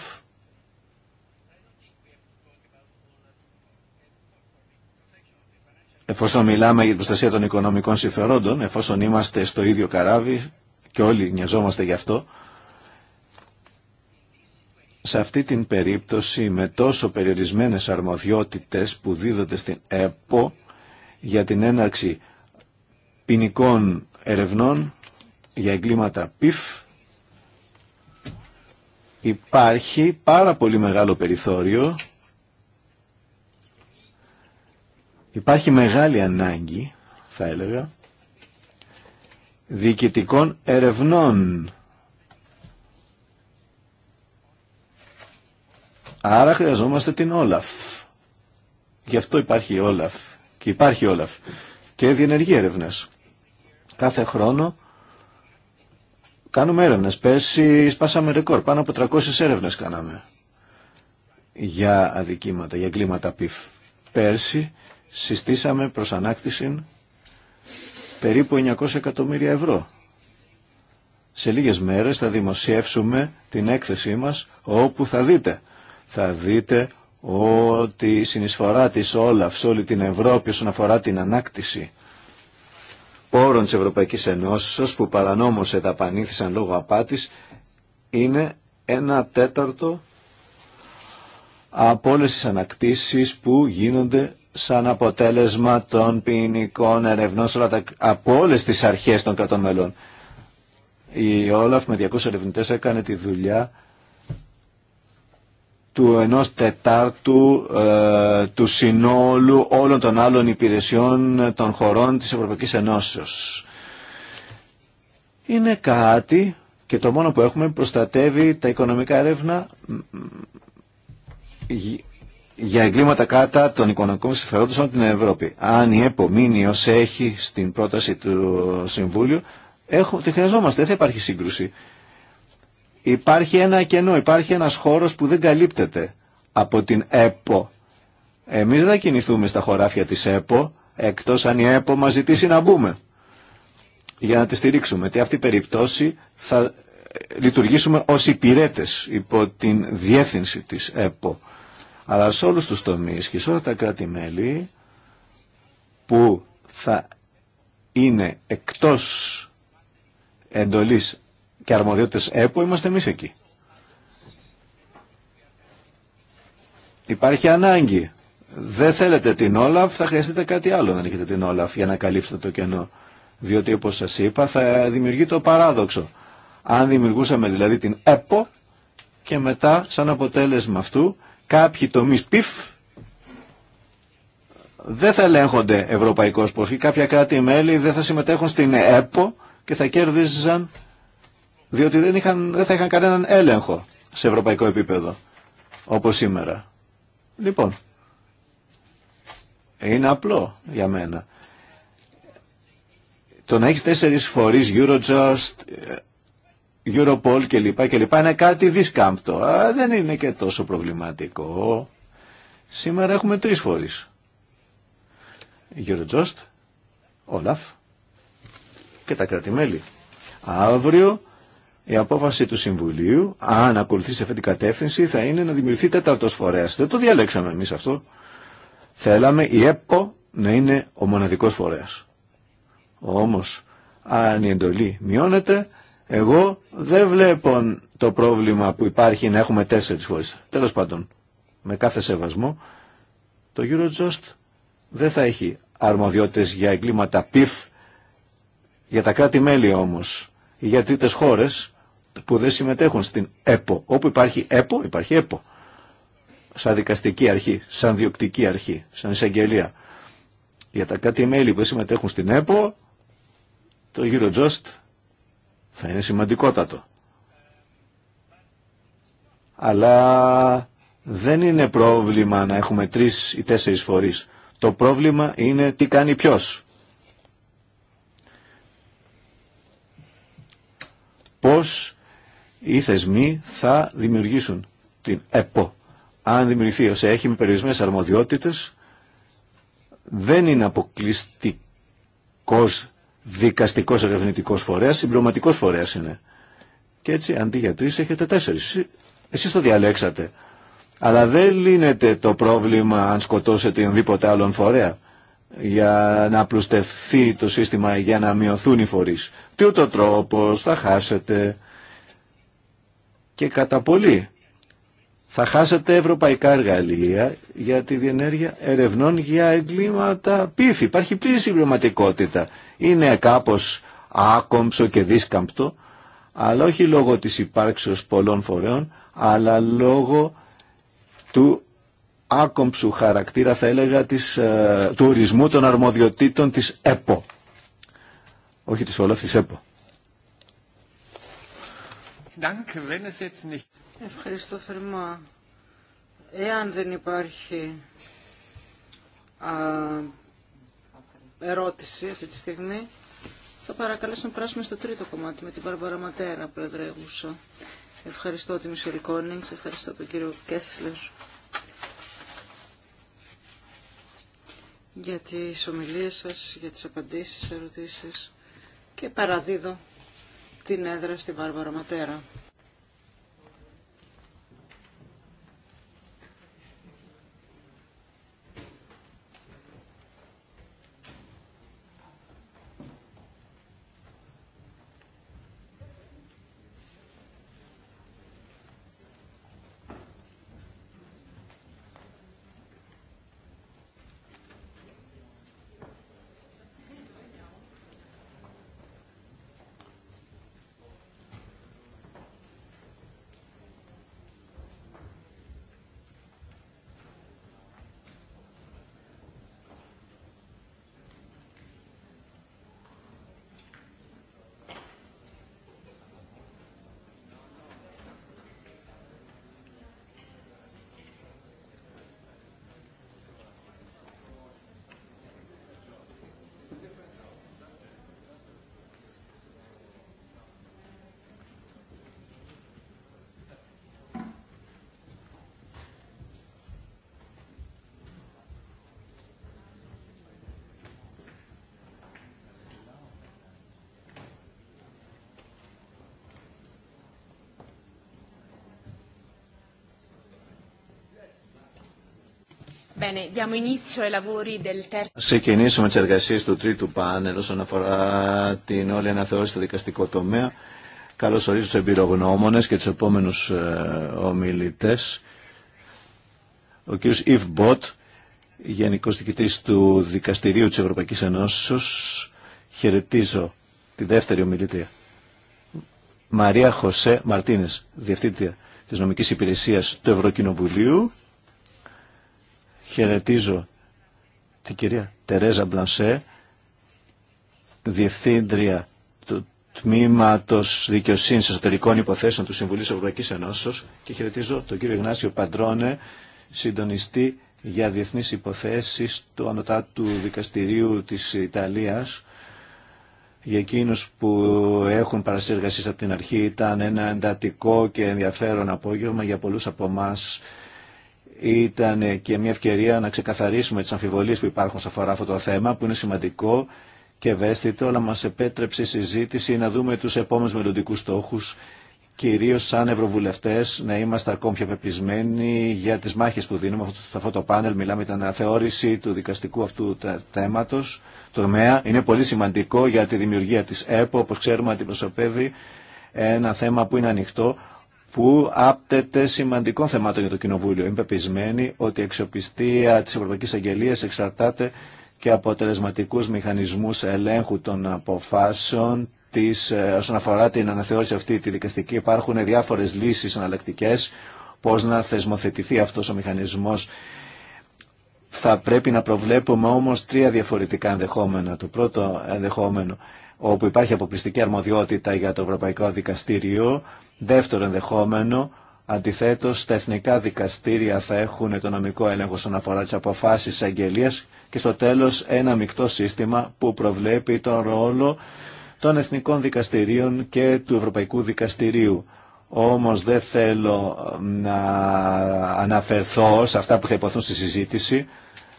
εφόσον μιλάμε για την προστασία των οικονομικών συμφερόντων, εφόσον είμαστε στο ίδιο καράβι και όλοι νοιαζόμαστε γι' αυτό, σε αυτή την περίπτωση με τόσο περιορισμένες αρμοδιότητες που δίδονται στην ΕΠΟ για την έναρξη ποινικών ερευνών για εγκλήματα πιφ υπάρχει πάρα πολύ μεγάλο περιθώριο υπάρχει μεγάλη ανάγκη θα έλεγα διοικητικών ερευνών άρα χρειαζόμαστε την Όλαφ γι' αυτό υπάρχει η Όλαφ και υπάρχει η Όλαφ και διενεργεί έρευνε. Κάθε χρόνο κάνουμε έρευνε, Πέρσι σπάσαμε ρεκόρ, πάνω από 300 έρευνε κάναμε για αδικήματα, για εγκλήματα πιφ. Πέρσι συστήσαμε προς ανάκτηση περίπου 900 εκατομμύρια ευρώ. Σε λίγες μέρες θα δημοσιεύσουμε την έκθεσή μας όπου θα δείτε. Θα δείτε ότι η συνεισφορά της Όλαφ σε όλη την Ευρώπη όσον αφορά την ανάκτηση πόρων της Ευρωπαϊκής Ενώσης που παρανόμως εδαπανήθησαν λόγω απάτης είναι ένα τέταρτο από όλε τι ανακτήσεις που γίνονται σαν αποτέλεσμα των ποινικών ερευνών από όλε τις αρχές των κρατών μελών. Η Όλαφ με 200 ερευνητέ έκανε τη δουλειά του ενός τετάρτου ε, του συνόλου όλων των άλλων υπηρεσιών των χωρών της Ευρωπαϊκής Ενώσεως. Είναι κάτι και το μόνο που έχουμε προστατεύει τα οικονομικά έρευνα για εγκλήματα κάτω των οικονομικών συμφερόντων στην την Ευρώπη. Αν η ΕΠΟ μείνει έχει στην πρόταση του Συμβούλιο, έχω, τη χρειαζόμαστε, δεν θα υπάρχει σύγκρουση. Υπάρχει ένα κενό, υπάρχει ένας χώρος που δεν καλύπτεται από την ΕΠΟ. Εμείς δεν κινηθούμε στα χωράφια της ΕΠΟ, εκτός αν η ΕΠΟ μας ζητήσει να μπούμε για να τη στηρίξουμε. Τι αυτή η περίπτωση θα ε, λειτουργήσουμε ως υπηρέτε υπό την διεύθυνση της ΕΠΟ. Αλλά σε όλους τους τομείς και σε όλα τα κράτη-μέλη που θα είναι εκτός εντολής και αρμοδιότητες ΕΠΟ είμαστε εμείς εκεί. Υπάρχει ανάγκη. Δεν θέλετε την Όλαφ, θα χρειαστείτε κάτι άλλο δεν έχετε την Όλαφ για να καλύψετε το κενό. Διότι όπως σας είπα θα δημιουργεί το παράδοξο. Αν δημιουργούσαμε δηλαδή την ΕΠΟ και μετά σαν αποτέλεσμα αυτού κάποιοι τομείς πιφ δεν θα ελεγχονται ευρωπαικω ευρωπαϊκώς πορφή. Κάποια κράτη-μέλη δεν θα συμμετέχουν στην ΕΠΟ και θα κέρδιζαν διότι δεν, είχαν, δεν θα είχαν κανέναν έλεγχο σε ευρωπαϊκό επίπεδο, όπως σήμερα. Λοιπόν, είναι απλό για μένα. Το να έχεις τέσσερις φορείς, Eurojust, Europol κλπ. κλπ. είναι κάτι δίσκαμπτο. δεν είναι και τόσο προβληματικό. Σήμερα έχουμε τρεις φορείς. Eurojust, Olaf και τα κρατημέλη. Αύριο η απόφαση του Συμβουλίου, αν ακολουθεί σε αυτή την κατεύθυνση, θα είναι να δημιουργηθεί τέταρτο φορέα. Δεν το διαλέξαμε εμεί αυτό. Θέλαμε η ΕΠΟ να είναι ο μοναδικό φορέα. Όμω, αν η εντολή μειώνεται, εγώ δεν βλέπω το πρόβλημα που υπάρχει να έχουμε τέσσερι φορέ. Τέλο πάντων, με κάθε σεβασμό, το Eurojust δεν θα έχει αρμοδιότητες για εγκλήματα πιφ. Για τα κράτη-μέλη όμως για τρίτες χώρες που δεν συμμετέχουν στην ΕΠΟ. Όπου υπάρχει ΕΠΟ, υπάρχει ΕΠΟ. Σαν δικαστική αρχή, σαν διοκτική αρχή, σαν εισαγγελία. Για τα κάτι μέλη που δεν συμμετέχουν στην ΕΠΟ, το Eurojust θα είναι σημαντικότατο. Αλλά δεν είναι πρόβλημα να έχουμε τρεις ή τέσσερις φορείς. Το πρόβλημα είναι τι κάνει ποιος. πώς οι θεσμοί θα δημιουργήσουν την ΕΠΟ. Αν δημιουργηθεί ως έχει με περιορισμένες αρμοδιότητες, δεν είναι αποκλειστικός δικαστικός ερευνητικός φορέας, συμπληρωματικός φορέας είναι. Και έτσι αντί για τρεις έχετε τέσσερις. Εσείς το διαλέξατε. Αλλά δεν λύνεται το πρόβλημα αν σκοτώσετε ονδήποτε άλλον φορέα για να απλουστευθεί το σύστημα για να μειωθούν οι φορείς. Τι ούτω τρόπος θα χάσετε και κατά πολύ θα χάσετε ευρωπαϊκά εργαλεία για τη διενέργεια ερευνών για εγκλήματα πύφη. Υπάρχει πλήρη συμπληρωματικότητα. Είναι κάπως άκομψο και δίσκαμπτο, αλλά όχι λόγω της υπάρξεως πολλών φορέων, αλλά λόγω του άκομψου χαρακτήρα, θα έλεγα, της, ε, του ορισμού των αρμοδιοτήτων της ΕΠΟ όχι της Όλαφ, της ΕΠΟ. Ευχαριστώ θερμά. Εάν δεν υπάρχει α, ερώτηση αυτή τη στιγμή, θα παρακαλέσω να περάσουμε στο τρίτο κομμάτι με την Παρμπαρα Ματέρα, Προεδρεύουσα. Ευχαριστώ τη Μισελ Κόνινγκς ευχαριστώ τον κύριο Κέσλερ για τις ομιλίες σας, για τις απαντήσεις, ερωτήσεις και παραδίδω την έδρα στη Βάρβαρα Ματέρα. Ξεκινήσουμε τι εργασίε του τρίτου πάνελ όσον αφορά την όλη αναθεώρηση στο δικαστικό τομέα. Καλώ ορίζω του εμπειρογνώμονε και του επόμενου ε, ομιλητέ. Ο κ. Ιβ Μποτ, Γενικό Διοικητή του Δικαστηρίου τη Ευρωπαϊκή Ενώσεω. Χαιρετίζω τη δεύτερη ομιλητρία. Μαρία Χωσέ Μαρτίνε, Διευθύντρια τη Νομική Υπηρεσία του Ευρωκοινοβουλίου Χαιρετίζω την κυρία Τερέζα Μπλανσέ, Διευθύντρια του Τμήματος Δικαιοσύνης Εσωτερικών Υποθέσεων του Συμβουλίου της Ευρωπαϊκής Ενώσεως και χαιρετίζω τον κύριο Γνάσιο Παντρώνε, συντονιστή για διεθνείς υποθέσεις του Ανωτάτου Δικαστηρίου της Ιταλίας. Για εκείνους που έχουν παρασύργασεις από την αρχή ήταν ένα εντατικό και ενδιαφέρον απόγευμα για πολλούς από εμά ήταν και μια ευκαιρία να ξεκαθαρίσουμε τις αμφιβολίες που υπάρχουν σε αφορά αυτό το θέμα που είναι σημαντικό και ευαίσθητο αλλά μας επέτρεψε η συζήτηση να δούμε τους επόμενους μελλοντικού στόχους κυρίως σαν ευρωβουλευτές να είμαστε ακόμη πιο πεπισμένοι για τις μάχες που δίνουμε σε αυτό το πάνελ. Μιλάμε για την αναθεώρηση του δικαστικού αυτού θέματος, τομέα. Είναι πολύ σημαντικό για τη δημιουργία της ΕΠΟ, όπως ξέρουμε αντιπροσωπεύει ένα θέμα που είναι ανοιχτό, που άπτεται σημαντικών θεμάτων για το Κοινοβούλιο. Είμαι πεπισμένη ότι η αξιοπιστία της Ευρωπαϊκής Αγγελίας εξαρτάται και από τελεσματικούς μηχανισμούς ελέγχου των αποφάσεων της, ε, όσον αφορά την αναθεώρηση αυτή τη δικαστική. Υπάρχουν διάφορες λύσεις αναλλακτικέ πώς να θεσμοθετηθεί αυτός ο μηχανισμός. Θα πρέπει να προβλέπουμε όμως τρία διαφορετικά ενδεχόμενα. Το πρώτο ενδεχόμενο όπου υπάρχει αποκλειστική αρμοδιότητα για το Ευρωπαϊκό Δικαστήριο Δεύτερο ενδεχόμενο, αντιθέτως τα εθνικά δικαστήρια θα έχουν το νομικό έλεγχο στον αφορά τις αποφάσεις και στο τέλος ένα μεικτό σύστημα που προβλέπει τον ρόλο των εθνικών δικαστηρίων και του Ευρωπαϊκού Δικαστηρίου. Όμως δεν θέλω ε, να αναφερθώ σε αυτά που θα υποθούν στη συζήτηση.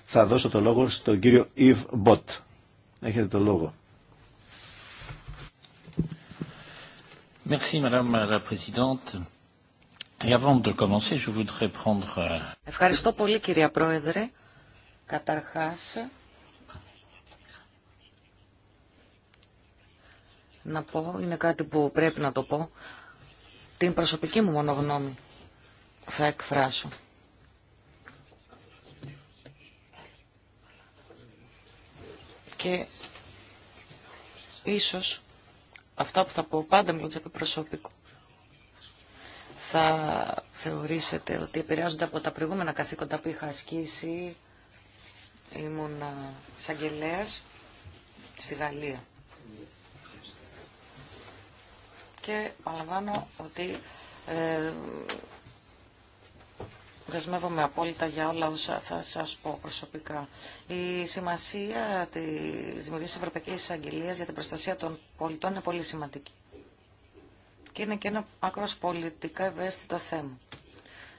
Θα δώσω το λόγο στον κύριο Ιβ Μποτ. Έχετε το λόγο. Ευχαριστώ πολύ κυρία Πρόεδρε. Καταρχάς, να πω, είναι κάτι που πρέπει να το πω, την προσωπική μου μονογνώμη θα εκφράσω. Και ίσως αυτά που θα πω πάντα μιλώντας από προσωπικό, θα θεωρήσετε ότι επηρεάζονται από τα προηγούμενα καθήκοντα που είχα ασκήσει. Ήμουν εισαγγελέα στη Γαλλία. Και παραλαμβάνω ότι ε, Δεσμεύομαι απόλυτα για όλα όσα θα σας πω προσωπικά. Η σημασία της δημιουργίας Ευρωπαϊκής αγγελία για την προστασία των πολιτών είναι πολύ σημαντική. Και είναι και ένα άκρος πολιτικά ευαίσθητο θέμα.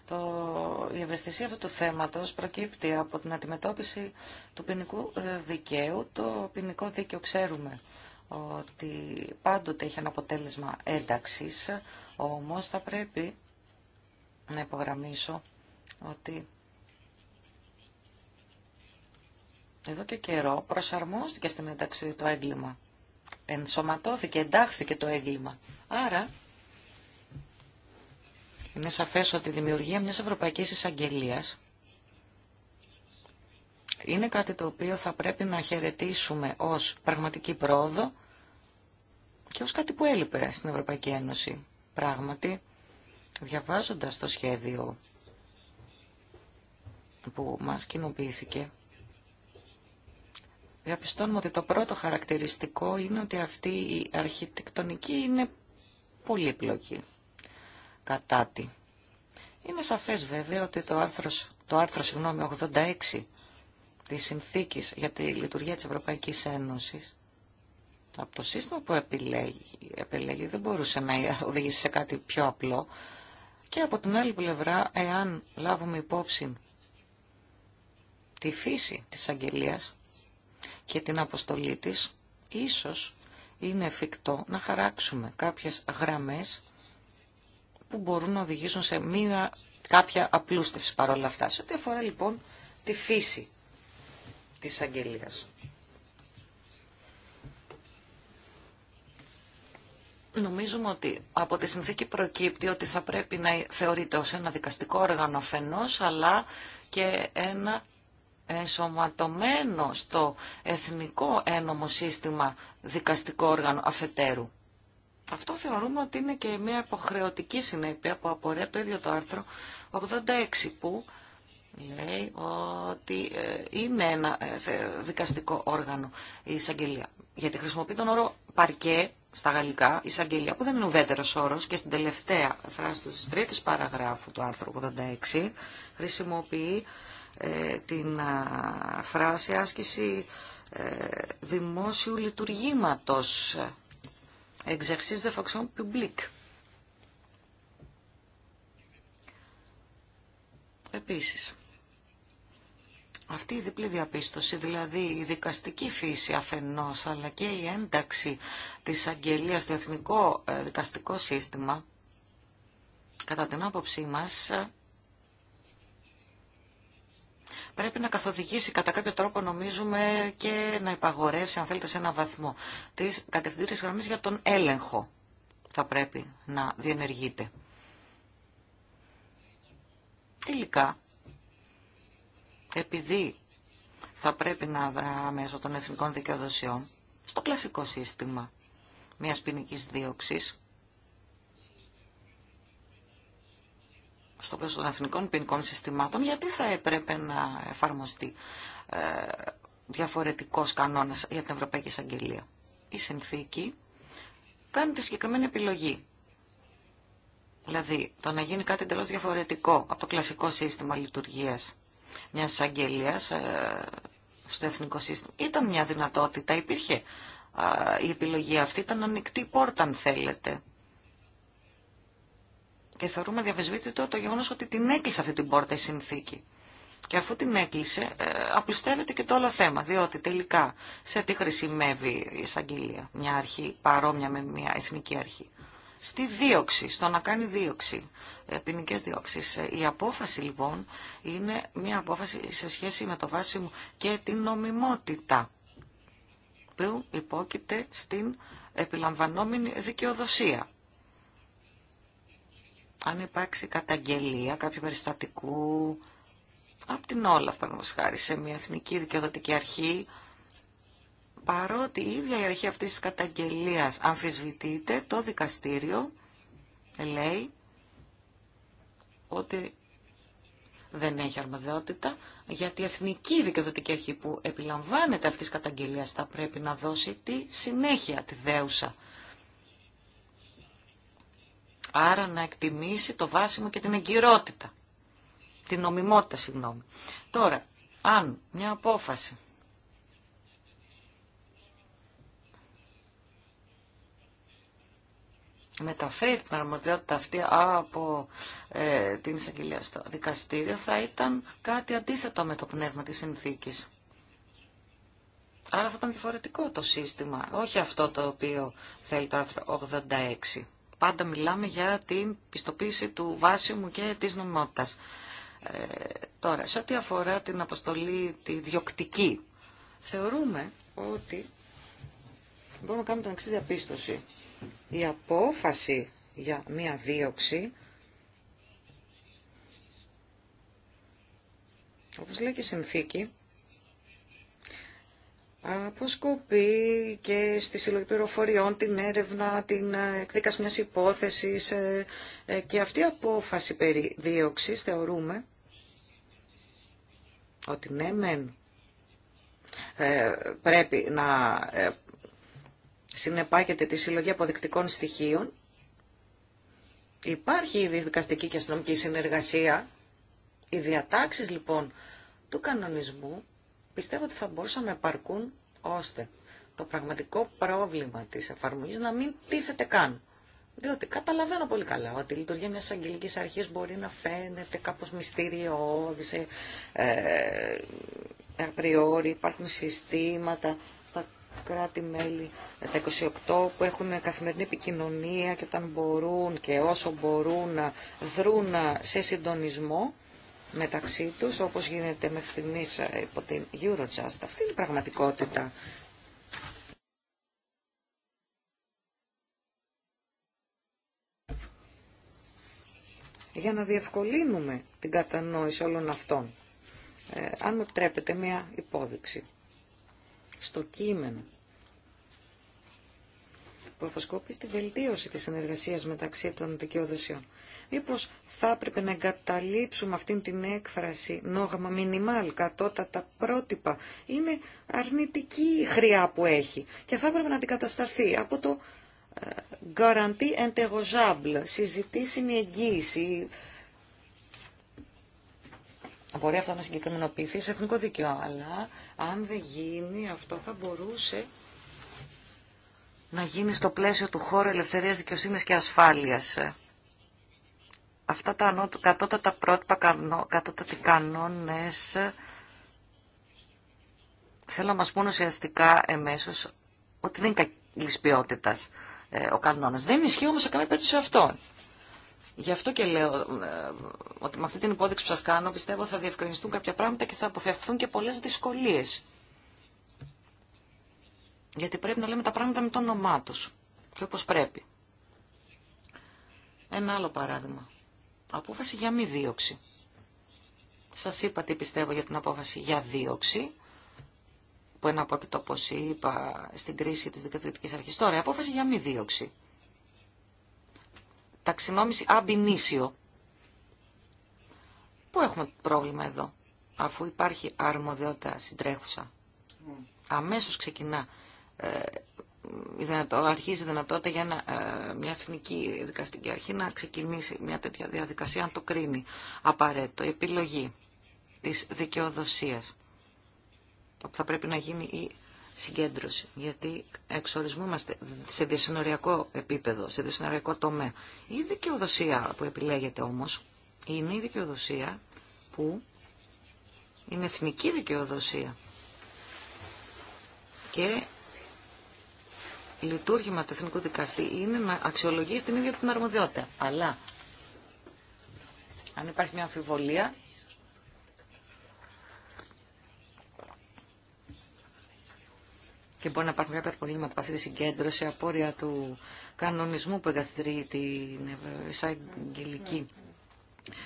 Το, η ευαισθησία αυτού του θέματος προκύπτει από την αντιμετώπιση του ποινικού ε, δικαίου. Το ποινικό δίκαιο ξέρουμε ότι πάντοτε έχει ένα αποτέλεσμα ένταξης, όμως θα πρέπει να υπογραμμίσω ότι εδώ και καιρό προσαρμόστηκε στην μεταξύ το έγκλημα. Ενσωματώθηκε, εντάχθηκε το έγκλημα. Άρα, είναι σαφές ότι η δημιουργία μιας Ευρωπαϊκής εισαγγελία είναι κάτι το οποίο θα πρέπει να χαιρετήσουμε ως πραγματική πρόοδο και ως κάτι που έλειπε στην Ευρωπαϊκή Ένωση. Πράγματι, διαβάζοντας το σχέδιο που μας κοινοποιήθηκε, διαπιστώνουμε ότι το πρώτο χαρακτηριστικό είναι ότι αυτή η αρχιτεκτονική είναι πολύπλοκη κατά τη. Είναι σαφές βέβαια ότι το άρθρο, το άρθρο συγγνώμη, 86 της Συνθήκης για τη Λειτουργία της Ευρωπαϊκής Ένωσης από το σύστημα που επιλέγει, επιλέγει δεν μπορούσε να οδηγήσει σε κάτι πιο απλό και από την άλλη πλευρά εάν λάβουμε υπόψη τη φύση της αγγελίας και την αποστολή της, ίσως είναι εφικτό να χαράξουμε κάποιες γραμμές που μπορούν να οδηγήσουν σε μία, κάποια απλούστευση παρόλα αυτά. Σε ό,τι αφορά λοιπόν τη φύση της αγγελίας. Νομίζουμε ότι από τη συνθήκη προκύπτει ότι θα πρέπει να θεωρείται ως ένα δικαστικό όργανο αφενός, αλλά και ένα ενσωματωμένο στο εθνικό ένομο σύστημα δικαστικό όργανο αφετέρου. Αυτό θεωρούμε ότι είναι και μια υποχρεωτική συνέπεια που απορρέπει το ίδιο το άρθρο 86 που λέει ότι ε, είναι ένα ε, δικαστικό όργανο η εισαγγελία. Γιατί χρησιμοποιεί τον όρο παρκέ στα γαλλικά, εισαγγελία, που δεν είναι ουδέτερος όρος και στην τελευταία φράση του τρίτης παραγράφου του άρθρου 86 χρησιμοποιεί ε, την φράση άσκηση ε, δημόσιου λειτουργήματος εξερσίς δε fonction publique. Επίσης, αυτή η διπλή διαπίστωση, δηλαδή η δικαστική φύση αφενός, αλλά και η ένταξη της αγγελίας στο εθνικό ε, δικαστικό σύστημα, κατά την άποψή μας, πρέπει να καθοδηγήσει κατά κάποιο τρόπο νομίζουμε και να υπαγορεύσει αν θέλετε σε ένα βαθμό Τη κατευθυντήριες γραμμή για τον έλεγχο θα πρέπει να διενεργείται. Τελικά, επειδή θα πρέπει να δρά μέσω των εθνικών δικαιοδοσιών, στο κλασικό σύστημα μιας ποινική δίωξης, στο πλαίσιο των εθνικών ποινικών συστημάτων, γιατί θα έπρεπε να εφαρμοστεί ε, διαφορετικός κανόνας για την Ευρωπαϊκή Εισαγγελία. Η συνθήκη κάνει τη συγκεκριμένη επιλογή. Δηλαδή, το να γίνει κάτι εντελώ διαφορετικό από το κλασικό σύστημα λειτουργίας μιας εισαγγελίας ε, στο εθνικό σύστημα ήταν μια δυνατότητα, υπήρχε η επιλογή αυτή, ήταν ανοιχτή πόρτα αν θέλετε και θεωρούμε διαβεσβήτητο το γεγονός ότι την έκλεισε αυτή την πόρτα η συνθήκη. Και αφού την έκλεισε, ε, απλουστεύεται και το όλο θέμα, διότι τελικά σε τι χρησιμεύει η εισαγγελία, μια αρχή παρόμοια με μια εθνική αρχή. Στη δίωξη, στο να κάνει δίωξη, ε, ποινικέ διώξει. Ε, η απόφαση λοιπόν είναι μια απόφαση σε σχέση με το μου και την νομιμότητα που υπόκειται στην επιλαμβανόμενη δικαιοδοσία αν υπάρξει καταγγελία κάποιου περιστατικού από την όλα παραδείγματος χάρη, σε μια εθνική δικαιοδοτική αρχή, παρότι η ίδια η αρχή αυτής της καταγγελίας αμφισβητείται, το δικαστήριο λέει ότι δεν έχει αρμοδιότητα, γιατί η εθνική δικαιοδοτική αρχή που επιλαμβάνεται αυτής της καταγγελίας θα πρέπει να δώσει τη συνέχεια, τη δέουσα Άρα να εκτιμήσει το βάσιμο και την εγκυρότητα. Την νομιμότητα, συγγνώμη. Τώρα, αν μια απόφαση μεταφέρει την αρμοδιότητα αυτή από ε, την εισαγγελία στο δικαστήριο θα ήταν κάτι αντίθετο με το πνεύμα της συνθήκης. Άρα θα ήταν διαφορετικό το σύστημα, όχι αυτό το οποίο θέλει το άρθρο 86 πάντα μιλάμε για την πιστοποίηση του βάσιμου και της νομιμότητας. Ε, τώρα, σε ό,τι αφορά την αποστολή τη διοκτική, θεωρούμε ότι μπορούμε να κάνουμε την εξή διαπίστωση. Η απόφαση για μία δίωξη, όπως λέει και η συνθήκη, αποσκοπεί και στη συλλογή πληροφοριών, την έρευνα, την ε, εκδίκαση μιας υπόθεσης ε, ε, και αυτή η απόφαση περί δίωξης θεωρούμε ότι ναι μεν πρέπει να συνεπάγεται τη συλλογή αποδεικτικών στοιχείων. Υπάρχει η δικαστική και αστυνομική συνεργασία. Οι διατάξεις λοιπόν του κανονισμού πιστεύω ότι θα μπορούσαν να επαρκούν ώστε το πραγματικό πρόβλημα τη εφαρμογή να μην τίθεται καν. Διότι καταλαβαίνω πολύ καλά ότι η λειτουργία μια αγγελική αρχής μπορεί να φαίνεται κάπως μυστηριώδη, σε ε, ε, απριόρι, υπάρχουν συστήματα στα κράτη-μέλη, ε, τα 28 που έχουν καθημερινή επικοινωνία και όταν μπορούν και όσο μπορούν να δρούν σε συντονισμό μεταξύ τους, όπως γίνεται μέχρι στιγμής υπό την Eurojust. Αυτή είναι η πραγματικότητα. Για να διευκολύνουμε την κατανόηση όλων αυτών, ε, αν μου μία υπόδειξη στο κείμενο που αποσκόπησε τη βελτίωση της συνεργασίας μεταξύ των δικαιοδοσιών. Μήπως θα έπρεπε να εγκαταλείψουμε αυτήν την έκφραση νόγμα μινιμάλ, κατώτατα πρότυπα. Είναι αρνητική η χρειά που έχει και θα έπρεπε να αντικατασταθεί από το ε, «garantie εντεγοζάμπλ συζητήσιμη εγγύηση, Μπορεί αυτό να συγκεκριμενοποιηθεί σε εθνικό δίκαιο, αλλά αν δεν γίνει αυτό θα μπορούσε να γίνει στο πλαίσιο του χώρου ελευθερίας δικαιοσύνης και ασφάλειας. Αυτά τα κατώτατα πρότυπα, κατώτατοι κανόνες, θέλω να μας πούν ουσιαστικά εμέσως ότι δεν είναι καλής ποιότητας ε, ο κανόνας. Δεν ισχύει όμως σε καμία περίπτωση αυτό. Γι' αυτό και λέω ε, ότι με αυτή την υπόδειξη που σας κάνω πιστεύω θα διευκρινιστούν κάποια πράγματα και θα αποφευθούν και πολλές δυσκολίες. Γιατί πρέπει να λέμε τα πράγματα με το όνομά του και όπως πρέπει. Ένα άλλο παράδειγμα. Απόφαση για μη δίωξη. Σας είπα τι πιστεύω για την απόφαση για δίωξη, που ένα από το πω είπα στην κρίση της δικαιοδοτική αρχή Τώρα, απόφαση για μη δίωξη. Ταξινόμηση αμπινίσιο. Πού έχουμε πρόβλημα εδώ, αφού υπάρχει αρμοδιότητα συντρέχουσα. Mm. Αμέσως ξεκινά ε, η δυνατό, αρχίζει η δυνατότητα για ένα, ε, μια εθνική δικαστική αρχή να ξεκινήσει μια τέτοια διαδικασία, αν το κρίνει απαραίτητο. Η επιλογή της δικαιοδοσίας, που θα πρέπει να γίνει η συγκέντρωση, γιατί εξορισμού σε δυσυνοριακό επίπεδο, σε δυσυνοριακό τομέα. Η δικαιοδοσία που επιλέγεται όμως είναι η δικαιοδοσία που είναι εθνική δικαιοδοσία και λειτουργήμα του Εθνικού Δικαστή είναι να αξιολογεί την ίδια την αρμοδιότητα. Αλλά αν υπάρχει μια αμφιβολία, και μπορεί να υπάρχουν κάποια προβλήματα από αυτή τη συγκέντρωση, απόρρια του κανονισμού που εγκαθιδρύει την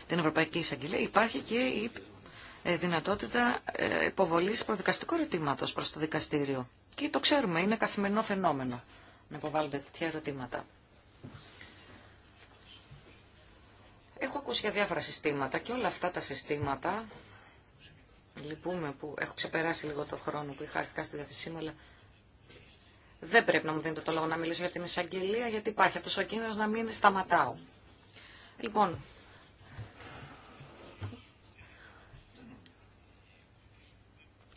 την Ευρωπαϊκή Εισαγγελία, υπάρχει και η δυνατότητα ε, υποβολής προδικαστικού ερωτήματος προς το δικαστήριο. Και το ξέρουμε, είναι καθημερινό φαινόμενο να υποβάλλονται τέτοια ερωτήματα. Έχω ακούσει για διάφορα συστήματα και όλα αυτά τα συστήματα, λυπούμε που έχω ξεπεράσει λίγο το χρόνο που είχα αρχικά στη διάθεσή μου, αλλά δεν πρέπει να μου δίνετε το λόγο να μιλήσω για την εισαγγελία, γιατί υπάρχει αυτός ο κίνδυνος να μην σταματάω. Λοιπόν,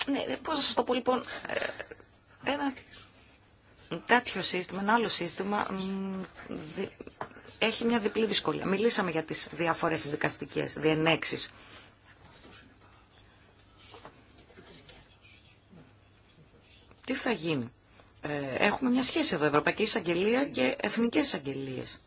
ναι, πώς να σας το πω λοιπόν, ε, ένα τέτοιο σύστημα, ένα άλλο σύστημα έχει μια διπλή δυσκολία. Μιλήσαμε για τις διαφορές της δικαστικές, διενέξεις. Τι θα γίνει. Ε, έχουμε μια σχέση εδώ, Ευρωπαϊκή Εισαγγελία και Εθνικές Εισαγγελίες.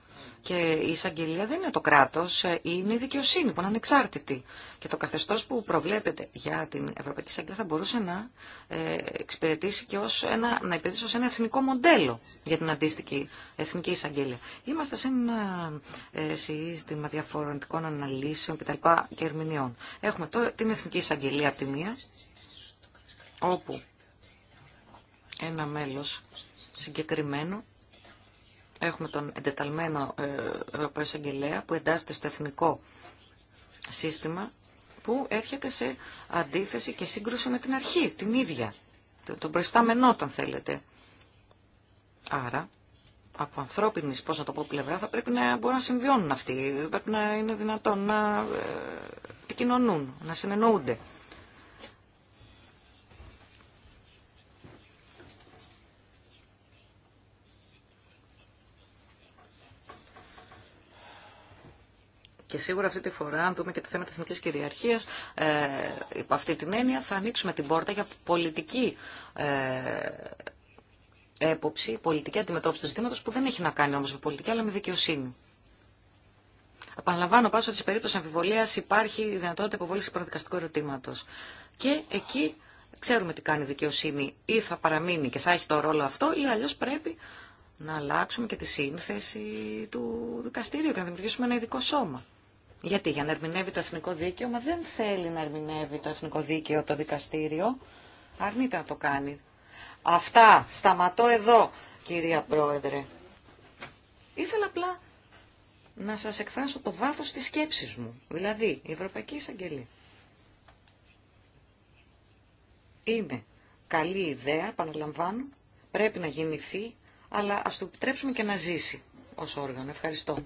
Και η εισαγγελία δεν είναι το κράτο, ε, είναι η δικαιοσύνη που είναι ανεξάρτητη. Και το καθεστώ που προβλέπεται για την Ευρωπαϊκή Εισαγγελία θα μπορούσε να ε, εξυπηρετήσει και ένα, να υπηρετήσει ω ένα εθνικό μοντέλο για την αντίστοιχη Εθνική Εισαγγελία. Είμαστε σε ένα ε, σύστημα διαφορετικών αναλύσεων κτλ. και ερμηνεών. Έχουμε την Εθνική Εισαγγελία από τη μία, όπου ένα μέλο συγκεκριμένο Έχουμε τον εντεταλμένο ε, Ευρωπαϊκό Εισαγγελέα που εντάσσεται στο εθνικό σύστημα που έρχεται σε αντίθεση και σύγκρουση με την αρχή, την ίδια. Τον προϊστάμενό, αν θέλετε. Άρα, από ανθρώπινη, πώς να το πω, πλευρά, θα πρέπει να μπορούν να συμβιώνουν αυτοί. Πρέπει να είναι δυνατόν να ε, επικοινωνούν, να συνεννοούνται. Και σίγουρα αυτή τη φορά, αν δούμε και το θέμα της εθνικής κυριαρχίας, ε, υπό αυτή την έννοια θα ανοίξουμε την πόρτα για πολιτική ε, έποψη, πολιτική αντιμετώπιση του ζητήματος που δεν έχει να κάνει όμως με πολιτική αλλά με δικαιοσύνη. Επαναλαμβάνω πάσο ότι σε περίπτωση αμφιβολία υπάρχει η δυνατότητα υποβολή προδικαστικού ερωτήματο. Και εκεί ξέρουμε τι κάνει η δικαιοσύνη. Ή θα παραμείνει και θα έχει το ρόλο αυτό, ή αλλιώ πρέπει να αλλάξουμε και τη σύνθεση του δικαστηρίου και να δημιουργήσουμε ένα ειδικό σώμα. Γιατί, για να ερμηνεύει το εθνικό δίκαιο, μα δεν θέλει να ερμηνεύει το εθνικό δίκαιο το δικαστήριο. Αρνείται να το κάνει. Αυτά, σταματώ εδώ, κυρία Πρόεδρε. Ήθελα απλά να σας εκφράσω το βάθος της σκέψης μου. Δηλαδή, η Ευρωπαϊκή Εισαγγελία είναι καλή ιδέα, επαναλαμβάνω, πρέπει να γεννηθεί, αλλά ας του επιτρέψουμε και να ζήσει ως όργανο. Ευχαριστώ.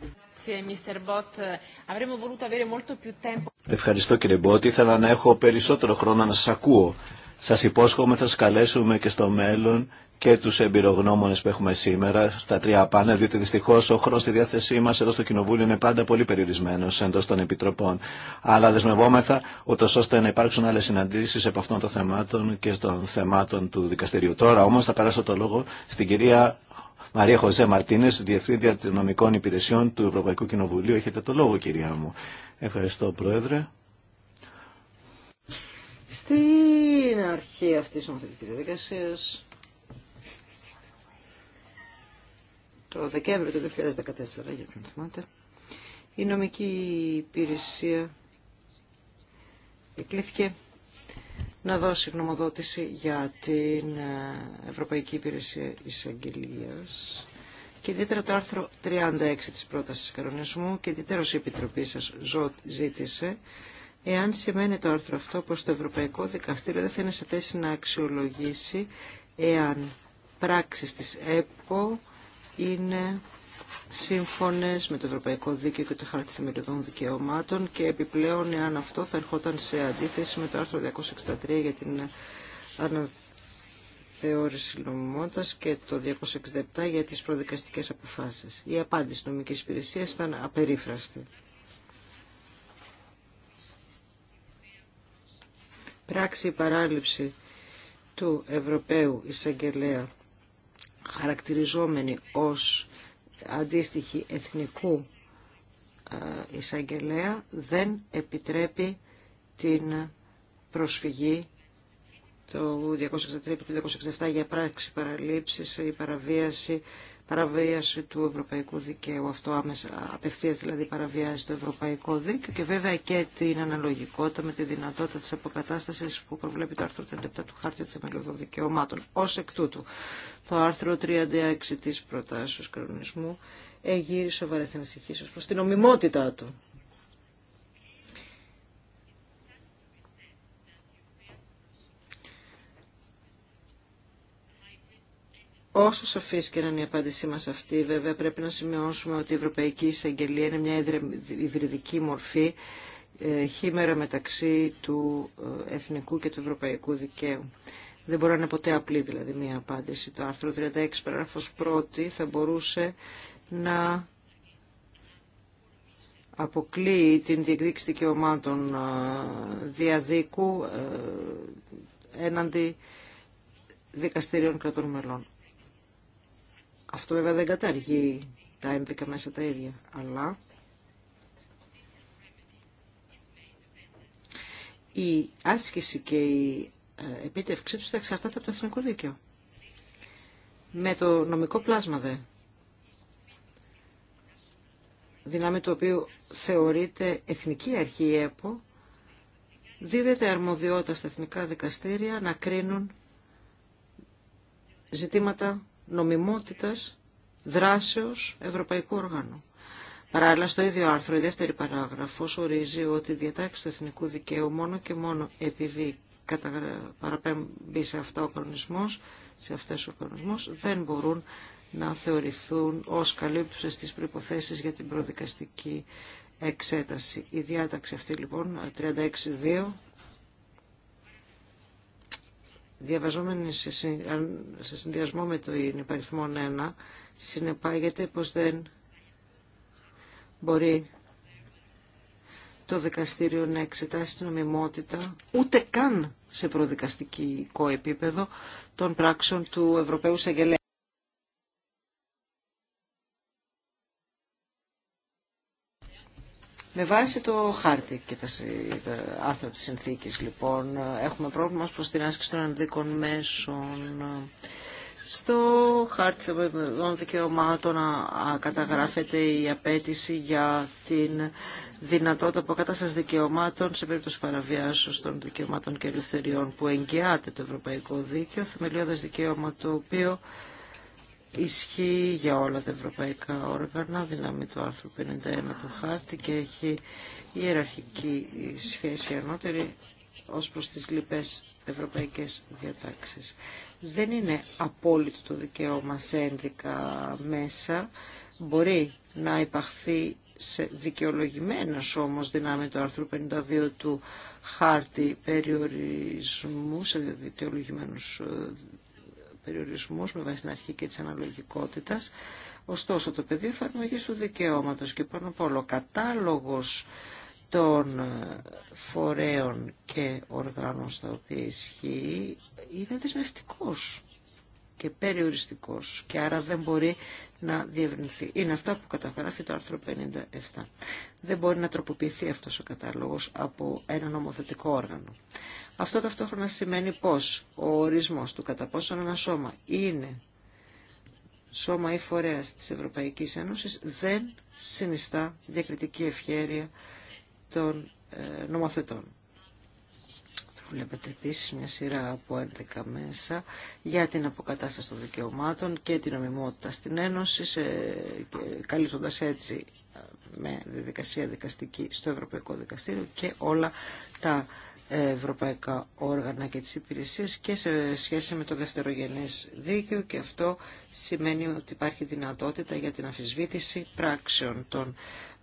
Ευχαριστώ κύριε Μπότ. Ήθελα να έχω περισσότερο χρόνο να σας ακούω. Σας υπόσχομαι θα σας καλέσουμε και στο μέλλον και τους εμπειρογνώμονες που έχουμε σήμερα στα τρία πάνελ, διότι δυστυχώς ο χρόνος στη διάθεσή μας εδώ στο Κοινοβούλιο είναι πάντα πολύ περιορισμένος εντός των επιτροπών. Αλλά δεσμευόμεθα ούτως ώστε να υπάρξουν άλλες συναντήσεις επ' αυτών των θεμάτων και των θεμάτων του δικαστηρίου. Τώρα όμως θα περάσω το λόγο στην κυρία Μαρία Χωζέ Μαρτίνε, Διευθύντρια Νομικών Υπηρεσιών του Ευρωπαϊκού Κοινοβουλίου. Έχετε το λόγο, κυρία μου. Ευχαριστώ, Πρόεδρε. Στην αρχή αυτή τη νομοθετική διαδικασία, το Δεκέμβριο του 2014, για να θυμάται, η νομική υπηρεσία εκλήθηκε να δώσει γνωμοδότηση για την ε, Ευρωπαϊκή Υπηρεσία Εισαγγελία και ιδιαίτερα το άρθρο 36 της πρότασης κανονισμού και ιδιαίτερα η Επιτροπή σας ζήτησε εάν σημαίνει το άρθρο αυτό πως το Ευρωπαϊκό Δικαστήριο δεν θα είναι σε θέση να αξιολογήσει εάν πράξεις της ΕΠΟ είναι σύμφωνες με το Ευρωπαϊκό Δίκαιο και το Χάρτη Θεμελιωδών Δικαιωμάτων και επιπλέον εάν αυτό θα ερχόταν σε αντίθεση με το άρθρο 263 για την αναθεώρηση νομιμότητας και το 267 για τις προδικαστικές αποφάσεις. Η απάντηση νομικής υπηρεσίας ήταν απερίφραστη. πράξη η παράληψη του Ευρωπαίου Εισαγγελέα χαρακτηριζόμενη ως αντίστοιχη εθνικού εισαγγελέα δεν επιτρέπει την προσφυγή το 263 και 267 για πράξη παραλήψης ή παραβίαση παραβίαση του ευρωπαϊκού δικαίου, αυτό άμεσα απευθείας δηλαδή παραβιάζει το ευρωπαϊκό δίκαιο και βέβαια και την αναλογικότητα με τη δυνατότητα της αποκατάστασης που προβλέπει το άρθρο 37 του Χάρτη Θεμελιωδών Δικαιωμάτων. Ως εκ τούτου, το άρθρο 36 της προτάσεως κανονισμού εγείρει σοβαρές ανησυχίες προς την ομιμότητά του. Όσο σαφής και να είναι η απάντησή μας αυτή, βέβαια πρέπει να σημειώσουμε ότι η Ευρωπαϊκή Εισαγγελία είναι μια υβριδική μορφή ε, χήμερα μεταξύ του ε, εθνικού και του ευρωπαϊκού δικαίου. Δεν μπορεί να είναι ποτέ απλή δηλαδή μια απάντηση. Το άρθρο 36 παράγραφος 1 θα μπορούσε να αποκλείει την διεκδίκηση δικαιωμάτων ε, διαδίκου έναντι δικαστηρίων κρατών μελών. Αυτό βέβαια δεν καταργεί τα ένδικα μέσα τα ίδια, αλλά η άσκηση και η ε, επίτευξή τους θα εξαρτάται από το εθνικό δίκαιο. Με το νομικό πλάσμα δε, δυνάμει το οποίο θεωρείται εθνική αρχή ΕΠΟ, δίδεται αρμοδιότητα στα εθνικά δικαστήρια να κρίνουν ζητήματα νομιμότητας δράσεως ευρωπαϊκού οργάνου. Παράλληλα, στο ίδιο άρθρο, η δεύτερη παράγραφος ορίζει ότι η διατάξη του εθνικού δικαίου μόνο και μόνο επειδή παραπέμπει σε αυτά ο κανονισμός, σε αυτές ο κανονισμός, δεν μπορούν να θεωρηθούν ως καλύπτουσες τις προϋποθέσεις για την προδικαστική εξέταση. Η διάταξη αυτή λοιπόν, 36.2, διαβαζόμενη σε συνδυασμό με το υπαριθμό 1 συνεπάγεται πως δεν μπορεί το δικαστήριο να εξετάσει την νομιμότητα ούτε καν σε προδικαστικό επίπεδο των πράξεων του Ευρωπαίου Σαγγελέα. Με βάση το χάρτη και τα άρθρα της συνθήκης λοιπόν έχουμε πρόβλημα προς την άσκηση των ανδίκων μέσων. Στο χάρτη των δικαιωμάτων καταγράφεται η απέτηση για την δυνατότητα αποκατάστασης δικαιωμάτων σε περίπτωση παραβιάσεως των δικαιωμάτων και ελευθεριών που εγγυάται το Ευρωπαϊκό Δίκαιο, θεμελιώδες δικαίωμα το οποίο ισχύει για όλα τα ευρωπαϊκά όργανα, δυνάμει του άρθρου 51 του χάρτη και έχει ιεραρχική σχέση ανώτερη ως προς τις λοιπές ευρωπαϊκές διατάξεις. Δεν είναι απόλυτο το δικαίωμα σε ένδικα μέσα. Μπορεί να υπαχθεί σε δικαιολογημένος όμως δυνάμει του άρθρου 52 του χάρτη περιορισμού, σε δικαιολογημένους ε, περιορισμούς με βάση την αρχή και της αναλογικότητας. Ωστόσο, το πεδίο εφαρμογής του δικαιώματος και πάνω απ' όλο κατάλογος των ε, φορέων και οργάνων στα οποία ισχύει είναι δεσμευτικός και περιοριστικός και άρα δεν μπορεί να διευρυνθεί. Είναι αυτά που καταγράφει το άρθρο 57. Δεν μπορεί να τροποποιηθεί αυτός ο κατάλογος από ένα νομοθετικό όργανο. Αυτό ταυτόχρονα σημαίνει πως ο ορισμός του κατά πόσον ένα σώμα είναι σώμα ή φορέας της Ευρωπαϊκής Ένωσης δεν συνιστά διακριτική ευχέρεια των ε, νομοθετών. Βλέπετε επίση μια σειρά από 11 μέσα για την αποκατάσταση των δικαιωμάτων και την νομιμότητα στην Ένωση, καλύπτοντα έτσι ε, με διαδικασία δικαστική στο Ευρωπαϊκό Δικαστήριο και όλα τα ευρωπαϊκά όργανα και τις υπηρεσίες και σε σχέση με το δευτερογενές δίκαιο και αυτό σημαίνει ότι υπάρχει δυνατότητα για την αφισβήτηση πράξεων των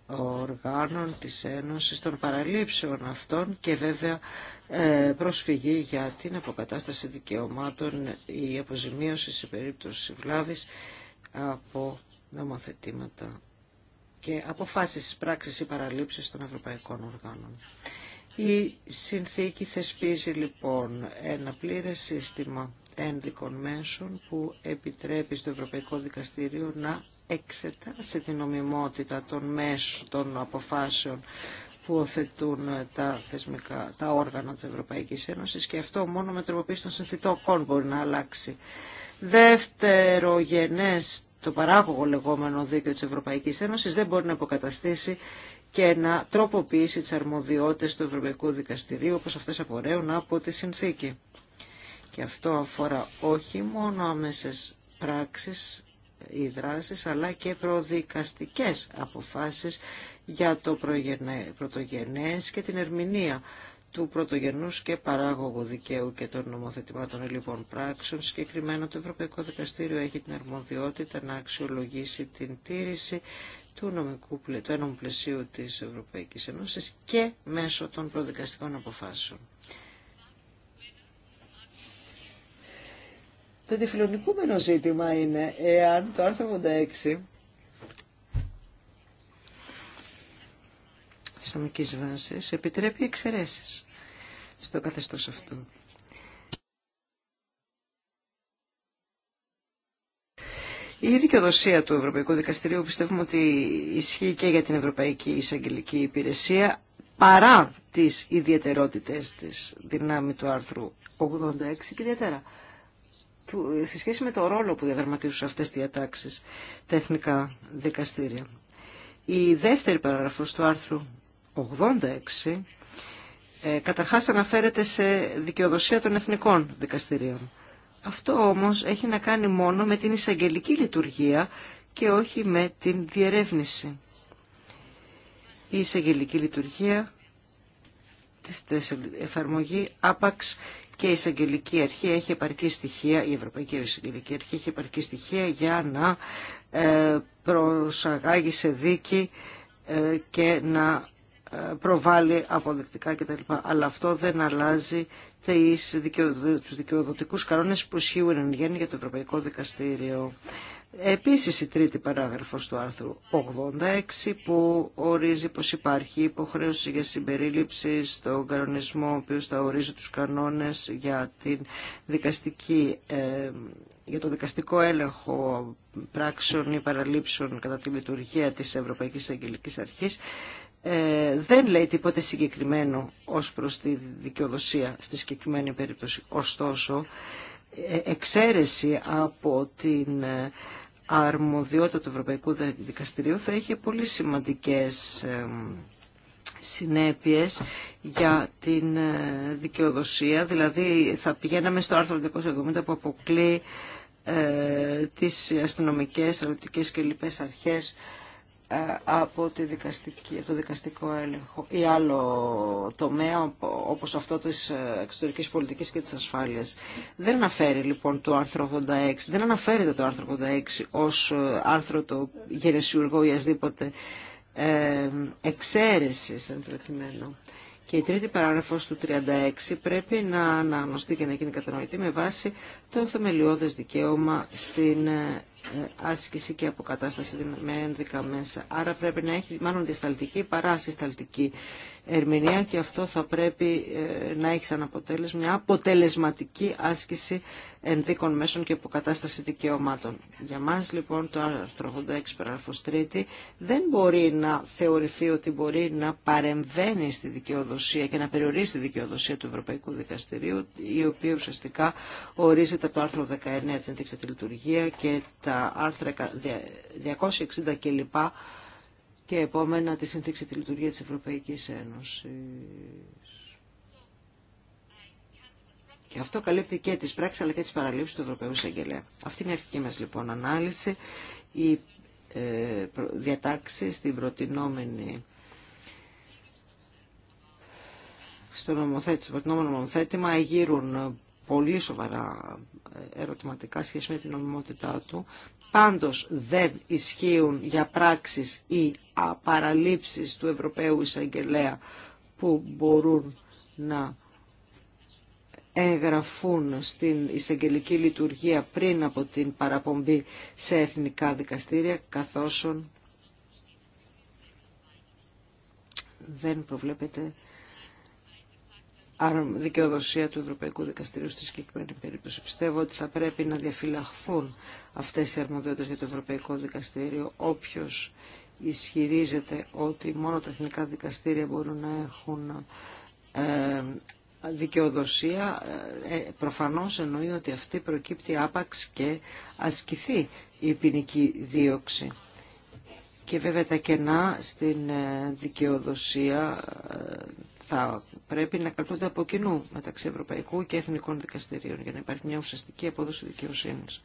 οργάνων της Ένωσης, των παραλήψεων αυτών και βέβαια ε, προσφυγή για την αποκατάσταση δικαιωμάτων η αποζημίωση σε περίπτωση βλάβης από νομοθετήματα και αποφάσεις πράξης ή παραλήψεις των ευρωπαϊκών οργάνων. Η συνθήκη θεσπίζει λοιπόν ένα πλήρες σύστημα ένδικων μέσων που επιτρέπει στο Ευρωπαϊκό Δικαστήριο να εξετάσει την νομιμότητα των μέσων των αποφάσεων που οθετούν τα, θεσμικά, τα όργανα της Ευρωπαϊκής Ένωσης και αυτό μόνο με τροποποίηση των συνθητών μπορεί να αλλάξει. Δεύτερο γενές, το παράγωγο λεγόμενο δίκαιο της Ευρωπαϊκής Ένωσης δεν μπορεί να υποκαταστήσει και να τροποποιήσει τις αρμοδιότητες του Ευρωπαϊκού Δικαστηρίου όπως αυτές απορρέουν από τη συνθήκη. Και αυτό αφορά όχι μόνο άμεσες πράξεις ή δράσεις αλλά και προδικαστικές αποφάσεις για το πρωτογενές και την ερμηνεία του πρωτογενού και παράγωγου δικαίου και των νομοθετημάτων λοιπόν πράξεων. Συγκεκριμένα το Ευρωπαϊκό Δικαστήριο έχει την αρμοδιότητα να αξιολογήσει την τήρηση του νομικού του ένομου πλαισίου της Ευρωπαϊκής Ένωσης και μέσω των προδικαστικών αποφάσεων. Το διφυλονικούμενο ζήτημα είναι εάν το άρθρο 86 της νομικής βάσης επιτρέπει εξαιρέσεις στο καθεστώς αυτού. Η δικαιοδοσία του Ευρωπαϊκού Δικαστηρίου πιστεύουμε ότι ισχύει και για την Ευρωπαϊκή Εισαγγελική Υπηρεσία παρά τις ιδιαιτερότητες της δυνάμει του άρθρου 86 και ιδιαίτερα σε σχέση με το ρόλο που διαδραματίζουν αυτές οι διατάξεις τα εθνικά δικαστήρια. Η δεύτερη παραγραφός του άρθρου 86 ε, καταρχάς αναφέρεται σε δικαιοδοσία των εθνικών δικαστηρίων. Αυτό όμως έχει να κάνει μόνο με την εισαγγελική λειτουργία και όχι με την διερεύνηση. Η εισαγγελική λειτουργία της εφαρμογή άπαξ και η εισαγγελική αρχή έχει επαρκή στοιχεία, η Ευρωπαϊκή Εισαγγελική Αρχή έχει επαρκή στοιχεία για να ε, προσαγάγει σε δίκη ε, και να προβάλλει αποδεκτικά κτλ. Αλλά αυτό δεν αλλάζει του δικαιοδοτικούς κανόνες που ισχύουν εν γέννη για το Ευρωπαϊκό Δικαστήριο. Επίσης η τρίτη παράγραφος του άρθρου 86 που ορίζει πω υπάρχει υποχρέωση για συμπερίληψη στον κανονισμό ο οποίος θα ορίζει τους κανόνες για, δικαστική, ε, για το δικαστικό έλεγχο πράξεων ή παραλήψεων κατά τη λειτουργία της Ευρωπαϊκής Αγγελικής Αρχής ε, δεν λέει τίποτε συγκεκριμένο ως προς τη δικαιοδοσία στη συγκεκριμένη περίπτωση. Ωστόσο, ε, εξαίρεση από την ε, αρμοδιότητα του Ευρωπαϊκού Δικαστηρίου θα είχε πολύ σημαντικές συνέπειες για την δικαιοδοσία. Δηλαδή θα πηγαίναμε στο άρθρο 270 που αποκλεί ε, τις αστυνομικές, στρατιωτικές και λοιπές αρχές ε, από, τη δικαστική, το δικαστικό έλεγχο ή άλλο τομέα όπως αυτό της ε, εξωτερικής πολιτικής και της ασφάλειας. Δεν αναφέρει λοιπόν το άρθρο 86, δεν αναφέρεται το άρθρο 86 ως ε, άρθρο το γενεσιουργό ή ασδήποτε ε, εξαίρεσης εν προκειμένου. Και η τρίτη παράγραφος του 36 πρέπει να αναγνωστεί και να γίνει κατανοητή με βάση το θεμελιώδες δικαίωμα στην ε, άσκηση και αποκατάσταση με ένδικα μέσα. Άρα πρέπει να έχει μάλλον διασταλτική παρά συσταλτική ερμηνεία και αυτό θα πρέπει ε, να έχει σαν αποτέλεσμα μια αποτελεσματική άσκηση ενδίκων μέσων και υποκατάσταση δικαιωμάτων. Για μας λοιπόν το άρθρο 86 παραγραφός 3 δεν μπορεί να θεωρηθεί ότι μπορεί να παρεμβαίνει στη δικαιοδοσία και να περιορίσει τη δικαιοδοσία του Ευρωπαϊκού Δικαστηρίου η οποία ουσιαστικά ορίζεται το άρθρο 19 της Ενδείξης τη Λειτουργία και τα άρθρα 260 κλπ και επόμενα τη Σύνθήξη τη λειτουργία της Ευρωπαϊκής Ένωσης. Και αυτό καλύπτει και τις πράξεις αλλά και τις παραλήψεις του Ευρωπαίου Εισαγγελέα. Αυτή είναι η αρχική μας λοιπόν ανάλυση. Οι ε, διατάξεις στην προτινόμενη στο νομοθέτημα, νομοθέτημα γύρουν πολύ σοβαρά ε, ερωτηματικά σχέση με την νομιμότητά του. Πάντως δεν ισχύουν για πράξεις ή παραλήψεις του Ευρωπαίου Εισαγγελέα που μπορούν να εγγραφούν στην εισαγγελική λειτουργία πριν από την παραπομπή σε εθνικά δικαστήρια, καθώς δεν προβλέπεται δικαιοδοσία του Ευρωπαϊκού Δικαστηρίου στη συγκεκριμένη περίπτωση. Πιστεύω ότι θα πρέπει να διαφυλαχθούν αυτές οι αρμοδιότητες για το Ευρωπαϊκό Δικαστήριο. Όποιος ισχυρίζεται ότι μόνο τα εθνικά δικαστήρια μπορούν να έχουν ε, δικαιοδοσία, ε, ε, προφανώς εννοεί ότι αυτή προκύπτει άπαξ και ασκηθεί η ποινική δίωξη. Και βέβαια τα κενά στην δικαιοδοσία θα πρέπει να καλούνται από κοινού μεταξύ Ευρωπαϊκού και Εθνικών Δικαστηρίων για να υπάρχει μια ουσιαστική απόδοση δικαιοσύνης.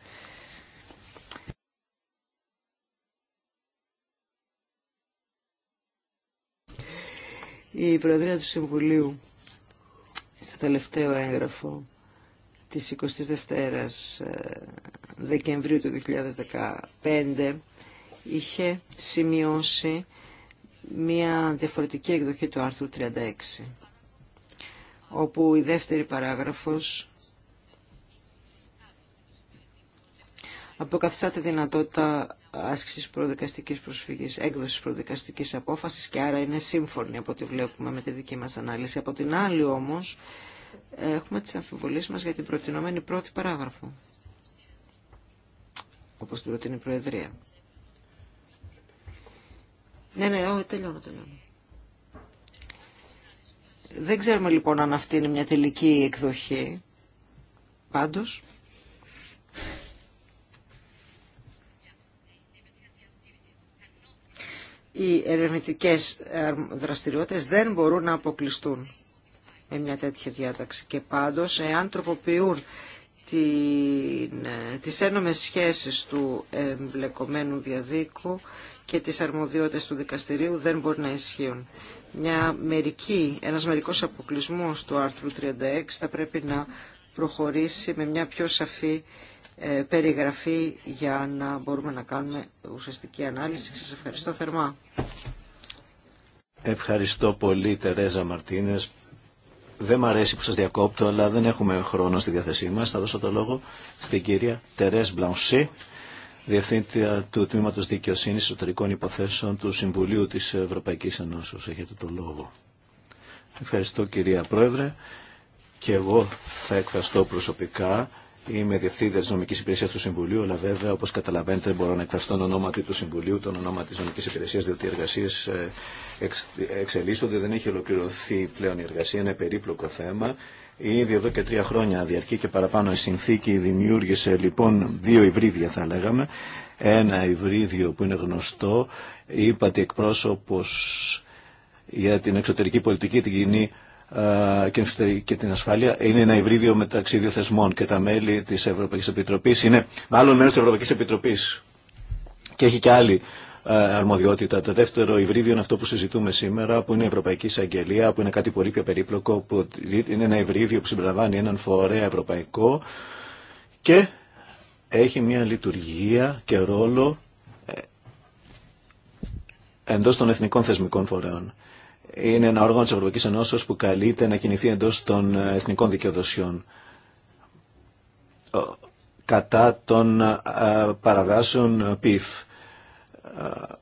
Η Προεδρία του Συμβουλίου στο τελευταίο έγγραφο της 22ης ε, Δεκεμβρίου του 2015 είχε σημειώσει μια διαφορετική εκδοχή του άρθρου 36, όπου η δεύτερη παράγραφος αποκαθιστά τη δυνατότητα άσκησης προδικαστικής προσφυγής, έκδοσης προδικαστικής απόφασης και άρα είναι σύμφωνη από ό,τι βλέπουμε με τη δική μας ανάλυση. Από την άλλη όμως έχουμε τις αμφιβολίες μας για την προτινόμενη πρώτη παράγραφο, όπως την προτείνει η Προεδρία. Ναι, ναι, ό, τελειώνω, τελειώνω. Δεν ξέρουμε λοιπόν αν αυτή είναι μια τελική εκδοχή. Πάντως... Οι ερευνητικές ε, δραστηριότητες δεν μπορούν να αποκλειστούν με μια τέτοια διάταξη. Και πάντως, εάν τροποποιούν την, ε, τις ένομες σχέσεις του εμπλεκομένου διαδίκου, και τις αρμοδιότητες του δικαστηρίου δεν μπορεί να ισχύουν. Μια μερική, ένας μερικός αποκλεισμός του άρθρου 36 θα πρέπει να προχωρήσει με μια πιο σαφή ε, περιγραφή για να μπορούμε να κάνουμε ουσιαστική ανάλυση. Σας ευχαριστώ θερμά. Ευχαριστώ πολύ Τερέζα Μαρτίνες. Δεν μ' αρέσει που σας διακόπτω, αλλά δεν έχουμε χρόνο στη διάθεσή μας. Θα δώσω το λόγο στην κυρία Τερέζ Μπλανσί Διευθύντρια του Τμήματος Δικαιοσύνης Εσωτερικών Υποθέσεων του Συμβουλίου της Ευρωπαϊκής Ενώσεως. Έχετε το λόγο. Ευχαριστώ κυρία Πρόεδρε και εγώ θα εκφραστώ προσωπικά. Είμαι διευθύντρια τη νομική υπηρεσία του Συμβουλίου, αλλά βέβαια, όπω καταλαβαίνετε, μπορώ να εκφραστώ τον ονόματι του Συμβουλίου, τον ονόμα τη νομική υπηρεσία, διότι οι εργασίε ε, εξελίσσονται, δεν έχει ολοκληρωθεί πλέον η εργασία, είναι περίπλοκο θέμα Ήδη εδώ και τρία χρόνια διαρκεί και παραπάνω η συνθήκη δημιούργησε λοιπόν δύο υβρίδια θα λέγαμε. Ένα υβρίδιο που είναι γνωστό, είπατε εκπρόσωπος για την εξωτερική πολιτική, την κοινή και την ασφάλεια είναι ένα υβρίδιο μεταξύ δύο θεσμών και τα μέλη της Ευρωπαϊκής Επιτροπής είναι μάλλον μέλος της Ευρωπαϊκής Επιτροπής και έχει και άλλη ε, αρμοδιότητα. Το δεύτερο υβρίδιο είναι αυτό που συζητούμε σήμερα, που είναι η Ευρωπαϊκή Εισαγγελία, που είναι κάτι πολύ πιο περίπλοκο, που είναι ένα υβρίδιο που συμπεριλαμβάνει έναν φορέα ευρωπαϊκό και έχει μια λειτουργία και ρόλο ε, εντός των εθνικών θεσμικών φορέων. Είναι ένα όργανο της Ευρωπαϊκής Ενώσεως που καλείται να κινηθεί εντός των ε, εθνικών δικαιοδοσιών κατά των παραβάσεων ΠΙΦ. Ε,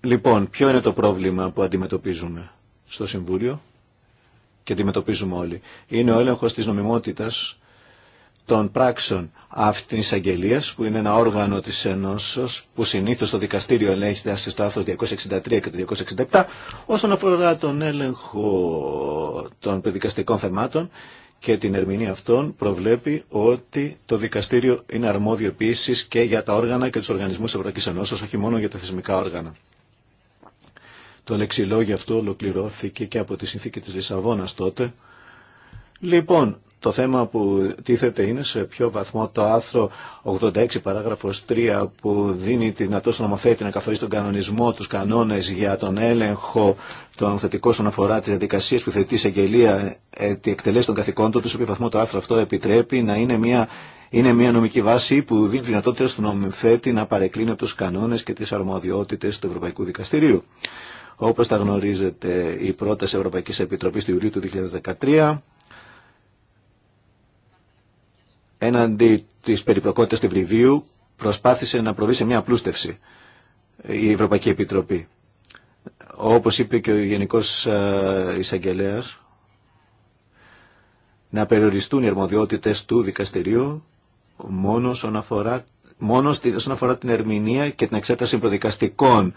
λοιπόν, ποιο είναι το πρόβλημα που αντιμετωπίζουμε στο Συμβούλιο και αντιμετωπίζουμε όλοι. Είναι ο έλεγχο της νομιμότητας των πράξεων αυτής της αγγελία που είναι ένα όργανο της Ενώσεως που συνήθως το δικαστήριο ελέγχεται στο άρθρο 263 και το 267 όσον αφορά τον έλεγχο των παιδικαστικών θεμάτων και την ερμηνεία αυτών προβλέπει ότι το δικαστήριο είναι αρμόδιο επίση και για τα όργανα και του οργανισμού τη Ευρωπαϊκή Ενώσεω, όχι μόνο για τα θεσμικά όργανα. Το λεξιλόγιο αυτό ολοκληρώθηκε και από τη συνθήκη της Λισαβόνα τότε. Λοιπόν, το θέμα που τίθεται είναι σε ποιο βαθμό το άρθρο 86 παράγραφος 3 που δίνει τη δυνατότητα στον νομοθέτη να καθορίσει τον κανονισμό, τους κανόνες για τον έλεγχο, των νομοθετικό όσον αφορά τις διαδικασίες που θετεί σε ε, τη εκτελέση των καθηκόντων του, σε ποιο βαθμό το άρθρο αυτό επιτρέπει να είναι μια, είναι μια νομική βάση που δίνει τη δυνατότητα στον νομοθέτη να παρεκκλίνει από τους κανόνες και τις αρμοδιότητες του Ευρωπαϊκού Δικαστηρίου. Όπως τα γνωρίζετε, η πρόταση Ευρωπαϊκής Επιτροπής του Ιουλίου του 2013 έναντι της περιπλοκότητα του βριβίου προσπάθησε να προβεί σε μια απλούστευση η Ευρωπαϊκή Επιτροπή. Όπως είπε και ο Γενικός εισαγγελέα, να περιοριστούν οι αρμοδιότητες του δικαστηρίου μόνο όσον αφορά, αφορά την ερμηνεία και την εξέταση προδικαστικών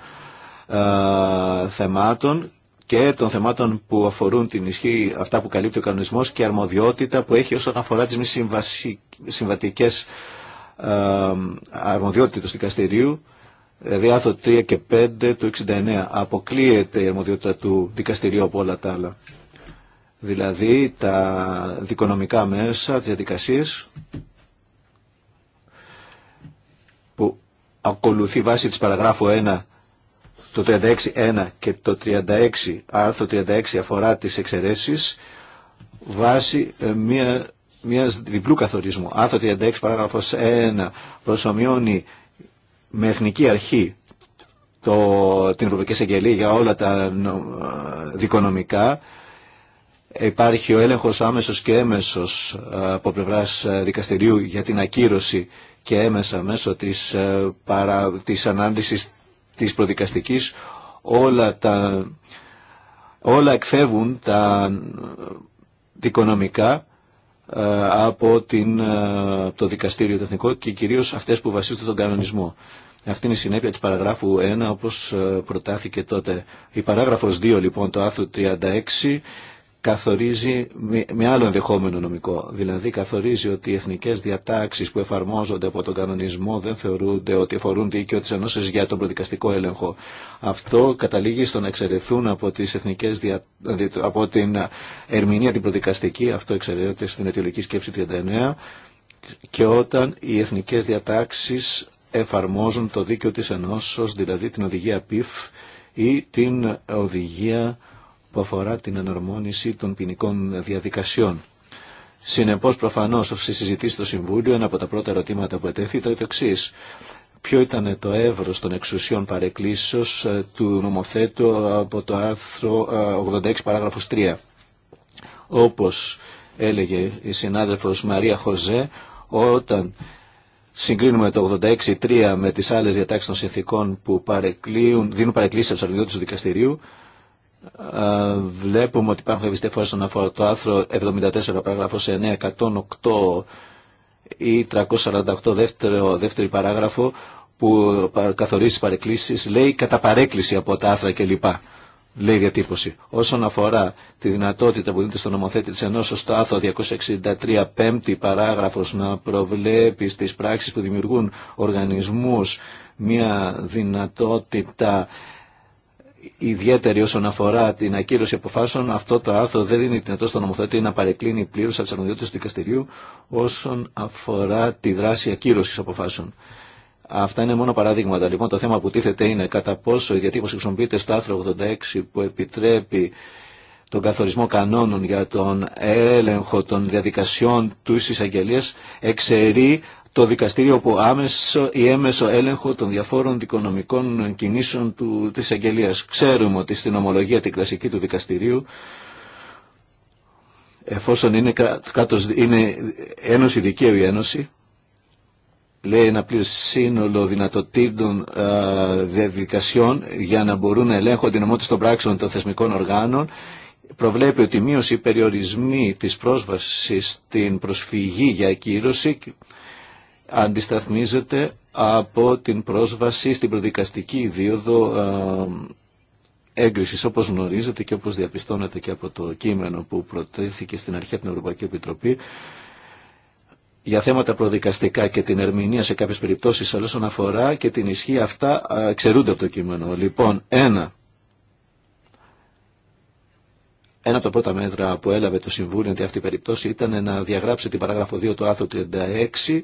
θεμάτων και των θεμάτων που αφορούν την ισχύ, αυτά που καλύπτει ο κανονισμός και αρμοδιότητα που έχει όσον αφορά τι μη συμβατικέ συμβατικές ε, του δικαστηρίου, δηλαδή άρθρο 3 και 5 του 69. Αποκλείεται η αρμοδιότητα του δικαστηρίου από όλα τα άλλα. Δηλαδή τα δικονομικά μέσα, τι διαδικασίες που ακολουθεί βάση της παραγράφου 1 το 36.1 και το 36, άρθρο 36 αφορά τις εξαιρέσεις βάσει ε, μια, μιας διπλού καθορισμού. Άρθρο 36 παράγραφος 1 προσωμιώνει με εθνική αρχή το, την Ευρωπαϊκή Εισαγγελία για όλα τα ε, δικονομικά. Υπάρχει ο έλεγχος άμεσος και έμεσος ε, από πλευράς δικαστηρίου για την ακύρωση και έμεσα μέσω της, παρα, της της προδικαστικής όλα, τα, όλα εκφεύγουν τα δικονομικά ε, από την, ε, το δικαστήριο τεχνικό και κυρίως αυτές που βασίζονται στον κανονισμό. Αυτή είναι η συνέπεια της παραγράφου 1 όπως ε, προτάθηκε τότε. Η παράγραφος 2 λοιπόν το άρθρο 36 καθορίζει με άλλο ενδεχόμενο νομικό. Δηλαδή καθορίζει ότι οι εθνικές διατάξεις που εφαρμόζονται από τον κανονισμό δεν θεωρούνται ότι αφορούν δίκαιο της ενώσεως για τον προδικαστικό έλεγχο. Αυτό καταλήγει στο να εξαιρεθούν από, τις εθνικές από την ερμηνεία την προδικαστική, αυτό εξαιρεθεί στην αιτιολογική σκέψη 39, και όταν οι εθνικές διατάξεις εφαρμόζουν το δίκαιο της ενώσεως, δηλαδή την οδηγία PIF ή την οδηγία που αφορά την ενορμόνιση των ποινικών διαδικασιών. Συνεπώ, προφανώ, όσοι συζητήσει στο Συμβούλιο, ένα από τα πρώτα ερωτήματα που ετέθη ήταν το εξή. Ποιο ήταν το εύρο των εξουσιών παρεκκλήσεω ε, του νομοθέτου από το άρθρο 86 ε, παράγραφος 3. Όπω έλεγε η συνάδελφο Μαρία Χωζέ, όταν συγκρίνουμε το 86-3 με τι άλλε διατάξει των συνθήκων που παρεκλείουν, δίνουν παρεκκλήσει από του δικαστηρίου, βλέπουμε ότι υπάρχουν φορέ στον αφορά το άρθρο 74 παράγραφος 9, 108 ή 348 δεύτερο, δεύτερη παράγραφο που καθορίζει τις παρεκκλήσεις λέει κατά παρέκκληση από τα άρθρα κλπ. Λέει διατύπωση. Όσον αφορά τη δυνατότητα που δίνεται στο νομοθέτη τη ενό στο άθρο 263 πέμπτη παράγραφος να προβλέπει στις πράξεις που δημιουργούν οργανισμούς μια δυνατότητα ιδιαίτερη όσον αφορά την ακύρωση αποφάσεων, αυτό το άρθρο δεν δίνει δυνατό στο νομοθέτη να παρεκκλίνει πλήρω από τι αρμοδιότητε του δικαστηρίου όσον αφορά τη δράση ακύρωση αποφάσεων. Αυτά είναι μόνο παραδείγματα. Λοιπόν, το θέμα που τίθεται είναι κατά πόσο η διατύπωση χρησιμοποιείται στο άρθρο 86 που επιτρέπει τον καθορισμό κανόνων για τον έλεγχο των διαδικασιών του εισαγγελία εξαιρεί το δικαστήριο που άμεσο ή έμεσο έλεγχο των διαφόρων δικονομικών κινήσεων του, της αγγελίας. Ξέρουμε ότι στην ομολογία την κλασική του δικαστηρίου εφόσον είναι, κάτω, είναι ένωση δικαίου η ένωση λέει ένα πλήρες σύνολο δυνατοτήτων διαδικασιών για να μπορούν να ελέγχουν την ομότητα των πράξεων των θεσμικών οργάνων προβλέπει ότι μείωση περιορισμοί της πρόσβασης στην προσφυγή για ακύρωση αντισταθμίζεται από την πρόσβαση στην προδικαστική ιδίωδο έγκρισης όπως γνωρίζετε και όπως διαπιστώνεται και από το κείμενο που προτέθηκε στην αρχή από την Ευρωπαϊκή Επιτροπή για θέματα προδικαστικά και την ερμηνεία σε κάποιες περιπτώσεις αλλά όσον αφορά και την ισχύ αυτά ξερούνται από το κείμενο. Λοιπόν, ένα, ένα από τα πρώτα μέτρα που έλαβε το Συμβούλιο για αυτή την περίπτωση ήταν να διαγράψει την παράγραφο 2 του άρθρου 36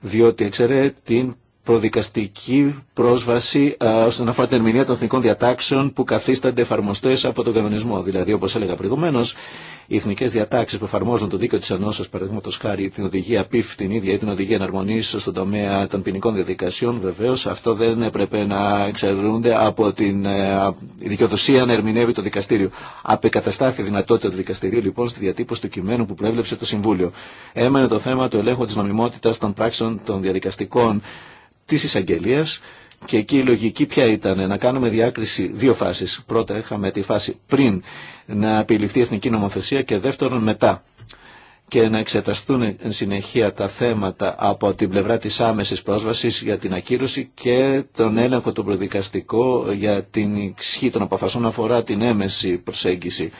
διότι έξερε την προδικαστική πρόσβαση ε, όσον αφορά την ερμηνεία των εθνικών διατάξεων που καθίστανται εφαρμοστέ από τον κανονισμό. Δηλαδή, όπω έλεγα προηγουμένω, οι εθνικέ διατάξει που εφαρμόζουν το δίκαιο τη ενώσεω, παραδείγματο χάρη την οδηγία ΠΙΦ την ίδια ή την οδηγία εναρμονίσεω στον τομέα των ποινικών διαδικασιών, βεβαίω αυτό δεν έπρεπε να εξαιρούνται από την ε, δικαιοδοσία να ερμηνεύει το δικαστήριο. Απεκαταστάθη η δυνατότητα του δικαστηρίου λοιπόν στη διατύπωση του εναρμονή Συμβούλιο. Έμενε το θέμα του ελέγχου τη νομιμότητα των ποινικων διαδικασιων βεβαιω αυτο δεν επρεπε να εξαρτούνται απο την δικαιοδοσια να ερμηνευει το δικαστηριο απεκατασταθη δυνατοτητα του δικαστηριου λοιπον στη διατυπωση του κειμενου που προεβλεψε το συμβουλιο εμενε το θεμα του ελεγχου τη νομιμοτητα των διαδικαστικών της εισαγγελία. Και εκεί η λογική ποια ήταν, να κάνουμε διάκριση δύο φάσεις. Πρώτα είχαμε τη φάση πριν να επιληφθεί η εθνική νομοθεσία και δεύτερον μετά και να εξεταστούν εν συνεχεία τα θέματα από την πλευρά της άμεσης πρόσβασης για την ακύρωση και τον έλεγχο του προδικαστικό για την ισχύ των αποφασών αφορά την έμεση προσέγγιση.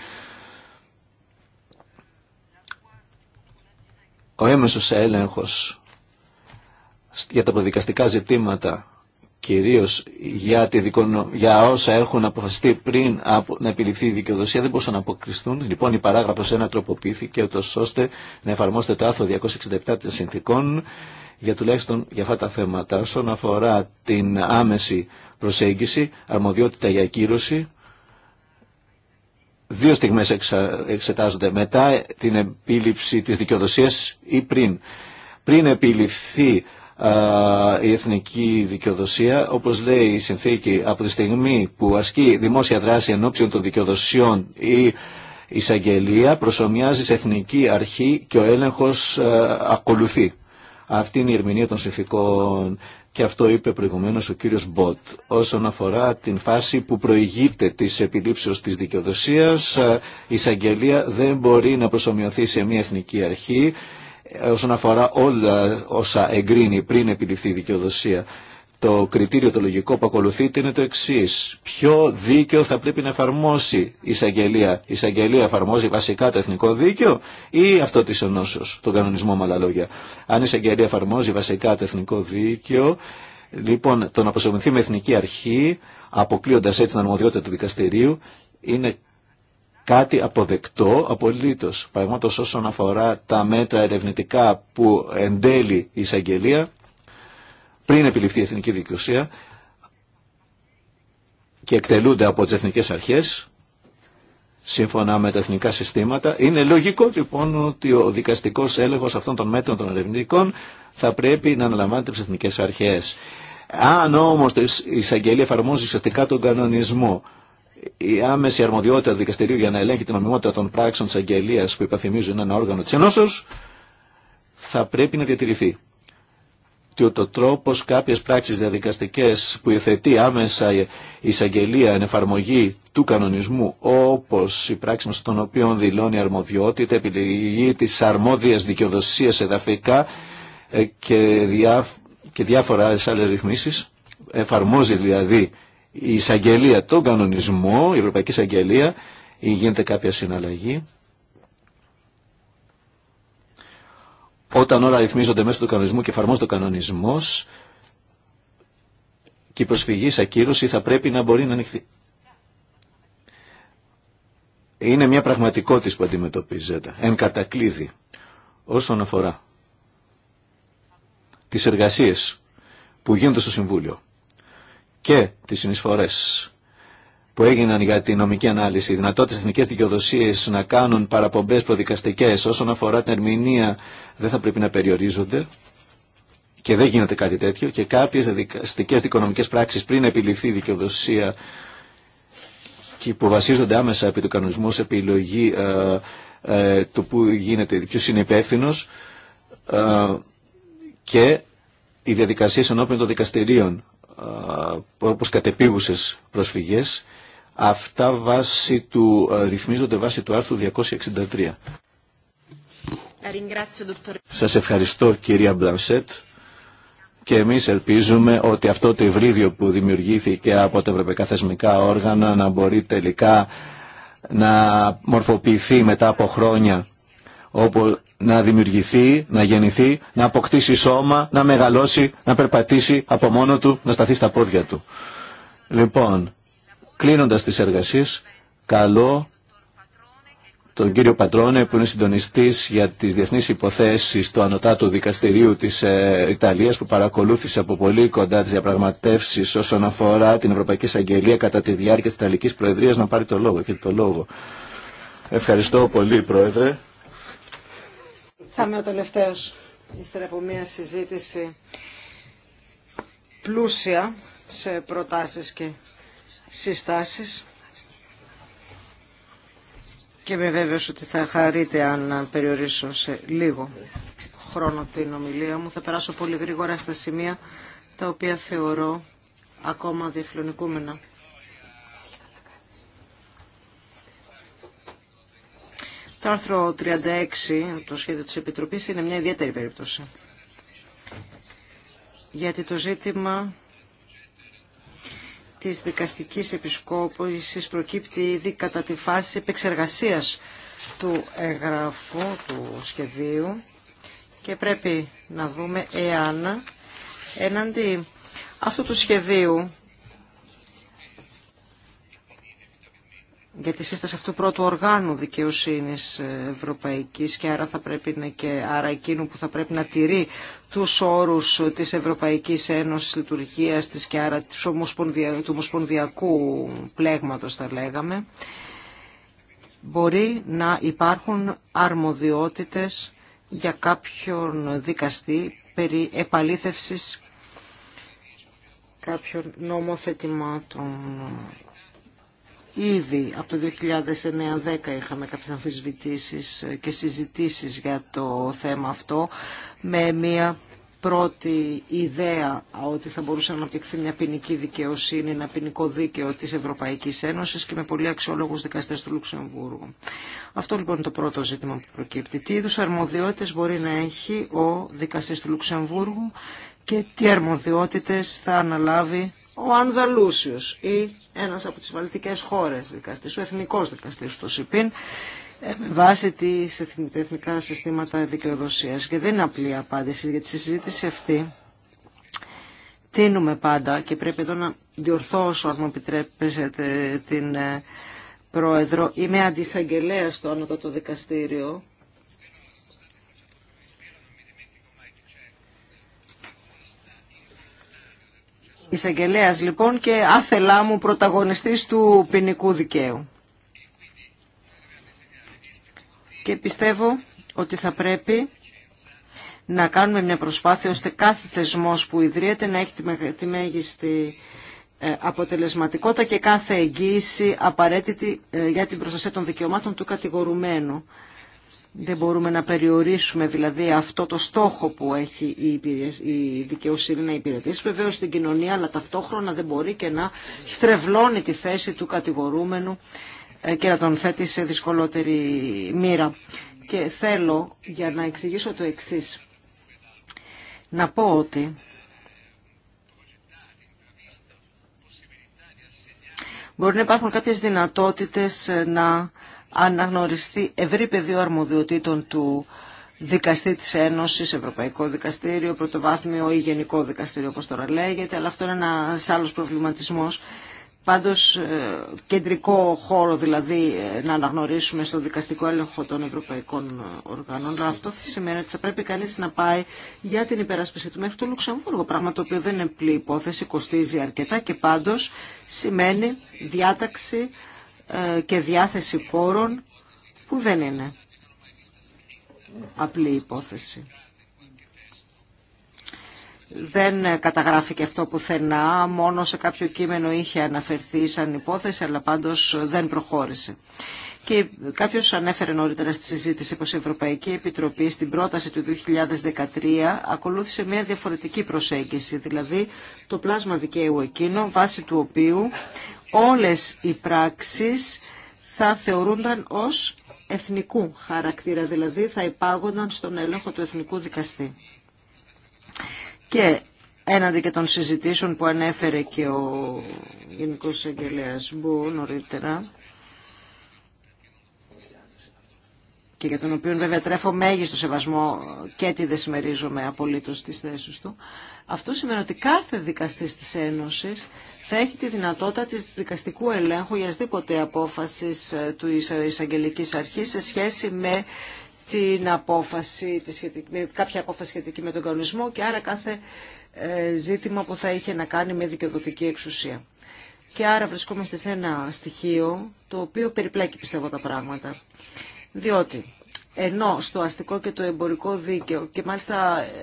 Ο έμεσος έλεγχος για τα προδικαστικά ζητήματα, κυρίως για, για όσα έχουν αποφασιστεί πριν από... να επιληφθεί η δικαιοδοσία, δεν μπορούσαν να αποκριστούν. Λοιπόν, η παράγραφος 1 τροποποιήθηκε, ούτω ώστε να εφαρμόσετε το άθρο 267 των συνθήκων για τουλάχιστον για αυτά τα θέματα. Όσον αφορά την άμεση προσέγγιση, αρμοδιότητα για ακύρωση, δύο στιγμές εξετάζονται μετά την επίληψη της δικαιοδοσίας ή πριν. Πριν επιληφθεί η εθνική δικαιοδοσία. Όπως λέει η συνθήκη, από τη στιγμή που ασκεί δημόσια δράση ενόψεων των δικαιοδοσιών ή εισαγγελία, προσωμιάζει σε εθνική αρχή και ο έλεγχος ακολουθεί. Αυτή είναι η ερμηνεία των συνθήκων και αυτό είπε προηγουμένως ο κύριος Μπότ. Όσον αφορά την φάση που προηγείται της επιλήψεως της δικαιοδοσίας, η εισαγγελία δεν μπορεί να προσωμιωθεί σε μια εθνική αρχή όσον αφορά όλα όσα εγκρίνει πριν επιληφθεί η δικαιοδοσία. Το κριτήριο το λογικό που ακολουθείται είναι το εξή. Ποιο δίκαιο θα πρέπει να εφαρμόσει η εισαγγελία. Η εισαγγελία εφαρμόζει βασικά το εθνικό δίκαιο ή αυτό τη ενώσεω, τον κανονισμό με άλλα λόγια. Αν η εισαγγελία εφαρμόζει βασικά το εθνικό δίκαιο, λοιπόν το να προσωπηθεί με εθνική αρχή, αποκλείοντα έτσι την αρμοδιότητα του δικαστηρίου, είναι κάτι αποδεκτό απολύτως. Παραδείγματο όσον αφορά τα μέτρα ερευνητικά που εντέλει η εισαγγελία πριν επιληφθεί η εθνική δικαιοσία και εκτελούνται από τις εθνικές αρχές σύμφωνα με τα εθνικά συστήματα. Είναι λογικό λοιπόν ότι ο δικαστικός έλεγχος αυτών των μέτρων των ερευνητικών θα πρέπει να αναλαμβάνεται από τις εθνικές αρχές. Αν όμως η εισαγγελία εφαρμόζει ουσιαστικά τον κανονισμό η άμεση αρμοδιότητα του δικαστηρίου για να ελέγχει την νομιμότητα των πράξεων τη αγγελία που υπαθυμίζουν ένα όργανο τη ενώσεω θα πρέπει να διατηρηθεί. Και ο τρόπο κάποιε πράξει διαδικαστικέ που υιοθετεί άμεσα η εισαγγελία εν εφαρμογή του κανονισμού, όπω η πράξη μα των οποίων δηλώνει αρμοδιότητα, επιλεγεί τη αρμόδια δικαιοδοσία εδαφικά ε, και, διά, και διάφορα άλλε ρυθμίσει, εφαρμόζει δηλαδή η εισαγγελία, τον κανονισμό, η Ευρωπαϊκή Εισαγγελία, ή γίνεται κάποια συναλλαγή. Όταν όλα ρυθμίζονται μέσω του κανονισμού και εφαρμόζεται ο κανονισμό, και η προσφυγή σε ακύρωση θα πρέπει να μπορεί να ανοιχθεί. Είναι μια πραγματικότητα που αντιμετωπίζεται, εν κατακλείδη, όσον αφορά τις εργασίες που γίνονται στο Συμβούλιο και τις συνεισφορές που έγιναν για τη νομική ανάλυση, οι δυνατότητε εθνικέ δικαιοδοσίε να κάνουν παραπομπέ προδικαστικέ όσον αφορά την ερμηνεία δεν θα πρέπει να περιορίζονται και δεν γίνεται κάτι τέτοιο και κάποιε δικαστικέ δικονομικέ πράξει πριν επιληφθεί η δικαιοδοσία και που βασίζονται άμεσα επί του κανονισμού σε επιλογή ε, ε, του που γίνεται, ποιο είναι υπεύθυνο ε, και οι διαδικασίε ενώπιν των δικαστηρίων ε, όπως κατεπίγουσες προσφυγές. Αυτά βάση του, ε, ρυθμίζονται βάσει του άρθρου 263. Ε, Σας ευχαριστώ κυρία Μπλαμσέτ και εμείς ελπίζουμε ότι αυτό το υβρίδιο που δημιουργήθηκε από τα ευρωπαϊκά θεσμικά όργανα να μπορεί τελικά να μορφοποιηθεί μετά από χρόνια όπου να δημιουργηθεί, να γεννηθεί, να αποκτήσει σώμα, να μεγαλώσει, να περπατήσει από μόνο του, να σταθεί στα πόδια του. Λοιπόν, κλείνοντας τις εργασίες, καλώ τον κύριο Πατρόνε που είναι συντονιστής για τις διεθνείς υποθέσεις του Ανωτάτου Δικαστηρίου της ε, Ιταλίας που παρακολούθησε από πολύ κοντά τις διαπραγματεύσεις όσον αφορά την Ευρωπαϊκή Εισαγγελία κατά τη διάρκεια της Ιταλικής Προεδρίας να πάρει το λόγο. και το λόγο. Ευχαριστώ πολύ Πρόεδρε. Θα είμαι ο τελευταίος, ύστερα από μια συζήτηση πλούσια σε προτάσεις και συστάσεις. Και είμαι βέβαιος ότι θα χαρείτε αν περιορίσω σε λίγο χρόνο την ομιλία μου. Θα περάσω πολύ γρήγορα στα σημεία τα οποία θεωρώ ακόμα διαφλονικούμενα. Το άρθρο 36, το σχέδιο της Επιτροπής, είναι μια ιδιαίτερη περίπτωση. Γιατί το ζήτημα της δικαστικής επισκόπησης προκύπτει ήδη κατά τη φάση επεξεργασίας του εγγραφού, του σχεδίου και πρέπει να δούμε εάν έναντι αυτού του σχεδίου για τη σύσταση αυτού πρώτου οργάνου δικαιοσύνης ευρωπαϊκής και άρα θα πρέπει και άρα εκείνου που θα πρέπει να τηρεί τους όρους της Ευρωπαϊκής Ένωσης Λειτουργίας της και άρα του ομοσπονδιακού πλέγματος θα λέγαμε μπορεί να υπάρχουν αρμοδιότητες για κάποιον δικαστή περί επαλήθευσης κάποιων νομοθετημάτων Ήδη από το 2009-10 είχαμε κάποιες αμφισβητήσεις και συζητήσεις για το θέμα αυτό με μια πρώτη ιδέα ότι θα μπορούσε να αναπτυχθεί μια ποινική δικαιοσύνη, ένα ποινικό δίκαιο της Ευρωπαϊκής Ένωσης και με πολύ αξιόλογους δικαστές του Λουξεμβούργου. Αυτό λοιπόν είναι το πρώτο ζήτημα που προκύπτει. Τι είδους αρμοδιότητες μπορεί να έχει ο δικαστής του Λουξεμβούργου και τι αρμοδιότητες θα αναλάβει ο Ανδαλούσιος ή ένας από τις βαλτικές χώρες δικαστής, ο εθνικός δικαστής του ΣΥΠΗΝ, ε, με βάση τις εθνικά συστήματα δικαιοδοσίας. Και δεν είναι απλή απάντηση, γιατί στη συζήτηση αυτή τίνουμε πάντα και πρέπει εδώ να διορθώσω, αν μου επιτρέπετε, την ε, Πρόεδρο. Είμαι αντισαγγελέα στο το Δικαστήριο Εισαγγελέα λοιπόν και άθελά μου πρωταγωνιστής του ποινικού δικαίου. Και πιστεύω ότι θα πρέπει να κάνουμε μια προσπάθεια ώστε κάθε θεσμός που ιδρύεται να έχει τη μέγιστη ε, αποτελεσματικότητα και κάθε εγγύηση απαραίτητη ε, για την προστασία των δικαιωμάτων του κατηγορουμένου. Δεν μπορούμε να περιορίσουμε δηλαδή αυτό το στόχο που έχει η δικαιοσύνη να υπηρετήσει βεβαίως στην κοινωνία αλλά ταυτόχρονα δεν μπορεί και να στρεβλώνει τη θέση του κατηγορούμενου ε, και να τον θέτει σε δυσκολότερη μοίρα. Και θέλω για να εξηγήσω το εξής. Να πω ότι μπορεί να υπάρχουν κάποιες δυνατότητες ε, να αναγνωριστεί ευρύ πεδίο αρμοδιοτήτων του δικαστή της Ένωσης, Ευρωπαϊκό Δικαστήριο, Πρωτοβάθμιο ή Γενικό Δικαστήριο όπως τώρα λέγεται, αλλά αυτό είναι ένας άλλος προβληματισμός. Πάντως ε, κεντρικό χώρο δηλαδή ε, να αναγνωρίσουμε στο δικαστικό έλεγχο των ευρωπαϊκών ε, οργανών. αυτό σημαίνει ότι θα πρέπει κανείς να πάει για την υπερασπιση του μέχρι το Λουξεμβούργο, πράγμα το οποίο δεν είναι πλή υπόθεση, κοστίζει αρκετά και πάντως σημαίνει διάταξη ε, και διάθεση πόρων που δεν είναι απλή υπόθεση. Δεν καταγράφηκε αυτό θένα, μόνο σε κάποιο κείμενο είχε αναφερθεί σαν υπόθεση, αλλά πάντως δεν προχώρησε. Και κάποιος ανέφερε νωρίτερα στη συζήτηση πως η Ευρωπαϊκή Επιτροπή στην πρόταση του 2013 ακολούθησε μια διαφορετική προσέγγιση, δηλαδή το πλάσμα δικαίου εκείνο βάσει του οποίου όλες οι πράξεις θα θεωρούνταν ως εθνικού χαρακτήρα, δηλαδή θα υπάγονταν στον έλεγχο του εθνικού δικαστή. Και έναντι και των συζητήσεων που ανέφερε και ο Γενικός Εγγελέας Μπού νωρίτερα, και για τον οποίο βέβαια τρέφω μέγιστο σεβασμό και τη δεσμερίζομαι απολύτως στις θέσεις του, αυτό σημαίνει ότι κάθε δικαστής της Ένωσης θα έχει τη δυνατότητα της δικαστικού ελέγχου για ασδήποτε απόφαση ε, του εισαγγελική Αρχής σε σχέση με την απόφαση, με κάποια απόφαση σχετική με τον κανονισμό και άρα κάθε ε, ζήτημα που θα είχε να κάνει με δικαιοδοτική εξουσία. Και άρα βρισκόμαστε σε ένα στοιχείο το οποίο περιπλέκει πιστεύω τα πράγματα. Διότι ενώ στο αστικό και το εμπορικό δίκαιο και μάλιστα ε,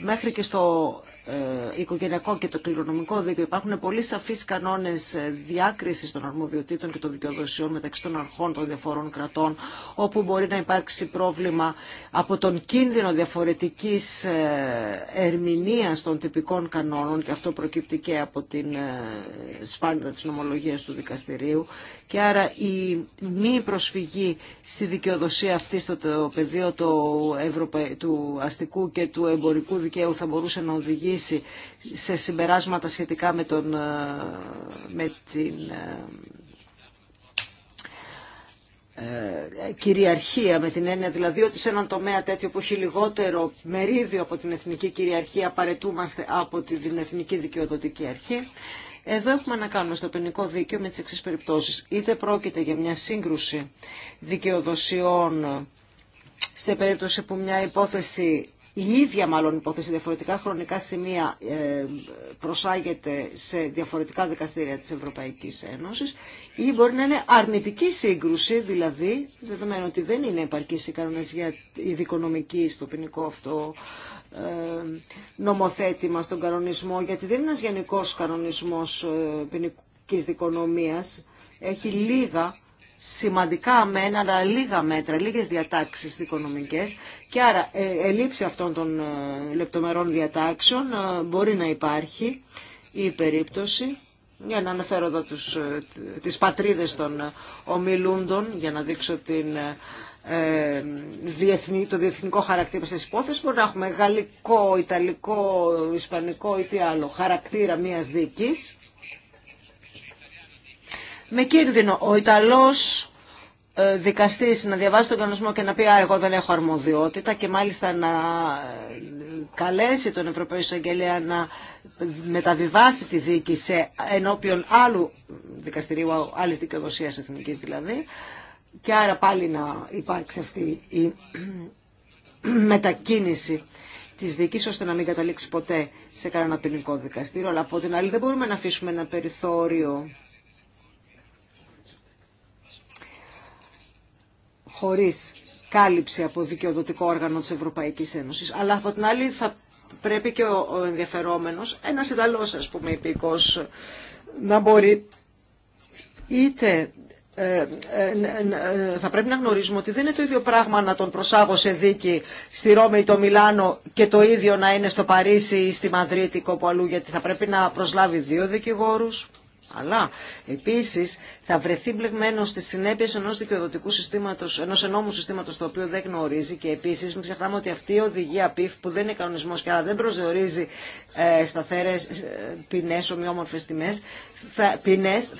μέχρι και στο ε, οικογενειακό και το κληρονομικό δίκαιο. Υπάρχουν πολύ σαφείς κανόνες ε, διάκριση των αρμοδιοτήτων και των δικαιοδοσιών μεταξύ των αρχών των διαφορών κρατών, όπου μπορεί να υπάρξει πρόβλημα από τον κίνδυνο διαφορετικής ε, ερμηνείας των τυπικών κανόνων και αυτό προκύπτει και από την σπάνια της νομολογίας του δικαστηρίου και άρα η μη προσφυγή στη δικαιοδοσία αυτή στο το πεδίο του, αστικού και του εμπορικού δικαίου θα μπορούσε να οδηγήσει σε συμπεράσματα σχετικά με, τον... Ε, με την ε, ε, κυριαρχία με την έννοια δηλαδή ότι σε έναν τομέα τέτοιο που έχει λιγότερο μερίδιο από την εθνική κυριαρχία παρετούμαστε από την εθνική δικαιοδοτική αρχή εδώ έχουμε να κάνουμε στο ποινικό δίκαιο με τις εξής περιπτώσεις. Είτε πρόκειται για μια σύγκρουση δικαιοδοσιών σε περίπτωση που μια υπόθεση η ίδια μάλλον υπόθεση διαφορετικά χρονικά σημεία ε, προσάγεται σε διαφορετικά δικαστήρια της Ευρωπαϊκής Ένωσης ή μπορεί να είναι αρνητική σύγκρουση, δηλαδή δεδομένου ότι δεν είναι επαρκής η κανόνες για ειδικονομική στο ποινικό αυτό ε, νομοθέτημα στον κανονισμό, γιατί δεν είναι ένας γενικός κανονισμός ε, ποινικής δικονομίας. Έχει λίγα σημαντικά αμένα, αλλά λίγα μέτρα, λίγες διατάξεις δικονομικές και άρα ε, ελήψη αυτών των λεπτομερών διατάξεων μπορεί να υπάρχει η περίπτωση για να αναφέρω εδώ τους, τις πατρίδες των ομιλούντων για να δείξω την ε, διεθνή, το διεθνικό χαρακτήρα στις υπόθεση μπορεί να έχουμε γαλλικό, ιταλικό, ισπανικό ή τι άλλο χαρακτήρα μιας δίκης με κίνδυνο ο Ιταλός ε, δικαστής να διαβάσει τον κανονισμό και να πει «Α, εγώ δεν έχω αρμοδιότητα» και μάλιστα να ε, καλέσει τον Ευρωπαϊκό Εισαγγελέα να μεταβιβάσει τη δίκη σε ενώπιον άλλου δικαστηρίου, άλλης δικαιοδοσίας εθνικής δηλαδή, και άρα πάλι να υπάρξει αυτή η μετακίνηση τη δίκη, ώστε να μην καταλήξει ποτέ σε κανένα ποινικό δικαστήριο. Αλλά από την άλλη δεν μπορούμε να αφήσουμε ένα περιθώριο χωρίς κάλυψη από δικαιοδοτικό όργανο της Ευρωπαϊκής Ένωσης. Αλλά από την άλλη θα πρέπει και ο ενδιαφερόμενος, ένας ενταλός ας πούμε υπηκός, να μπορεί είτε ε, ε, ε, θα πρέπει να γνωρίζουμε ότι δεν είναι το ίδιο πράγμα να τον προσάγω σε δίκη στη Ρώμη ή το Μιλάνο και το ίδιο να είναι στο Παρίσι ή στη Μαδρίτη κόπου αλλού γιατί θα πρέπει να προσλάβει δύο δικηγόρους αλλά επίση θα βρεθεί μπλεγμένο στι συνέπειε ενό δικαιοδοτικού συστήματο, ενό ενόμου συστήματο το οποίο δεν γνωρίζει και επίση μην ξεχνάμε ότι αυτή η οδηγία PIF που δεν είναι κανονισμό και άρα δεν προσδιορίζει ε, σταθερέ ε, ποινέ, ομοιόμορφε τιμέ,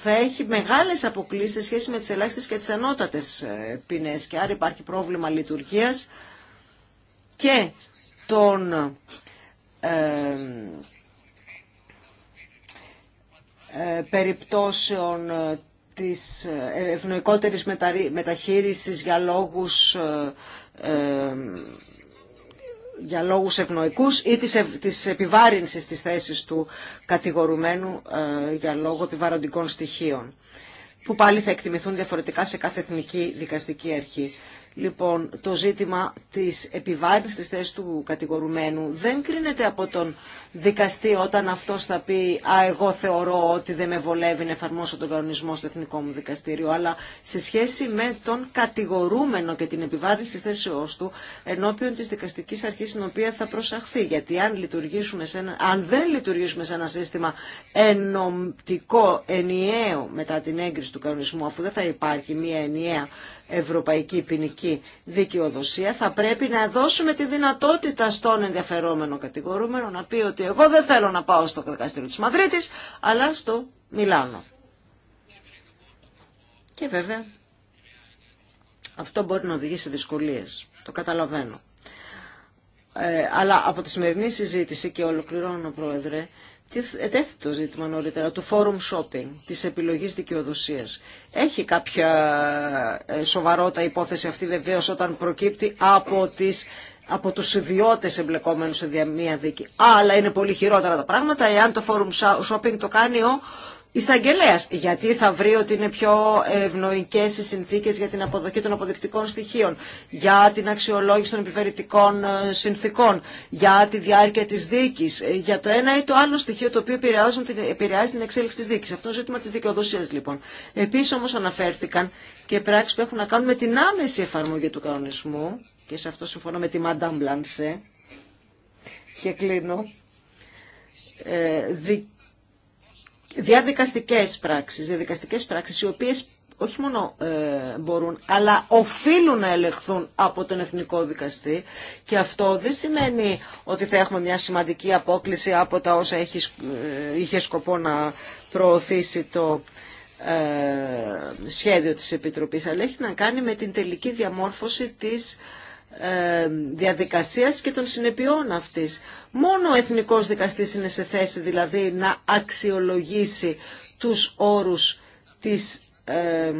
θα έχει μεγάλε αποκλήσει σε σχέση με τι ελάχιστε και τι ανώτατε ε, ποινέ και άρα υπάρχει πρόβλημα λειτουργία και των. Ε, περιπτώσεων ε, της ε, ευνοϊκότερης μεταχείρισης για λόγους, ε, για ευνοϊκούς ή της, της επιβάρυνσης της θέσης του κατηγορουμένου για λόγο επιβαροντικών στοιχείων που πάλι θα εκτιμηθούν διαφορετικά σε κάθε εθνική δικαστική αρχή. Λοιπόν, το ζήτημα της επιβάρυνσης της θέσης του κατηγορουμένου δεν κρίνεται από τον δικαστή όταν αυτός θα πει «Α, εγώ θεωρώ ότι δεν με βολεύει να εφαρμόσω τον κανονισμό στο εθνικό μου δικαστήριο», αλλά σε σχέση με τον κατηγορούμενο και την επιβάρυνση της θέσεώς του ενώπιον της δικαστικής αρχής στην οποία θα προσαχθεί. Γιατί αν, λειτουργήσουμε σε ένα, αν δεν λειτουργήσουμε σε ένα σύστημα ενοπτικό, ενιαίο μετά την έγκριση του κανονισμού, αφού δεν θα υπάρχει μία ενιαία ευρωπαϊκή ποινική δικαιοδοσία θα πρέπει να δώσουμε τη δυνατότητα στον ενδιαφερόμενο κατηγορούμενο να πει ότι εγώ δεν θέλω να πάω στο δικαστήριο της Μαδρίτης αλλά στο Μιλάνο. Και βέβαια αυτό μπορεί να οδηγήσει δυσκολίες. Το καταλαβαίνω. Ε, αλλά από τη σημερινή συζήτηση και ολοκληρώνω, Πρόεδρε, τι Ετέθη το ζήτημα νωρίτερα, το forum shopping, της επιλογής δικαιοδοσίας. Έχει κάποια ε, σοβαρότητα υπόθεση αυτή βεβαίω όταν προκύπτει από, τις, από τους ιδιώτες εμπλεκόμενους σε μία δίκη. Αλλά είναι πολύ χειρότερα τα πράγματα εάν το forum shopping το κάνει ο εισαγγελέα. Γιατί θα βρει ότι είναι πιο ευνοϊκέ οι συνθήκε για την αποδοχή των αποδεικτικών στοιχείων, για την αξιολόγηση των επιφερειτικών ε, συνθήκων, για τη διάρκεια τη δίκη, ε, για το ένα ή το άλλο στοιχείο το οποίο επηρεάζει την εξέλιξη τη δίκη. Αυτό είναι ζήτημα τη δικαιοδοσία λοιπόν. Επίση όμω αναφέρθηκαν και πράξει που έχουν να κάνουν με την άμεση εφαρμογή του κανονισμού και σε αυτό συμφωνώ με τη Μαντάμ Blanche και κλείνω. Ε, διαδικαστικές πράξεις, διαδικαστικές πράξεις οι οποίες όχι μόνο ε, μπορούν, αλλά οφείλουν να ελεγχθούν από τον Εθνικό Δικαστή και αυτό δεν σημαίνει ότι θα έχουμε μια σημαντική απόκληση από τα όσα ε, είχε σκοπό να προωθήσει το ε, σχέδιο της Επιτροπής, αλλά έχει να κάνει με την τελική διαμόρφωση της ε, διαδικασίας και των συνεπειών αυτής. Μόνο ο εθνικός δικαστής είναι σε θέση δηλαδή να αξιολογήσει τους όρους της ε,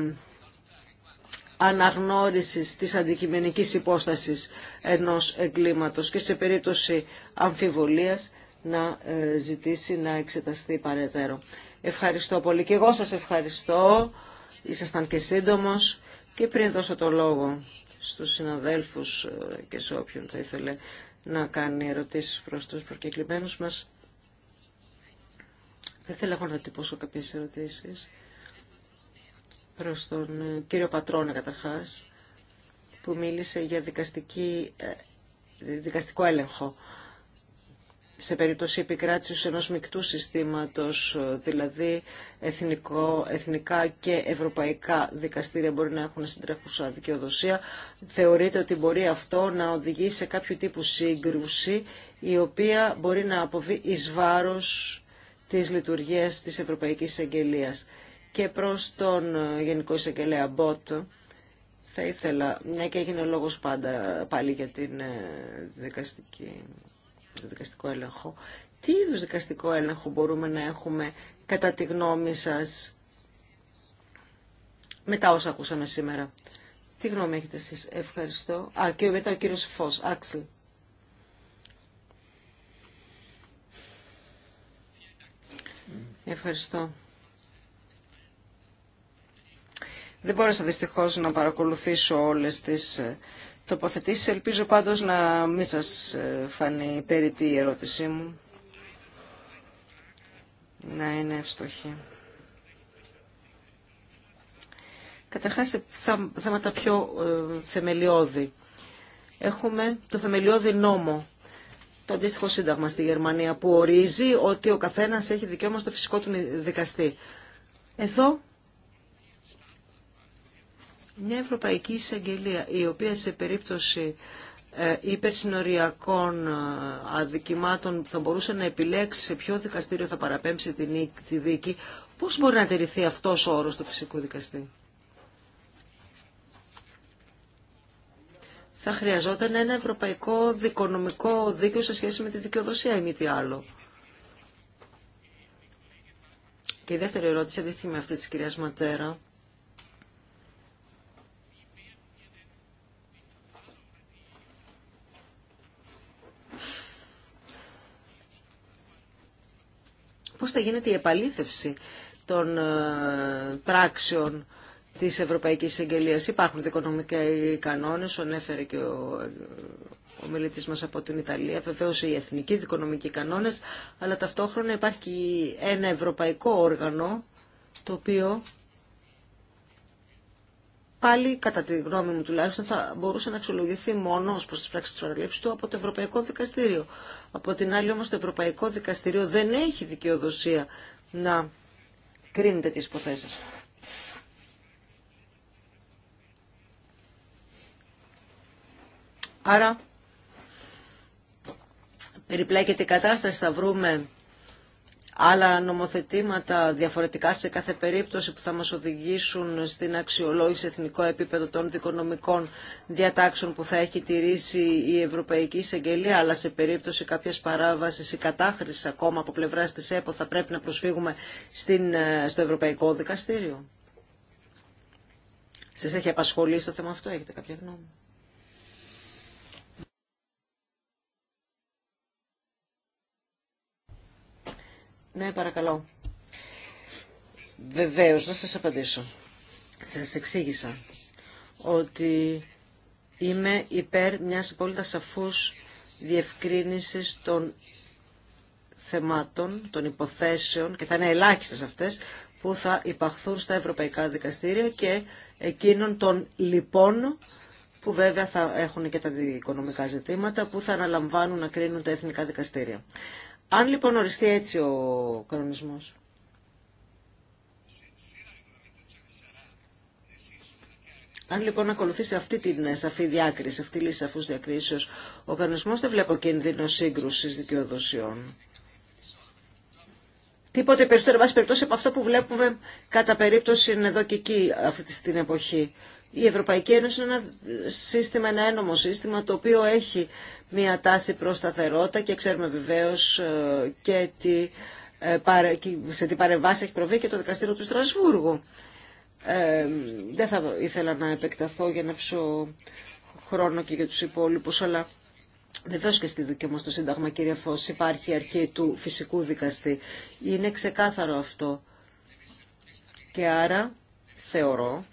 αναγνώρισης της αντικειμενικής υπόστασης ενός εγκλήματος και σε περίπτωση αμφιβολίας να ε, ζητήσει να εξεταστεί παρετέρω. Ευχαριστώ πολύ και εγώ σας ευχαριστώ. Ήσασταν και σύντομος και πριν δώσω το λόγο στους συναδέλφους ε, και σε όποιον θα ήθελε να κάνει ερωτήσεις προς τους προκεκλημένους μας. Δεν θέλω εγώ να τυπώσω κάποιες ερωτήσεις προς τον ε, κύριο Πατρόνα καταρχάς που μίλησε για δικαστική, ε, δικαστικό έλεγχο σε περίπτωση επικράτησης ενός μεικτού συστήματος, δηλαδή εθνικό, εθνικά και ευρωπαϊκά δικαστήρια μπορεί να έχουν συντρέχουσα δικαιοδοσία, θεωρείται ότι μπορεί αυτό να οδηγήσει σε κάποιο τύπου σύγκρουση η οποία μπορεί να αποβεί εις βάρος της λειτουργίας της Ευρωπαϊκής Εγγελίας. Και προς τον ε, Γενικό Εισαγγελέα Μπότ, θα ήθελα, μια και έγινε λόγος πάντα πάλι για την ε, δικαστική το δικαστικό έλεγχο. Τι είδους δικαστικό έλεγχο μπορούμε να έχουμε κατά τη γνώμη σας μετά όσα ακούσαμε σήμερα. Τι γνώμη έχετε εσείς. Ευχαριστώ. Α, και μετά ο κύριος Φως. Άξιλ. Ευχαριστώ. Δεν μπόρεσα δυστυχώς να παρακολουθήσω όλες τις ε, τοποθετήσεις. Ελπίζω πάντως να μην σας ε, φανεί περίτη η ερώτησή μου. Να είναι ευστοχή. Καταρχάς, θέματα πιο ε, θεμελιώδη. Έχουμε το θεμελιώδη νόμο, το αντίστοιχο σύνταγμα στη Γερμανία, που ορίζει ότι ο καθένας έχει δικαίωμα στο φυσικό του δικαστή. Εδώ μια Ευρωπαϊκή Εισαγγελία η οποία σε περίπτωση ε, υπερσυνοριακών ε, αδικημάτων θα μπορούσε να επιλέξει σε ποιο δικαστήριο θα παραπέμψει τη δίκη, πώς μπορεί να τηρηθεί αυτός ο όρος του φυσικού δικαστή. Θα χρειαζόταν ένα ευρωπαϊκό δικονομικό δίκαιο σε σχέση με τη δικαιοδοσία ή μη τι άλλο. Και η δεύτερη ερώτηση, αντίστοιχη με αυτή της κυρίας Ματέρα, πώς θα γίνεται η επαλήθευση των ε, πράξεων της Ευρωπαϊκής Εγγελίας. Υπάρχουν δικονομικοί κανόνες, ονέφερε και ο ο μιλητή μα από την Ιταλία, βεβαίω οι εθνικοί δικονομικοί κανόνε, αλλά ταυτόχρονα υπάρχει ένα ευρωπαϊκό όργανο το οποίο πάλι κατά τη γνώμη μου τουλάχιστον θα μπορούσε να αξιολογηθεί μόνο προ προς τις τη της του από το Ευρωπαϊκό Δικαστήριο. Από την άλλη όμως το Ευρωπαϊκό Δικαστήριο δεν έχει δικαιοδοσία να κρίνει τις υποθέσεις. Άρα περιπλέκεται η κατάσταση, θα βρούμε άλλα νομοθετήματα διαφορετικά σε κάθε περίπτωση που θα μας οδηγήσουν στην αξιολόγηση εθνικό επίπεδο των δικονομικών διατάξεων που θα έχει τηρήσει η Ευρωπαϊκή Εισαγγελία, αλλά σε περίπτωση κάποιας παράβασης ή κατάχρησης ακόμα από πλευράς της ΕΠΟ θα πρέπει να προσφύγουμε στην, ε, στο Ευρωπαϊκό Δικαστήριο. Σας έχει απασχολήσει το θέμα αυτό, έχετε κάποια γνώμη. Ναι, παρακαλώ. Βεβαίω να σα απαντήσω. Σα εξήγησα ότι είμαι υπέρ μια απόλυτα σαφούς διευκρίνησης των θεμάτων, των υποθέσεων και θα είναι ελάχιστε αυτές που θα υπαχθούν στα ευρωπαϊκά δικαστήρια και εκείνων των λοιπόν που βέβαια θα έχουν και τα οικονομικά ζητήματα που θα αναλαμβάνουν να κρίνουν τα εθνικά δικαστήρια. Αν λοιπόν οριστεί έτσι ο κανονισμός. Αν λοιπόν ακολουθήσει αυτή τη σαφή διάκριση, αυτή τη λύση σαφού διακρίσεω, ο κανονισμό δεν βλέπω κίνδυνο σύγκρουση δικαιοδοσιών. Τίποτε περισσότερο, εν περιπτώσει, από αυτό που βλέπουμε κατά περίπτωση είναι εδώ και εκεί αυτή την εποχή. Η Ευρωπαϊκή Ένωση είναι ένα σύστημα, ένα ένομο σύστημα το οποίο έχει μια τάση προς σταθερότητα και ξέρουμε βεβαίως ε, και τι, ε, σε τι παρεμβάση έχει προβεί και το δικαστήριο του Στρασβούργου. Ε, δεν θα ήθελα να επεκταθώ για να αφήσω χρόνο και για τους υπόλοιπους, αλλά Βεβαίω και στη δική μου Σύνταγμα, κύριε Φως, υπάρχει η αρχή του φυσικού δικαστή. Είναι ξεκάθαρο αυτό. Και άρα θεωρώ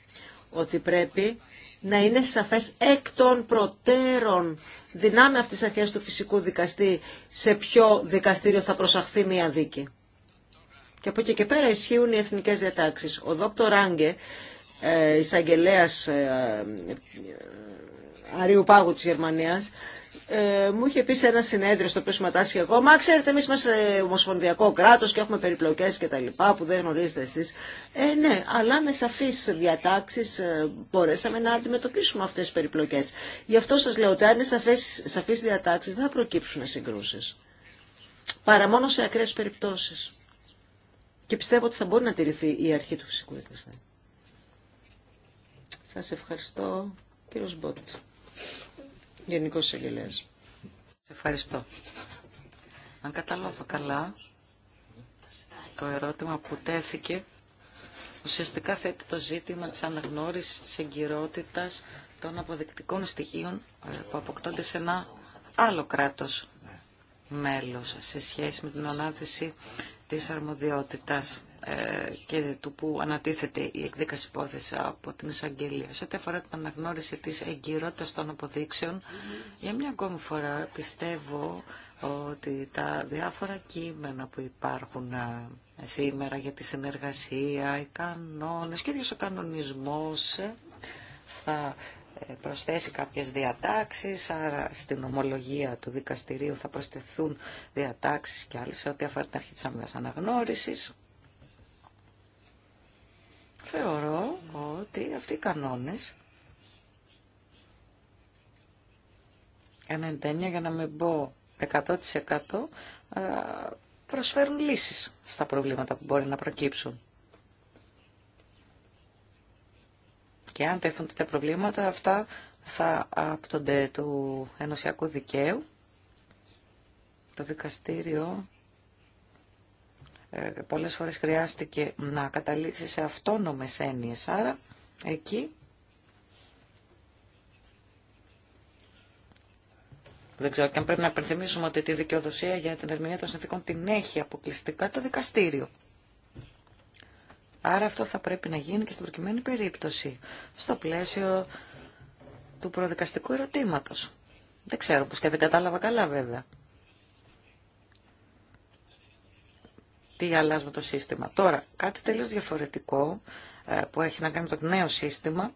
ότι πρέπει να είναι σαφές εκ των προτέρων δυνάμει αυτής της αρχές του φυσικού δικαστή σε ποιο δικαστήριο θα προσαχθεί μία δίκη. Και από εκεί και πέρα ισχύουν οι εθνικές διατάξεις. Ο δόκτωρ Ράγκε, ε, εισαγγελέας ε, ε, ε Αριού της Γερμανίας, ε, μου είχε πει σε ένα συνέδριο στο οποίο συμμετάσχει εγώ, μα ξέρετε εμείς είμαστε ομοσπονδιακό κράτος και έχουμε περιπλοκές και τα λοιπά που δεν γνωρίζετε εσείς. Ε, ναι, αλλά με σαφείς διατάξεις ε, μπορέσαμε να αντιμετωπίσουμε αυτές τις περιπλοκές. Γι' αυτό σας λέω ότι αν είναι σαφείς, σαφείς διατάξεις δεν θα προκύψουν συγκρούσεις. Παρά μόνο σε ακραίες περιπτώσεις. Και πιστεύω ότι θα μπορεί να τηρηθεί η αρχή του φυσικού δικαστή. Σας ευχαριστώ, Κύριο Μπότ. Ευχαριστώ. Αν καταλάβω καλά, το ερώτημα που τέθηκε ουσιαστικά θέτει το ζήτημα της αναγνώρισης της εγκυρότητας των αποδεικτικών στοιχείων ε, που αποκτώνται σε ένα άλλο κράτος μέλος σε σχέση με την ανάθεση της αρμοδιότητας. Ε, και του που ανατίθεται η εκδίκαση υπόθεση από την εισαγγελία. Σε ό,τι αφορά την αναγνώριση της εγκυρότητας των αποδείξεων, για μια ακόμη φορά πιστεύω ότι τα διάφορα κείμενα που υπάρχουν ε, σήμερα για τη συνεργασία, οι κανόνες και ο κανονισμός ε, θα προσθέσει κάποιες διατάξεις, άρα στην ομολογία του δικαστηρίου θα προσθεθούν διατάξεις και άλλες σε ό,τι αφορά την αρχή της αναγνώρισης. Θεωρώ ότι αυτοί οι κανόνες 99 για να μην πω 100% προσφέρουν λύσεις στα προβλήματα που μπορεί να προκύψουν. Και αν τεθούν τα προβλήματα, αυτά θα άπτονται του ενωσιακού δικαίου. Το δικαστήριο ε, πολλές φορές χρειάστηκε να καταλήξει σε αυτόνομες έννοιες. Άρα εκεί δεν ξέρω και αν πρέπει να υπενθυμίσουμε ότι τη δικαιοδοσία για την ερμηνεία των συνθήκων την έχει αποκλειστικά το δικαστήριο. Άρα αυτό θα πρέπει να γίνει και στην προκειμένη περίπτωση, στο πλαίσιο του προδικαστικού ερωτήματος. Δεν ξέρω πως και δεν κατάλαβα καλά βέβαια. τι αλλάζουμε το σύστημα. Τώρα, κάτι τελείως διαφορετικό ε, που έχει να κάνει με το νέο σύστημα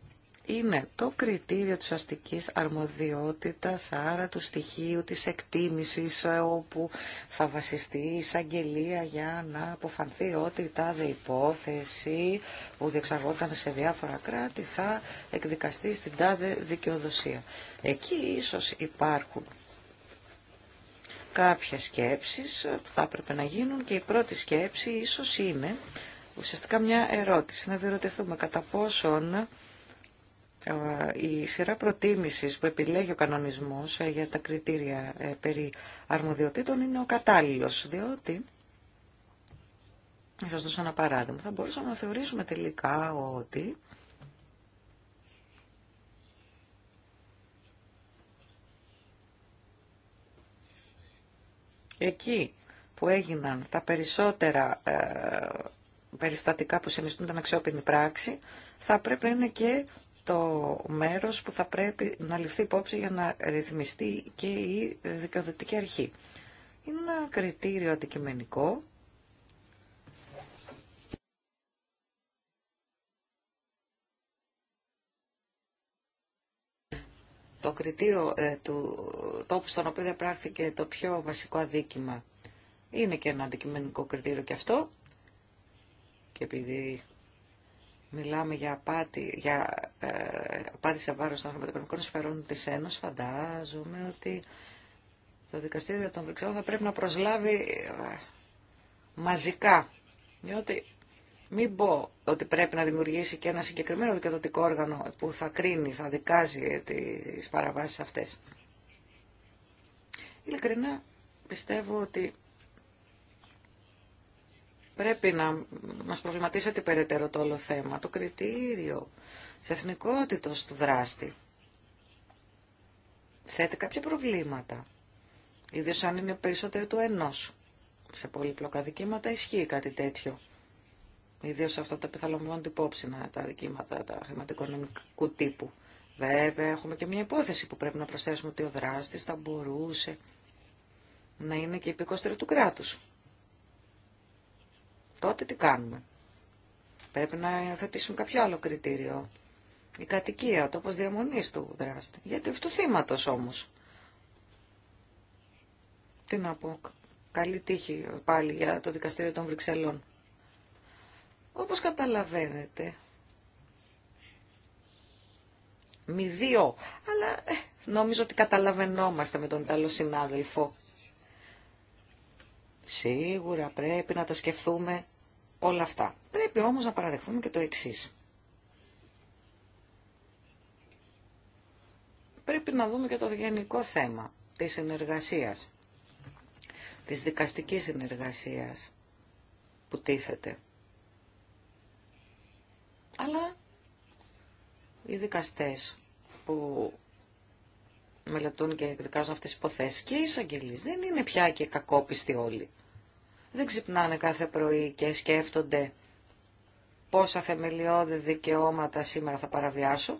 είναι το κριτήριο της αστικής αρμοδιότητας, άρα του στοιχείου της εκτίμησης ε, όπου θα βασιστεί η εισαγγελία για να αποφανθεί ότι η τάδε υπόθεση που διεξαγόταν σε διάφορα κράτη θα εκδικαστεί στην τάδε δικαιοδοσία. Εκεί ίσως υπάρχουν κάποιες σκέψεις που θα έπρεπε να γίνουν και η πρώτη σκέψη ίσως είναι ουσιαστικά μια ερώτηση, να διερωτηθούμε κατά πόσον ε, η σειρά προτίμησης που επιλέγει ο κανονισμός ε, για τα κριτήρια ε, περί αρμοδιοτήτων είναι ο κατάλληλος, διότι, θα σας δώσω ένα παράδειγμα, θα μπορούσαμε να θεωρήσουμε τελικά ότι Εκεί που έγιναν τα περισσότερα ε, περιστατικά που συνιστούν την αξιόπινη πράξη, θα πρέπει να είναι και το μέρος που θα πρέπει να ληφθεί υπόψη για να ρυθμιστεί και η δικαιοδοτική αρχή. Είναι ένα κριτήριο αντικειμενικό το κριτήριο ε, του τόπου στον οποίο διαπράχθηκε το πιο βασικό αδίκημα. Είναι και ένα αντικειμενικό κριτήριο και αυτό. Και επειδή μιλάμε για απάτη, για, ε, απάτη σε βάρος των χρηματοοικονομικών σφαιρών της Ένωσης, φαντάζομαι ότι το δικαστήριο των Βρυξελών θα πρέπει να προσλάβει ε, μαζικά. Διότι μην πω ότι πρέπει να δημιουργήσει και ένα συγκεκριμένο δικαιοδοτικό όργανο που θα κρίνει, θα δικάζει τις παραβάσεις αυτές. Ειλικρινά πιστεύω ότι πρέπει να μας προβληματίσετε περαιτέρω το όλο θέμα. Το κριτήριο της εθνικότητα του δράστη θέτει κάποια προβλήματα, ιδίως αν είναι περισσότερο του ενός. Σε πολύπλοκα δικήματα ισχύει κάτι τέτοιο. Ιδίω αυτά τα οποία θα υπόψη, τα δικήματα τα χρηματοοικονομικού τύπου. Βέβαια, έχουμε και μια υπόθεση που πρέπει να προσθέσουμε ότι ο δράστης θα μπορούσε να είναι και υπήκοστερο του κράτου. Τότε τι κάνουμε. Πρέπει να υιοθετήσουμε κάποιο άλλο κριτήριο. Η κατοικία, το διαμονή διαμονής του δράστη. Γιατί αυτού θύματο όμω. Τι να πω. Καλή τύχη πάλι για το δικαστήριο των Βρυξελών. Όπως καταλαβαίνετε, μη δύο, αλλά ε, νομίζω ότι καταλαβαίνόμαστε με τον Ιταλό συνάδελφο. Σίγουρα πρέπει να τα σκεφτούμε όλα αυτά. Πρέπει όμως να παραδεχθούμε και το εξής. Πρέπει να δούμε και το γενικό θέμα της συνεργασίας, της δικαστικής συνεργασίας που τίθεται αλλά οι δικαστές που μελετούν και εκδικάζουν αυτές τις υποθέσεις και οι εισαγγελείς δεν είναι πια και κακόπιστοι όλοι. Δεν ξυπνάνε κάθε πρωί και σκέφτονται πόσα θεμελιώδη δικαιώματα σήμερα θα παραβιάσω.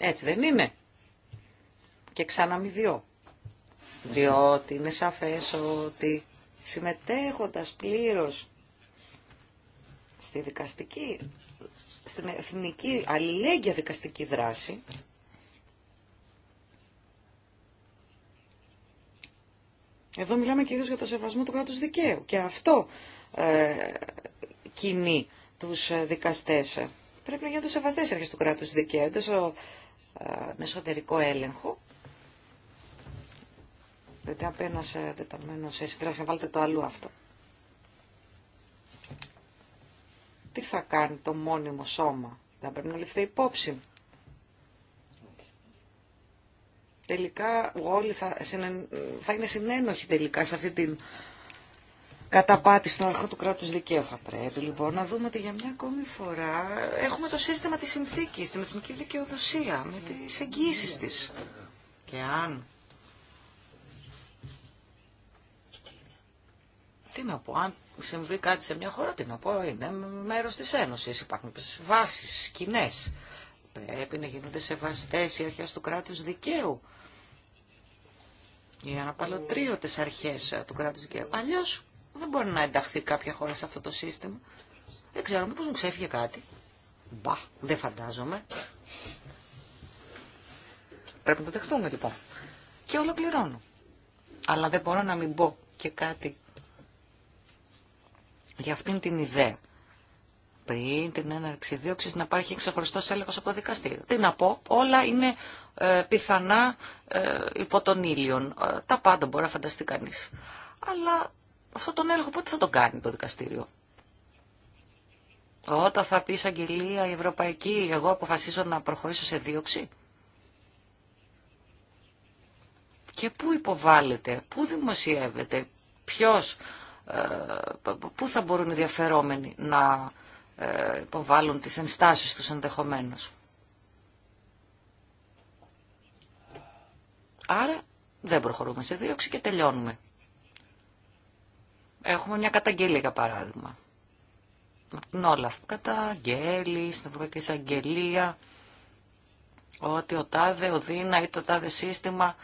Έτσι δεν είναι. Και ξανά μη δυο. Διότι είναι σαφές ότι συμμετέχοντας πλήρως στη δικαστική, στην εθνική αλληλέγγυα δικαστική δράση Εδώ μιλάμε κυρίως για το σεβασμό του κράτους δικαίου και αυτό ε, κινεί τους ε, δικαστές. Πρέπει να γίνονται σεβαστές αρχές του κράτους δικαίου, τόσο ε, εσωτερικό έλεγχο. δεν απέναντι τεταμένο σε να βάλτε το αλλού αυτό. τι θα κάνει το μόνιμο σώμα. Θα πρέπει να ληφθεί υπόψη. Τελικά όλοι θα, θα είναι συνένοχοι τελικά σε αυτή την καταπάτηση των αρχών του κράτους δικαίου. Θα πρέπει λοιπόν να δούμε ότι για μια ακόμη φορά έχουμε το σύστημα της συνθήκης, την εθνική δικαιοδοσία, με τις εγγύσεις της. Και αν τι να πω, αν συμβεί κάτι σε μια χώρα, τι να πω, είναι μέρος της Ένωσης, υπάρχουν βάσεις, κοινέ. Πρέπει να γίνονται σεβαστές οι αρχές του κράτους δικαίου. Οι αναπαλωτρίωτες αρχές του κράτους δικαίου. Αλλιώς δεν μπορεί να ενταχθεί κάποια χώρα σε αυτό το σύστημα. Δεν ξέρω, μήπως μου ξέφυγε κάτι. Μπα, δεν φαντάζομαι. Πρέπει να το δεχθούμε λοιπόν. Και ολοκληρώνω. Αλλά δεν μπορώ να μην πω και κάτι για αυτήν την ιδέα. Πριν την έναρξη δίωξη να υπάρχει ξεχωριστό έλεγχο από το δικαστήριο. Τι να πω, όλα είναι ε, πιθανά ε, υπό τον ήλιον. Ε, τα πάντα μπορεί να φανταστεί κανεί. Αλλά αυτόν τον έλεγχο πότε θα τον κάνει το δικαστήριο. Όταν θα πει εισαγγελία η Ευρωπαϊκή, εγώ αποφασίζω να προχωρήσω σε δίωξη. Και πού υποβάλλεται, πού δημοσιεύεται, ποιος ε, πού θα μπορούν οι διαφερόμενοι να ε, υποβάλουν τις ενστάσεις τους ενδεχομένως. Άρα δεν προχωρούμε σε δίωξη και τελειώνουμε. Έχουμε μια καταγγελία για παράδειγμα. Από την Όλαφ. Καταγγέλει στην Ευρωπαϊκή Εισαγγελία ότι ο τάδε Δίνα ή το τάδε σύστημα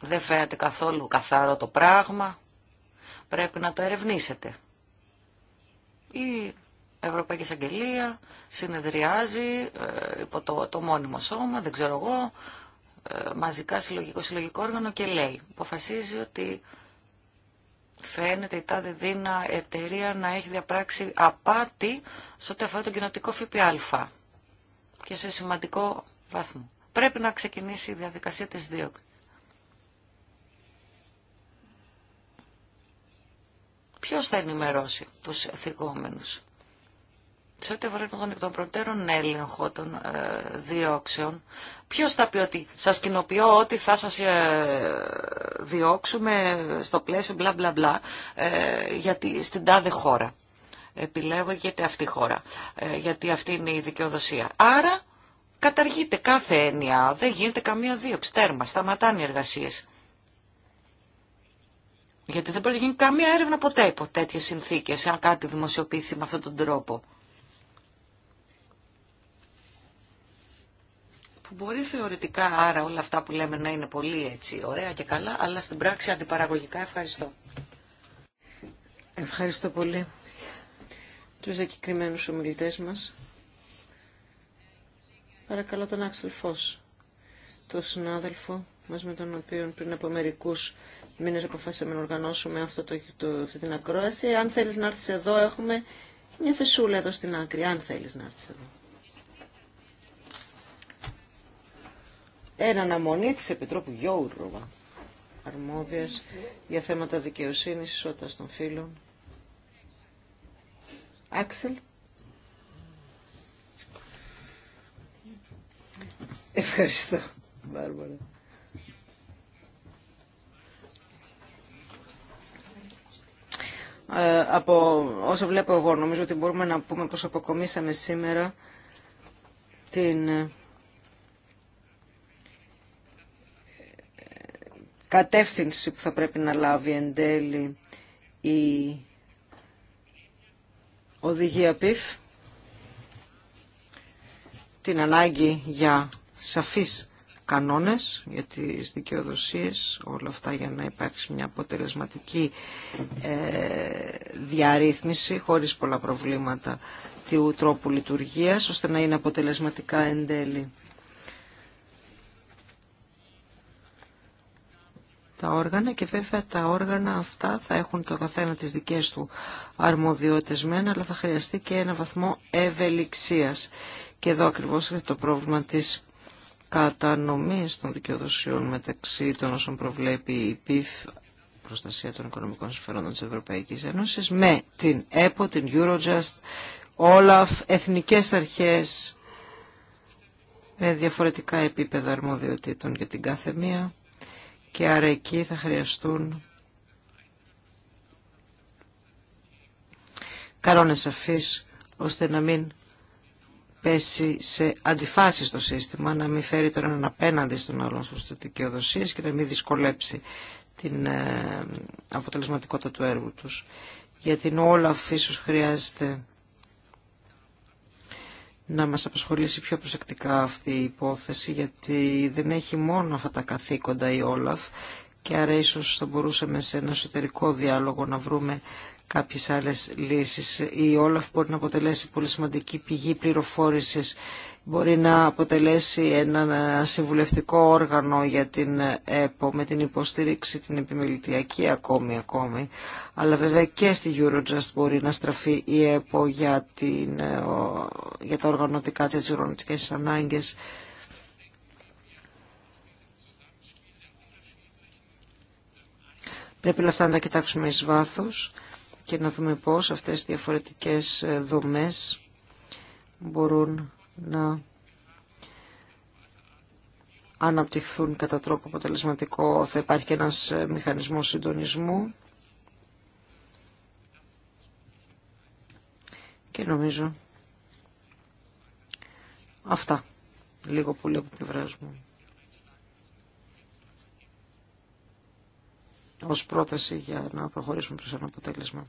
δεν φαίνεται καθόλου καθαρό το πράγμα. Πρέπει να το ερευνήσετε. Η Ευρωπαϊκή Εισαγγελία συνεδριάζει ε, υπό το, μόνιμο σώμα, δεν ξέρω εγώ, ε, μαζικά συλλογικό συλλογικό όργανο και λέει, αποφασίζει ότι φαίνεται η τάδε δίνα εταιρεία να έχει διαπράξει απάτη στο ό,τι αφορά τον κοινοτικό ΦΠΑ και σε σημαντικό βάθμο. Πρέπει να ξεκινήσει η διαδικασία της δίωξης. Ποιος θα ενημερώσει τους θυγόμενους. Σε ό,τι αφορά τον προτέρων έλεγχο των ε, διώξεων, ποιος θα πει ότι σας κοινοποιώ ότι θα σας ε, διώξουμε στο πλαίσιο μπλα μπλα μπλα, ε, γιατί στην τάδε χώρα. Επιλέγω γιατί αυτή η χώρα, ε, γιατί αυτή είναι η δικαιοδοσία. Άρα καταργείται κάθε έννοια, δεν γίνεται καμία δίωξη, τέρμα, σταματάνε οι εργασίες. Γιατί δεν πρέπει να γίνει καμία έρευνα ποτέ υπό τέτοιε συνθήκε, αν κάτι δημοσιοποιηθεί με αυτόν τον τρόπο. Που μπορεί θεωρητικά άρα όλα αυτά που λέμε να είναι πολύ έτσι ωραία και καλά, αλλά στην πράξη αντιπαραγωγικά ευχαριστώ. Ευχαριστώ πολύ τους δεκεκριμένους ομιλητές μας. Παρακαλώ τον Άξελ Φως, τον συνάδελφο μας με τον οποίο πριν από μερικούς μήνες αποφάσισαμε να οργανώσουμε αυτό το, το, αυτή την ακρόαση. Αν θέλεις να έρθεις εδώ, έχουμε μια θεσούλα εδώ στην άκρη, αν θέλεις να έρθεις εδώ. Ένα αναμονή της Επιτρόπου Γιώργου αρμόδιας για θέματα δικαιοσύνης, ισότητας των φίλων. Άξελ. Ευχαριστώ, Μπάρμπαρα. Ε, από όσο βλέπω εγώ. Νομίζω ότι μπορούμε να πούμε πως αποκομίσαμε σήμερα την ε, κατεύθυνση που θα πρέπει να λάβει εν τέλει η οδηγία ΠΙΦ, την ανάγκη για σαφής κανόνες για τις δικαιοδοσίες, όλα αυτά για να υπάρξει μια αποτελεσματική ε, διαρρύθμιση χωρίς πολλά προβλήματα του τρόπου λειτουργίας, ώστε να είναι αποτελεσματικά εν τέλει. τα όργανα και βέβαια τα όργανα αυτά θα έχουν το καθένα τις δικές του αρμοδιότητες μένα, αλλά θα χρειαστεί και ένα βαθμό ευελιξίας. Και εδώ ακριβώς είναι το πρόβλημα της κατανομής των δικαιοδοσιών μεταξύ των όσων προβλέπει η ΠΙΦ προστασία των οικονομικών συμφερόντων της Ευρωπαϊκής Ένωσης με την ΕΠΟ, την Eurojust, Όλαφ, εθνικές αρχές με διαφορετικά επίπεδα αρμοδιοτήτων για την κάθε μία και άρα εκεί θα χρειαστούν κανόνες αφής ώστε να μην πέσει σε αντιφάσει στο σύστημα, να μην φέρει τον έναν απέναντι στον άλλον τη δικαιοδοσίε και να μην δυσκολέψει την ε, αποτελεσματικότητα του έργου τους. Για την Όλαφ ίσως χρειάζεται να μας απασχολήσει πιο προσεκτικά αυτή η υπόθεση, γιατί δεν έχει μόνο αυτά τα καθήκοντα η Όλαφ και άρα ίσως θα μπορούσαμε σε ένα εσωτερικό διάλογο να βρούμε κάποιες άλλες λύσεις. Η Όλαφ μπορεί να αποτελέσει πολύ σημαντική πηγή πληροφόρησης, μπορεί να αποτελέσει ένα ε, συμβουλευτικό όργανο για την ε, ΕΠΟ με την υποστήριξη την επιμελητιακή ακόμη ακόμη, αλλά βέβαια και στη Eurojust μπορεί να στραφεί η ΕΠΟ για, την, ε, για τα οργανωτικά της οργανωτικές ανάγκες. Πρέπει να τα κοιτάξουμε εις βάθος και να δούμε πώς αυτές οι διαφορετικές ε, δομές μπορούν να αναπτυχθούν κατά τρόπο αποτελεσματικό. Θα υπάρχει και ένας ε, μηχανισμός συντονισμού και νομίζω αυτά λίγο πολύ από πλευράς μου. ως πρόταση για να προχωρήσουμε προς ένα αποτέλεσμα.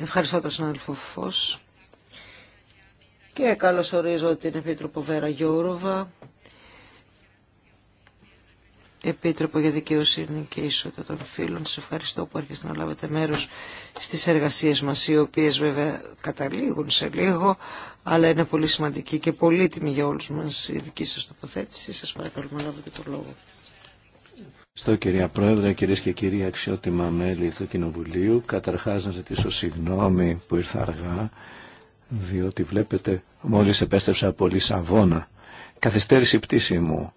Ευχαριστώ τον συνάδελφο Φως. Και καλώς ορίζω την Επίτροπο Βέρα Γιώροβα, Επίτροπο για Δικαιοσύνη και Ισότητα των Φίλων. Σε ευχαριστώ που έρχεστε να λάβετε μέρος στις εργασίες μας, οι οποίες βέβαια καταλήγουν σε λίγο, αλλά είναι πολύ σημαντική και πολύτιμη για όλους μας η δική σας τοποθέτηση. Σας παρακαλώ να λάβετε το λόγο. Στο κυρία Πρόεδρε, κυρίες και κύριοι αξιότιμα μέλη του Κοινοβουλίου, καταρχάς να ζητήσω συγγνώμη που ήρθα αργά, διότι βλέπετε μόλις επέστρεψα από Λισαβόνα. Καθυστέρησε η πτήση μου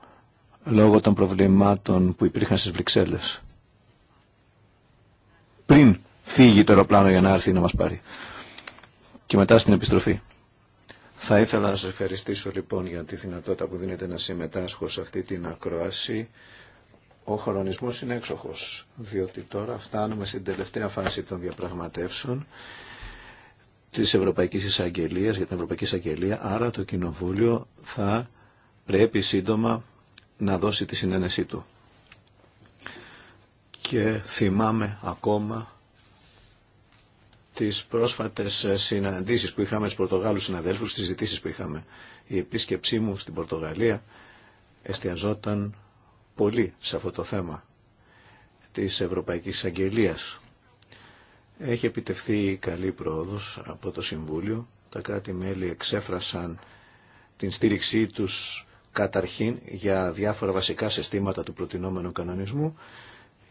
λόγω των προβλημάτων που υπήρχαν στις Βρυξέλλες. Πριν φύγει το αεροπλάνο για να έρθει να μας πάρει. Και μετά στην επιστροφή. Θα ήθελα να σας ευχαριστήσω λοιπόν για τη δυνατότητα που δίνετε να συμμετάσχω σε αυτή την ακρόαση ο χρονισμός είναι έξοχος, διότι τώρα φτάνουμε στην τελευταία φάση των διαπραγματεύσεων της Ευρωπαϊκής Εισαγγελίας, για την Ευρωπαϊκή Εισαγγελία, άρα το Κοινοβούλιο θα πρέπει σύντομα να δώσει τη συνένεσή του. Και θυμάμαι ακόμα τις πρόσφατες συναντήσεις που είχαμε στους Πορτογάλους συναδέλφους, τις ζητήσεις που είχαμε. Η επίσκεψή μου στην Πορτογαλία εστιαζόταν πολύ σε αυτό το θέμα της Ευρωπαϊκής Αγγελίας. Έχει επιτευχθεί καλή πρόοδος από το Συμβούλιο. Τα κράτη-μέλη εξέφρασαν την στήριξή τους καταρχήν για διάφορα βασικά συστήματα του προτινόμενου κανονισμού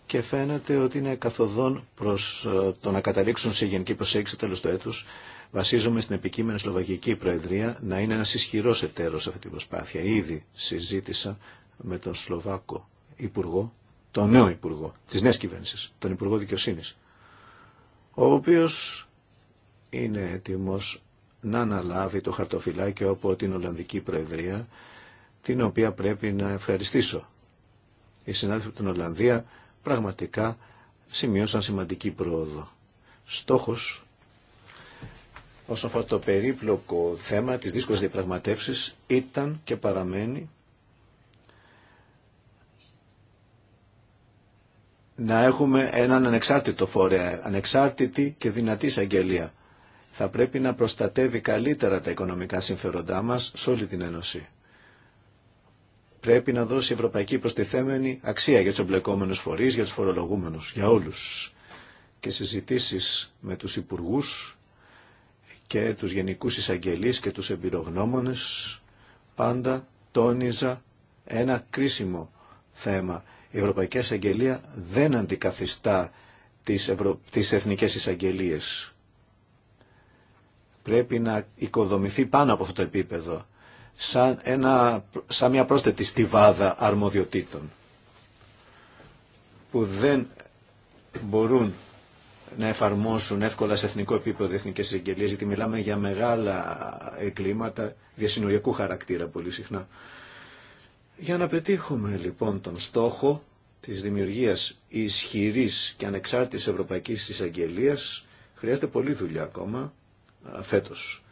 και φαίνεται ότι είναι καθοδόν προς ε, το να καταλήξουν σε γενική προσέγγιση του έτους. Βασίζομαι στην επικείμενη Σλοβακική Προεδρία να είναι ένα ισχυρό εταίρο σε αυτή την προσπάθεια. Ήδη συζήτησα με τον Σλοβάκο Υπουργό, τον νέο Υπουργό της νέας κυβέρνησης, τον Υπουργό Δικαιοσύνης, ο οποίος είναι έτοιμος να αναλάβει το χαρτοφυλάκιο από την Ολλανδική Προεδρία, την οποία πρέπει να ευχαριστήσω. Οι συνάδελφοι από την Ολλανδία πραγματικά σημειώσαν σημαντική πρόοδο. Στόχος όσον αφορά το περίπλοκο θέμα της δύσκολης διαπραγματεύσης ήταν και παραμένει να έχουμε έναν ανεξάρτητο φορέα, ανεξάρτητη και δυνατή εισαγγελία. Θα πρέπει να προστατεύει καλύτερα τα οικονομικά συμφέροντά μας σε όλη την Ένωση. Πρέπει να δώσει ευρωπαϊκή προστιθέμενη αξία για τους εμπλεκόμενους φορείς, για τους φορολογούμενους, για όλους. Και συζητήσεις με τους υπουργούς και τους γενικούς εισαγγελείς και τους εμπειρογνώμονες πάντα τόνιζα ένα κρίσιμο θέμα η Ευρωπαϊκή Εισαγγελία δεν αντικαθιστά τις, ευρω... τις εθνικές εισαγγελίες. Πρέπει να οικοδομηθεί πάνω από αυτό το επίπεδο, σαν, ένα... σαν μια πρόσθετη στιβάδα αρμοδιοτήτων, που δεν μπορούν να εφαρμόσουν εύκολα σε εθνικό επίπεδο εθνικέ εισαγγελίε, γιατί μιλάμε για μεγάλα εγκλήματα διασυνοριακού χαρακτήρα πολύ συχνά. Για να πετύχουμε λοιπόν τον στόχο της δημιουργίας ισχυρής και ανεξάρτητης Ευρωπαϊκής Εισαγγελίας χρειάζεται πολλή δουλειά ακόμα φέτος.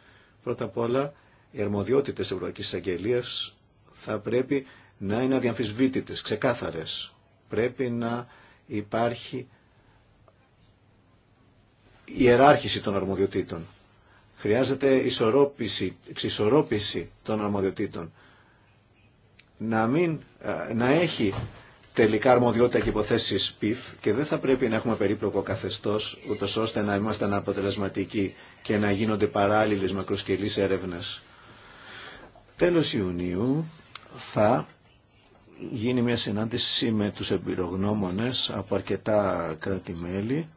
Πρώτα απ' όλα οι αρμοδιότητες Ευρωπαϊκής Εισαγγελίας θα πρέπει να είναι αδιαμφισβήτητες, ξεκάθαρες. Πρέπει να υπάρχει ιεράρχηση των αρμοδιοτήτων. Χρειάζεται ισορρόπηση, εξισορρόπηση των αρμοδιοτήτων να, μην, ε, να έχει τελικά αρμοδιότητα και υποθέσει ΠΙΦ και δεν θα πρέπει να έχουμε περίπλοκο καθεστώς ούτω ώστε να είμαστε αναποτελεσματικοί και να γίνονται παράλληλε μακροσκελείς έρευνε. Τέλος Ιουνίου θα γίνει μια συνάντηση με τους εμπειρογνώμονες από αρκετά κράτη-μέλη.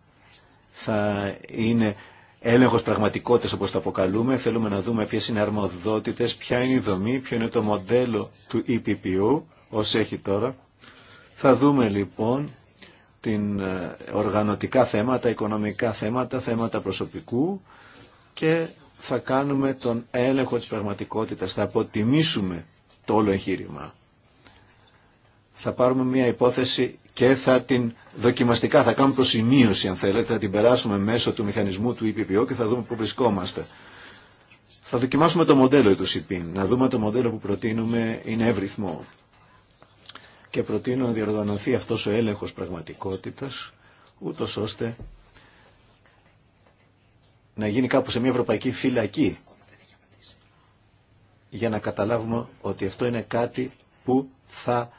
Θα είναι έλεγχος πραγματικότητας όπως το αποκαλούμε. Θέλουμε να δούμε ποιε είναι οι αρμοδότητες, ποια είναι η δομή, ποιο είναι το μοντέλο του EPPO, ω έχει τώρα. Θα δούμε λοιπόν την ε, οργανωτικά θέματα, οικονομικά θέματα, θέματα προσωπικού και θα κάνουμε τον έλεγχο της πραγματικότητας, θα αποτιμήσουμε το όλο εγχείρημα. Θα πάρουμε μια υπόθεση και θα την δοκιμαστικά, θα κάνουμε προσημείωση αν θέλετε, θα την περάσουμε μέσω του μηχανισμού του EPPO και θα δούμε πού βρισκόμαστε. Θα δοκιμάσουμε το μοντέλο του ΣΥΠΗΝ, να δούμε το μοντέλο που προτείνουμε είναι εύρυθμο. Και προτείνω να διοργανωθεί αυτός ο έλεγχος πραγματικότητας, ούτω ώστε να γίνει κάπου σε μια ευρωπαϊκή φυλακή, για να καταλάβουμε ότι αυτό είναι κάτι που θα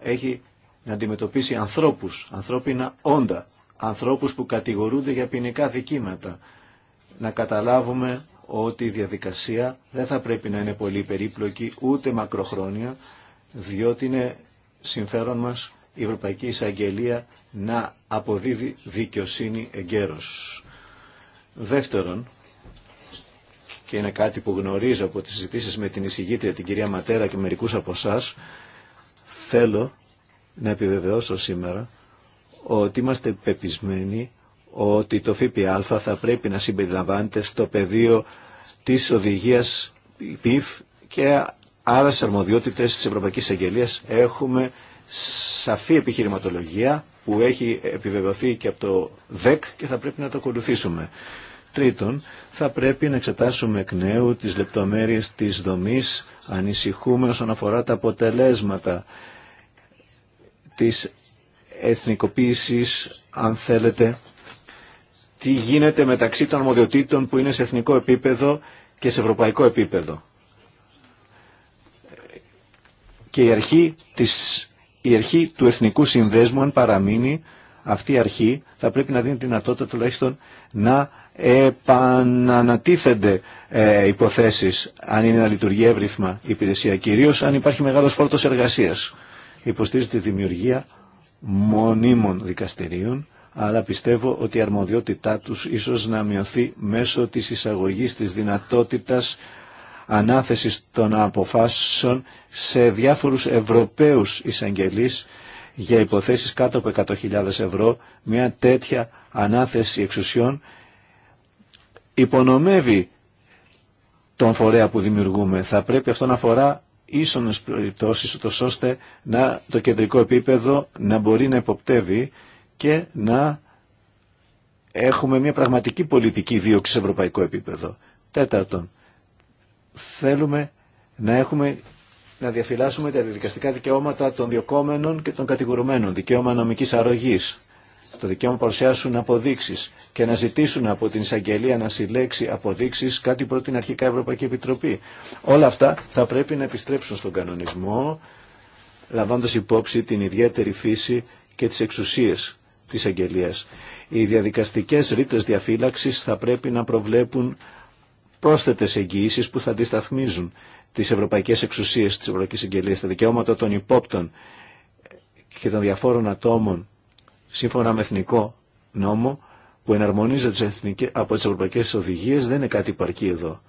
έχει να αντιμετωπίσει ανθρώπους, ανθρώπινα όντα, ανθρώπους που κατηγορούνται για ποινικά δικήματα. Να καταλάβουμε ότι η διαδικασία δεν θα πρέπει να είναι πολύ περίπλοκη ούτε μακροχρόνια, διότι είναι συμφέρον μας η Ευρωπαϊκή Εισαγγελία να αποδίδει δικαιοσύνη εγκαίρως. Δεύτερον, και είναι κάτι που γνωρίζω από τις συζητήσεις με την εισηγήτρια την κυρία Ματέρα και μερικούς από εσά, θέλω να επιβεβαιώσω σήμερα ότι είμαστε πεπισμένοι ότι το ΦΠΑ θα πρέπει να συμπεριλαμβάνεται στο πεδίο της οδηγίας ΠΙΦ και άλλε αρμοδιότητες της Ευρωπαϊκής Αγγελίας έχουμε σαφή επιχειρηματολογία που έχει επιβεβαιωθεί και από το ΔΕΚ και θα πρέπει να το ακολουθήσουμε. Τρίτον, θα πρέπει να εξετάσουμε εκ νέου τις λεπτομέρειες της δομής, ανησυχούμε όσον αφορά τα αποτελέσματα της εθνικοποίησης, αν θέλετε, τι γίνεται μεταξύ των αρμοδιοτήτων που είναι σε εθνικό επίπεδο και σε ευρωπαϊκό επίπεδο. Και η αρχή, της, η αρχή του εθνικού συνδέσμου, αν παραμείνει αυτή η αρχή, θα πρέπει να δίνει δυνατότητα τουλάχιστον να επανανατίθενται ε, υποθέσεις αν είναι να λειτουργεί εύρυθμα η υπηρεσία, κυρίως αν υπάρχει μεγάλος φόρτος εργασίας υποστηρίζω τη δημιουργία μονίμων δικαστηρίων, αλλά πιστεύω ότι η αρμοδιότητά τους ίσως να μειωθεί μέσω της εισαγωγής της δυνατότητας ανάθεσης των αποφάσεων σε διάφορους Ευρωπαίους εισαγγελείς για υποθέσεις κάτω από 100.000 ευρώ. Μια τέτοια ανάθεση εξουσιών υπονομεύει τον φορέα που δημιουργούμε. Θα πρέπει αυτό να αφορά ίσονες περιπτώσεις ούτως ώστε να, το κεντρικό επίπεδο να μπορεί να υποπτεύει και να έχουμε μια πραγματική πολιτική δίωξη σε ευρωπαϊκό επίπεδο. Τέταρτον, θέλουμε να έχουμε να διαφυλάσσουμε τα διδικαστικά δικαιώματα των διοκόμενων και των κατηγορουμένων, δικαίωμα νομικής αρρωγής το δικαίωμα να παρουσιάσουν αποδείξεις και να ζητήσουν από την εισαγγελία να συλλέξει αποδείξεις, κάτι πρώτην αρχικά Ευρωπαϊκή Επιτροπή. Όλα αυτά θα πρέπει να επιστρέψουν στον κανονισμό, λαμβάνοντας υπόψη την ιδιαίτερη φύση και τις εξουσίες της αγγελίας. Οι διαδικαστικές ρήτρες διαφύλαξης θα πρέπει να προβλέπουν πρόσθετες εγγυήσεις που θα αντισταθμίζουν τις ευρωπαϊκές εξουσίες της Ευρωπαϊκής Αγγελίας, τα δικαιώματα των υπόπτων και των διαφόρων ατόμων σύμφωνα με εθνικό νόμο που εναρμονίζεται από τις ευρωπαϊκές οδηγίες δεν είναι κάτι υπαρκή εδώ.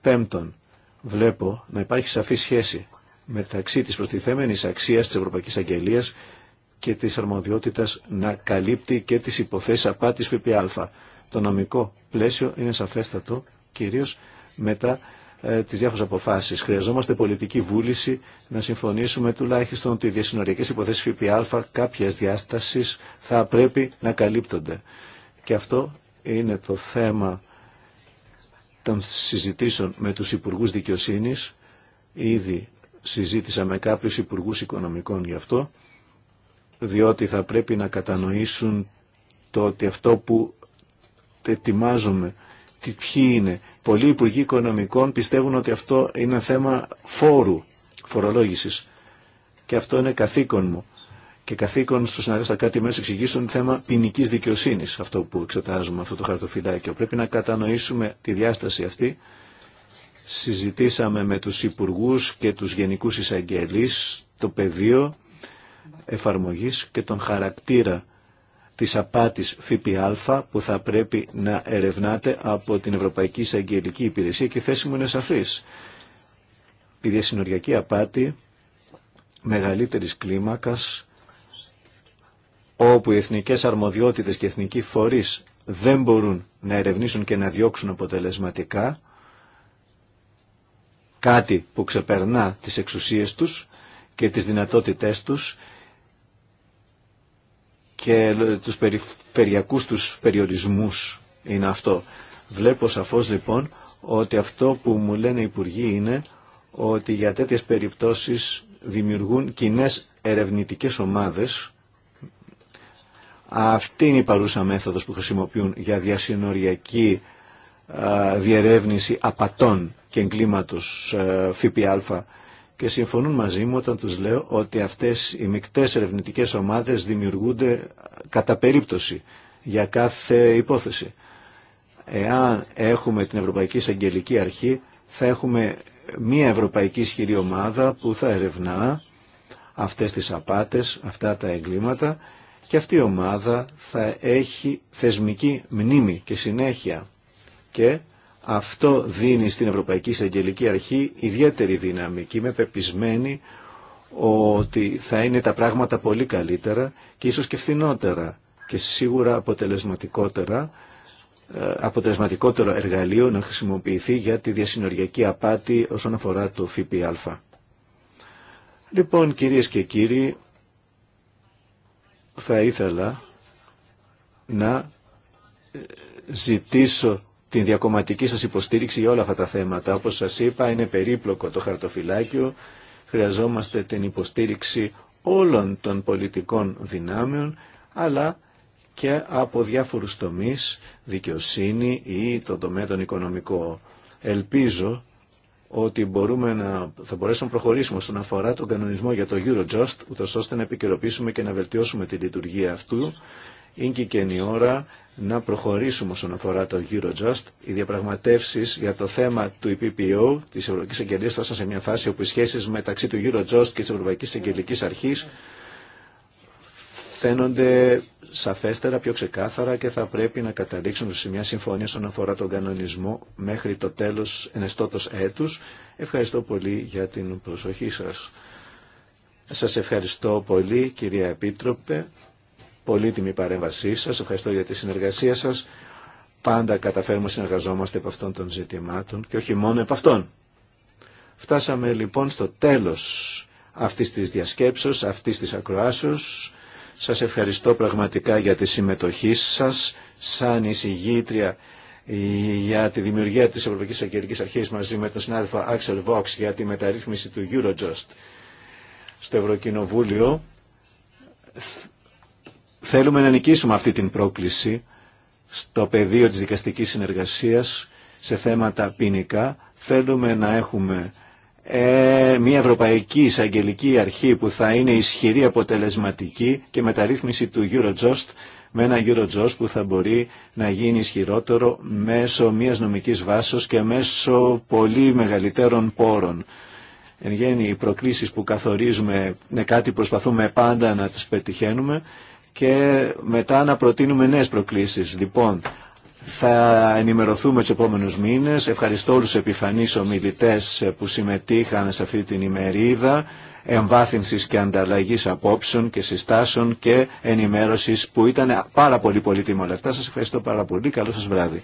Πέμπτον, βλέπω να υπάρχει σαφή σχέση μεταξύ της προστιθέμενης αξίας της Ευρωπαϊκής Αγγελίας και της αρμοδιότητας να καλύπτει και τις υποθέσεις απάτης ΦΠΑ. Το νομικό πλαίσιο είναι σαφέστατο, κυρίως μετά ε, τις διάφορες αποφάσεις. Χρειαζόμαστε πολιτική βούληση να συμφωνήσουμε τουλάχιστον ότι οι διασυνοριακές υποθέσεις ΦΠΑ κάποιες διάστασεις θα πρέπει να καλύπτονται. Και αυτό είναι το θέμα των συζητήσεων με τους Υπουργούς Δικαιοσύνης. Ήδη συζήτησα με κάποιους Υπουργούς Οικονομικών γι' αυτό, διότι θα πρέπει να κατανοήσουν το ότι αυτό που ετοιμάζουμε ποιοι είναι. Πολλοί υπουργοί οικονομικών πιστεύουν ότι αυτό είναι θέμα φόρου, φορολόγησης. Και αυτό είναι καθήκον μου. Και καθήκον στου συναδέλφου θα κάτι μέσα εξηγήσουν θέμα ποινική δικαιοσύνη, αυτό που εξετάζουμε αυτό το χαρτοφυλάκιο. Πρέπει να κατανοήσουμε τη διάσταση αυτή. Συζητήσαμε με του υπουργού και του γενικού εισαγγελεί το πεδίο εφαρμογής και τον χαρακτήρα της απάτης ΦΠΑ που θα πρέπει να ερευνάται από την Ευρωπαϊκή Εισαγγελική Υπηρεσία και η θέση μου είναι σαφής. Η διασυνοριακή απάτη μεγαλύτερης κλίμακας όπου οι εθνικές αρμοδιότητες και οι εθνικοί φορείς δεν μπορούν να ερευνήσουν και να διώξουν αποτελεσματικά κάτι που ξεπερνά τις εξουσίες τους και τις δυνατότητές τους και τους περιφερειακούς τους περιορισμούς είναι αυτό. Βλέπω σαφώς λοιπόν ότι αυτό που μου λένε οι υπουργοί είναι ότι για τέτοιες περιπτώσεις δημιουργούν κοινέ ερευνητικές ομάδες. Αυτή είναι η παρούσα μέθοδος που χρησιμοποιούν για διασυνοριακή διερεύνηση απατών και εγκλήματος ΦΠΑ και συμφωνούν μαζί μου όταν τους λέω ότι αυτές οι μικτές ερευνητικές ομάδες δημιουργούνται κατά περίπτωση για κάθε υπόθεση. Εάν έχουμε την Ευρωπαϊκή Εισαγγελική Αρχή θα έχουμε μια ευρωπαϊκή ισχυρή ομάδα που θα ερευνά αυτές τις απάτες, αυτά τα εγκλήματα και αυτή η ομάδα θα έχει θεσμική μνήμη και συνέχεια και αυτό δίνει στην Ευρωπαϊκή Εισαγγελική Αρχή ιδιαίτερη δυναμική. Είμαι πεπισμένη ότι θα είναι τα πράγματα πολύ καλύτερα και ίσως και φθηνότερα και σίγουρα αποτελεσματικότερα ε, αποτελεσματικότερο εργαλείο να χρησιμοποιηθεί για τη διασυνοριακή απάτη όσον αφορά το ΦΠΑ. Λοιπόν, κυρίες και κύριοι, θα ήθελα να ε, ζητήσω την διακομματική σας υποστήριξη για όλα αυτά τα θέματα. Όπως σας είπα, είναι περίπλοκο το χαρτοφυλάκιο. Χρειαζόμαστε την υποστήριξη όλων των πολιτικών δυνάμεων, αλλά και από διάφορους τομείς, δικαιοσύνη ή το τομέα των οικονομικών. Ελπίζω ότι μπορούμε να, θα μπορέσουμε να προχωρήσουμε στον αφορά τον κανονισμό για το Eurojust, ούτως ώστε να επικαιροποιήσουμε και να βελτιώσουμε την λειτουργία αυτού. Είναι και η ώρα να προχωρήσουμε όσον αφορά το Eurojust. Οι διαπραγματεύσεις για το θέμα του EPPO, της Ευρωπαϊκής Εγγελίας, φτάσαν σε μια φάση όπου οι σχέσεις μεταξύ του Eurojust και της Ευρωπαϊκής Εγγελικής Αρχής φαίνονται σαφέστερα, πιο ξεκάθαρα και θα πρέπει να καταλήξουν σε μια συμφωνία όσον αφορά τον κανονισμό μέχρι το τέλος ενεστώτος έτους. Ευχαριστώ πολύ για την προσοχή σας. Σας ευχαριστώ πολύ κυρία Επίτροπε πολύτιμη παρέμβασή σας, ευχαριστώ για τη συνεργασία σας. Πάντα καταφέρουμε να συνεργαζόμαστε από αυτών των ζητημάτων και όχι μόνο από αυτών. Φτάσαμε λοιπόν στο τέλος αυτής της διασκέψεως, αυτής της ακροάσεως. Σας ευχαριστώ πραγματικά για τη συμμετοχή σας σαν εισηγήτρια ε, για τη δημιουργία της Ευρωπαϊκής Αγγελικής Αρχής μαζί με τον συνάδελφο Axel Vox για τη μεταρρύθμιση του Eurojust στο Ευρωκοινοβούλιο Θέλουμε να νικήσουμε αυτή την πρόκληση στο πεδίο της δικαστικής συνεργασίας σε θέματα ποινικά. Θέλουμε να έχουμε ε, μια ευρωπαϊκή εισαγγελική αρχή που θα είναι ισχυρή, αποτελεσματική και μεταρρύθμιση του Eurojust με ένα Eurojust που θα μπορεί να γίνει ισχυρότερο μέσω μιας νομικής βάσης και μέσω πολύ μεγαλύτερων πόρων. Εν γέννη, οι προκλήσεις που καθορίζουμε είναι κάτι που προσπαθούμε πάντα να τις πετυχαίνουμε και μετά να προτείνουμε νέες προκλήσεις. Λοιπόν, θα ενημερωθούμε τους επόμενους μήνες. Ευχαριστώ όλους τους επιφανείς ομιλητές που συμμετείχαν σε αυτή την ημερίδα εμβάθυνσης και ανταλλαγής απόψεων και συστάσεων και ενημέρωσης που ήταν πάρα πολύ πολύτιμο όλα αυτά. Σας ευχαριστώ πάρα πολύ. Καλό σας βράδυ.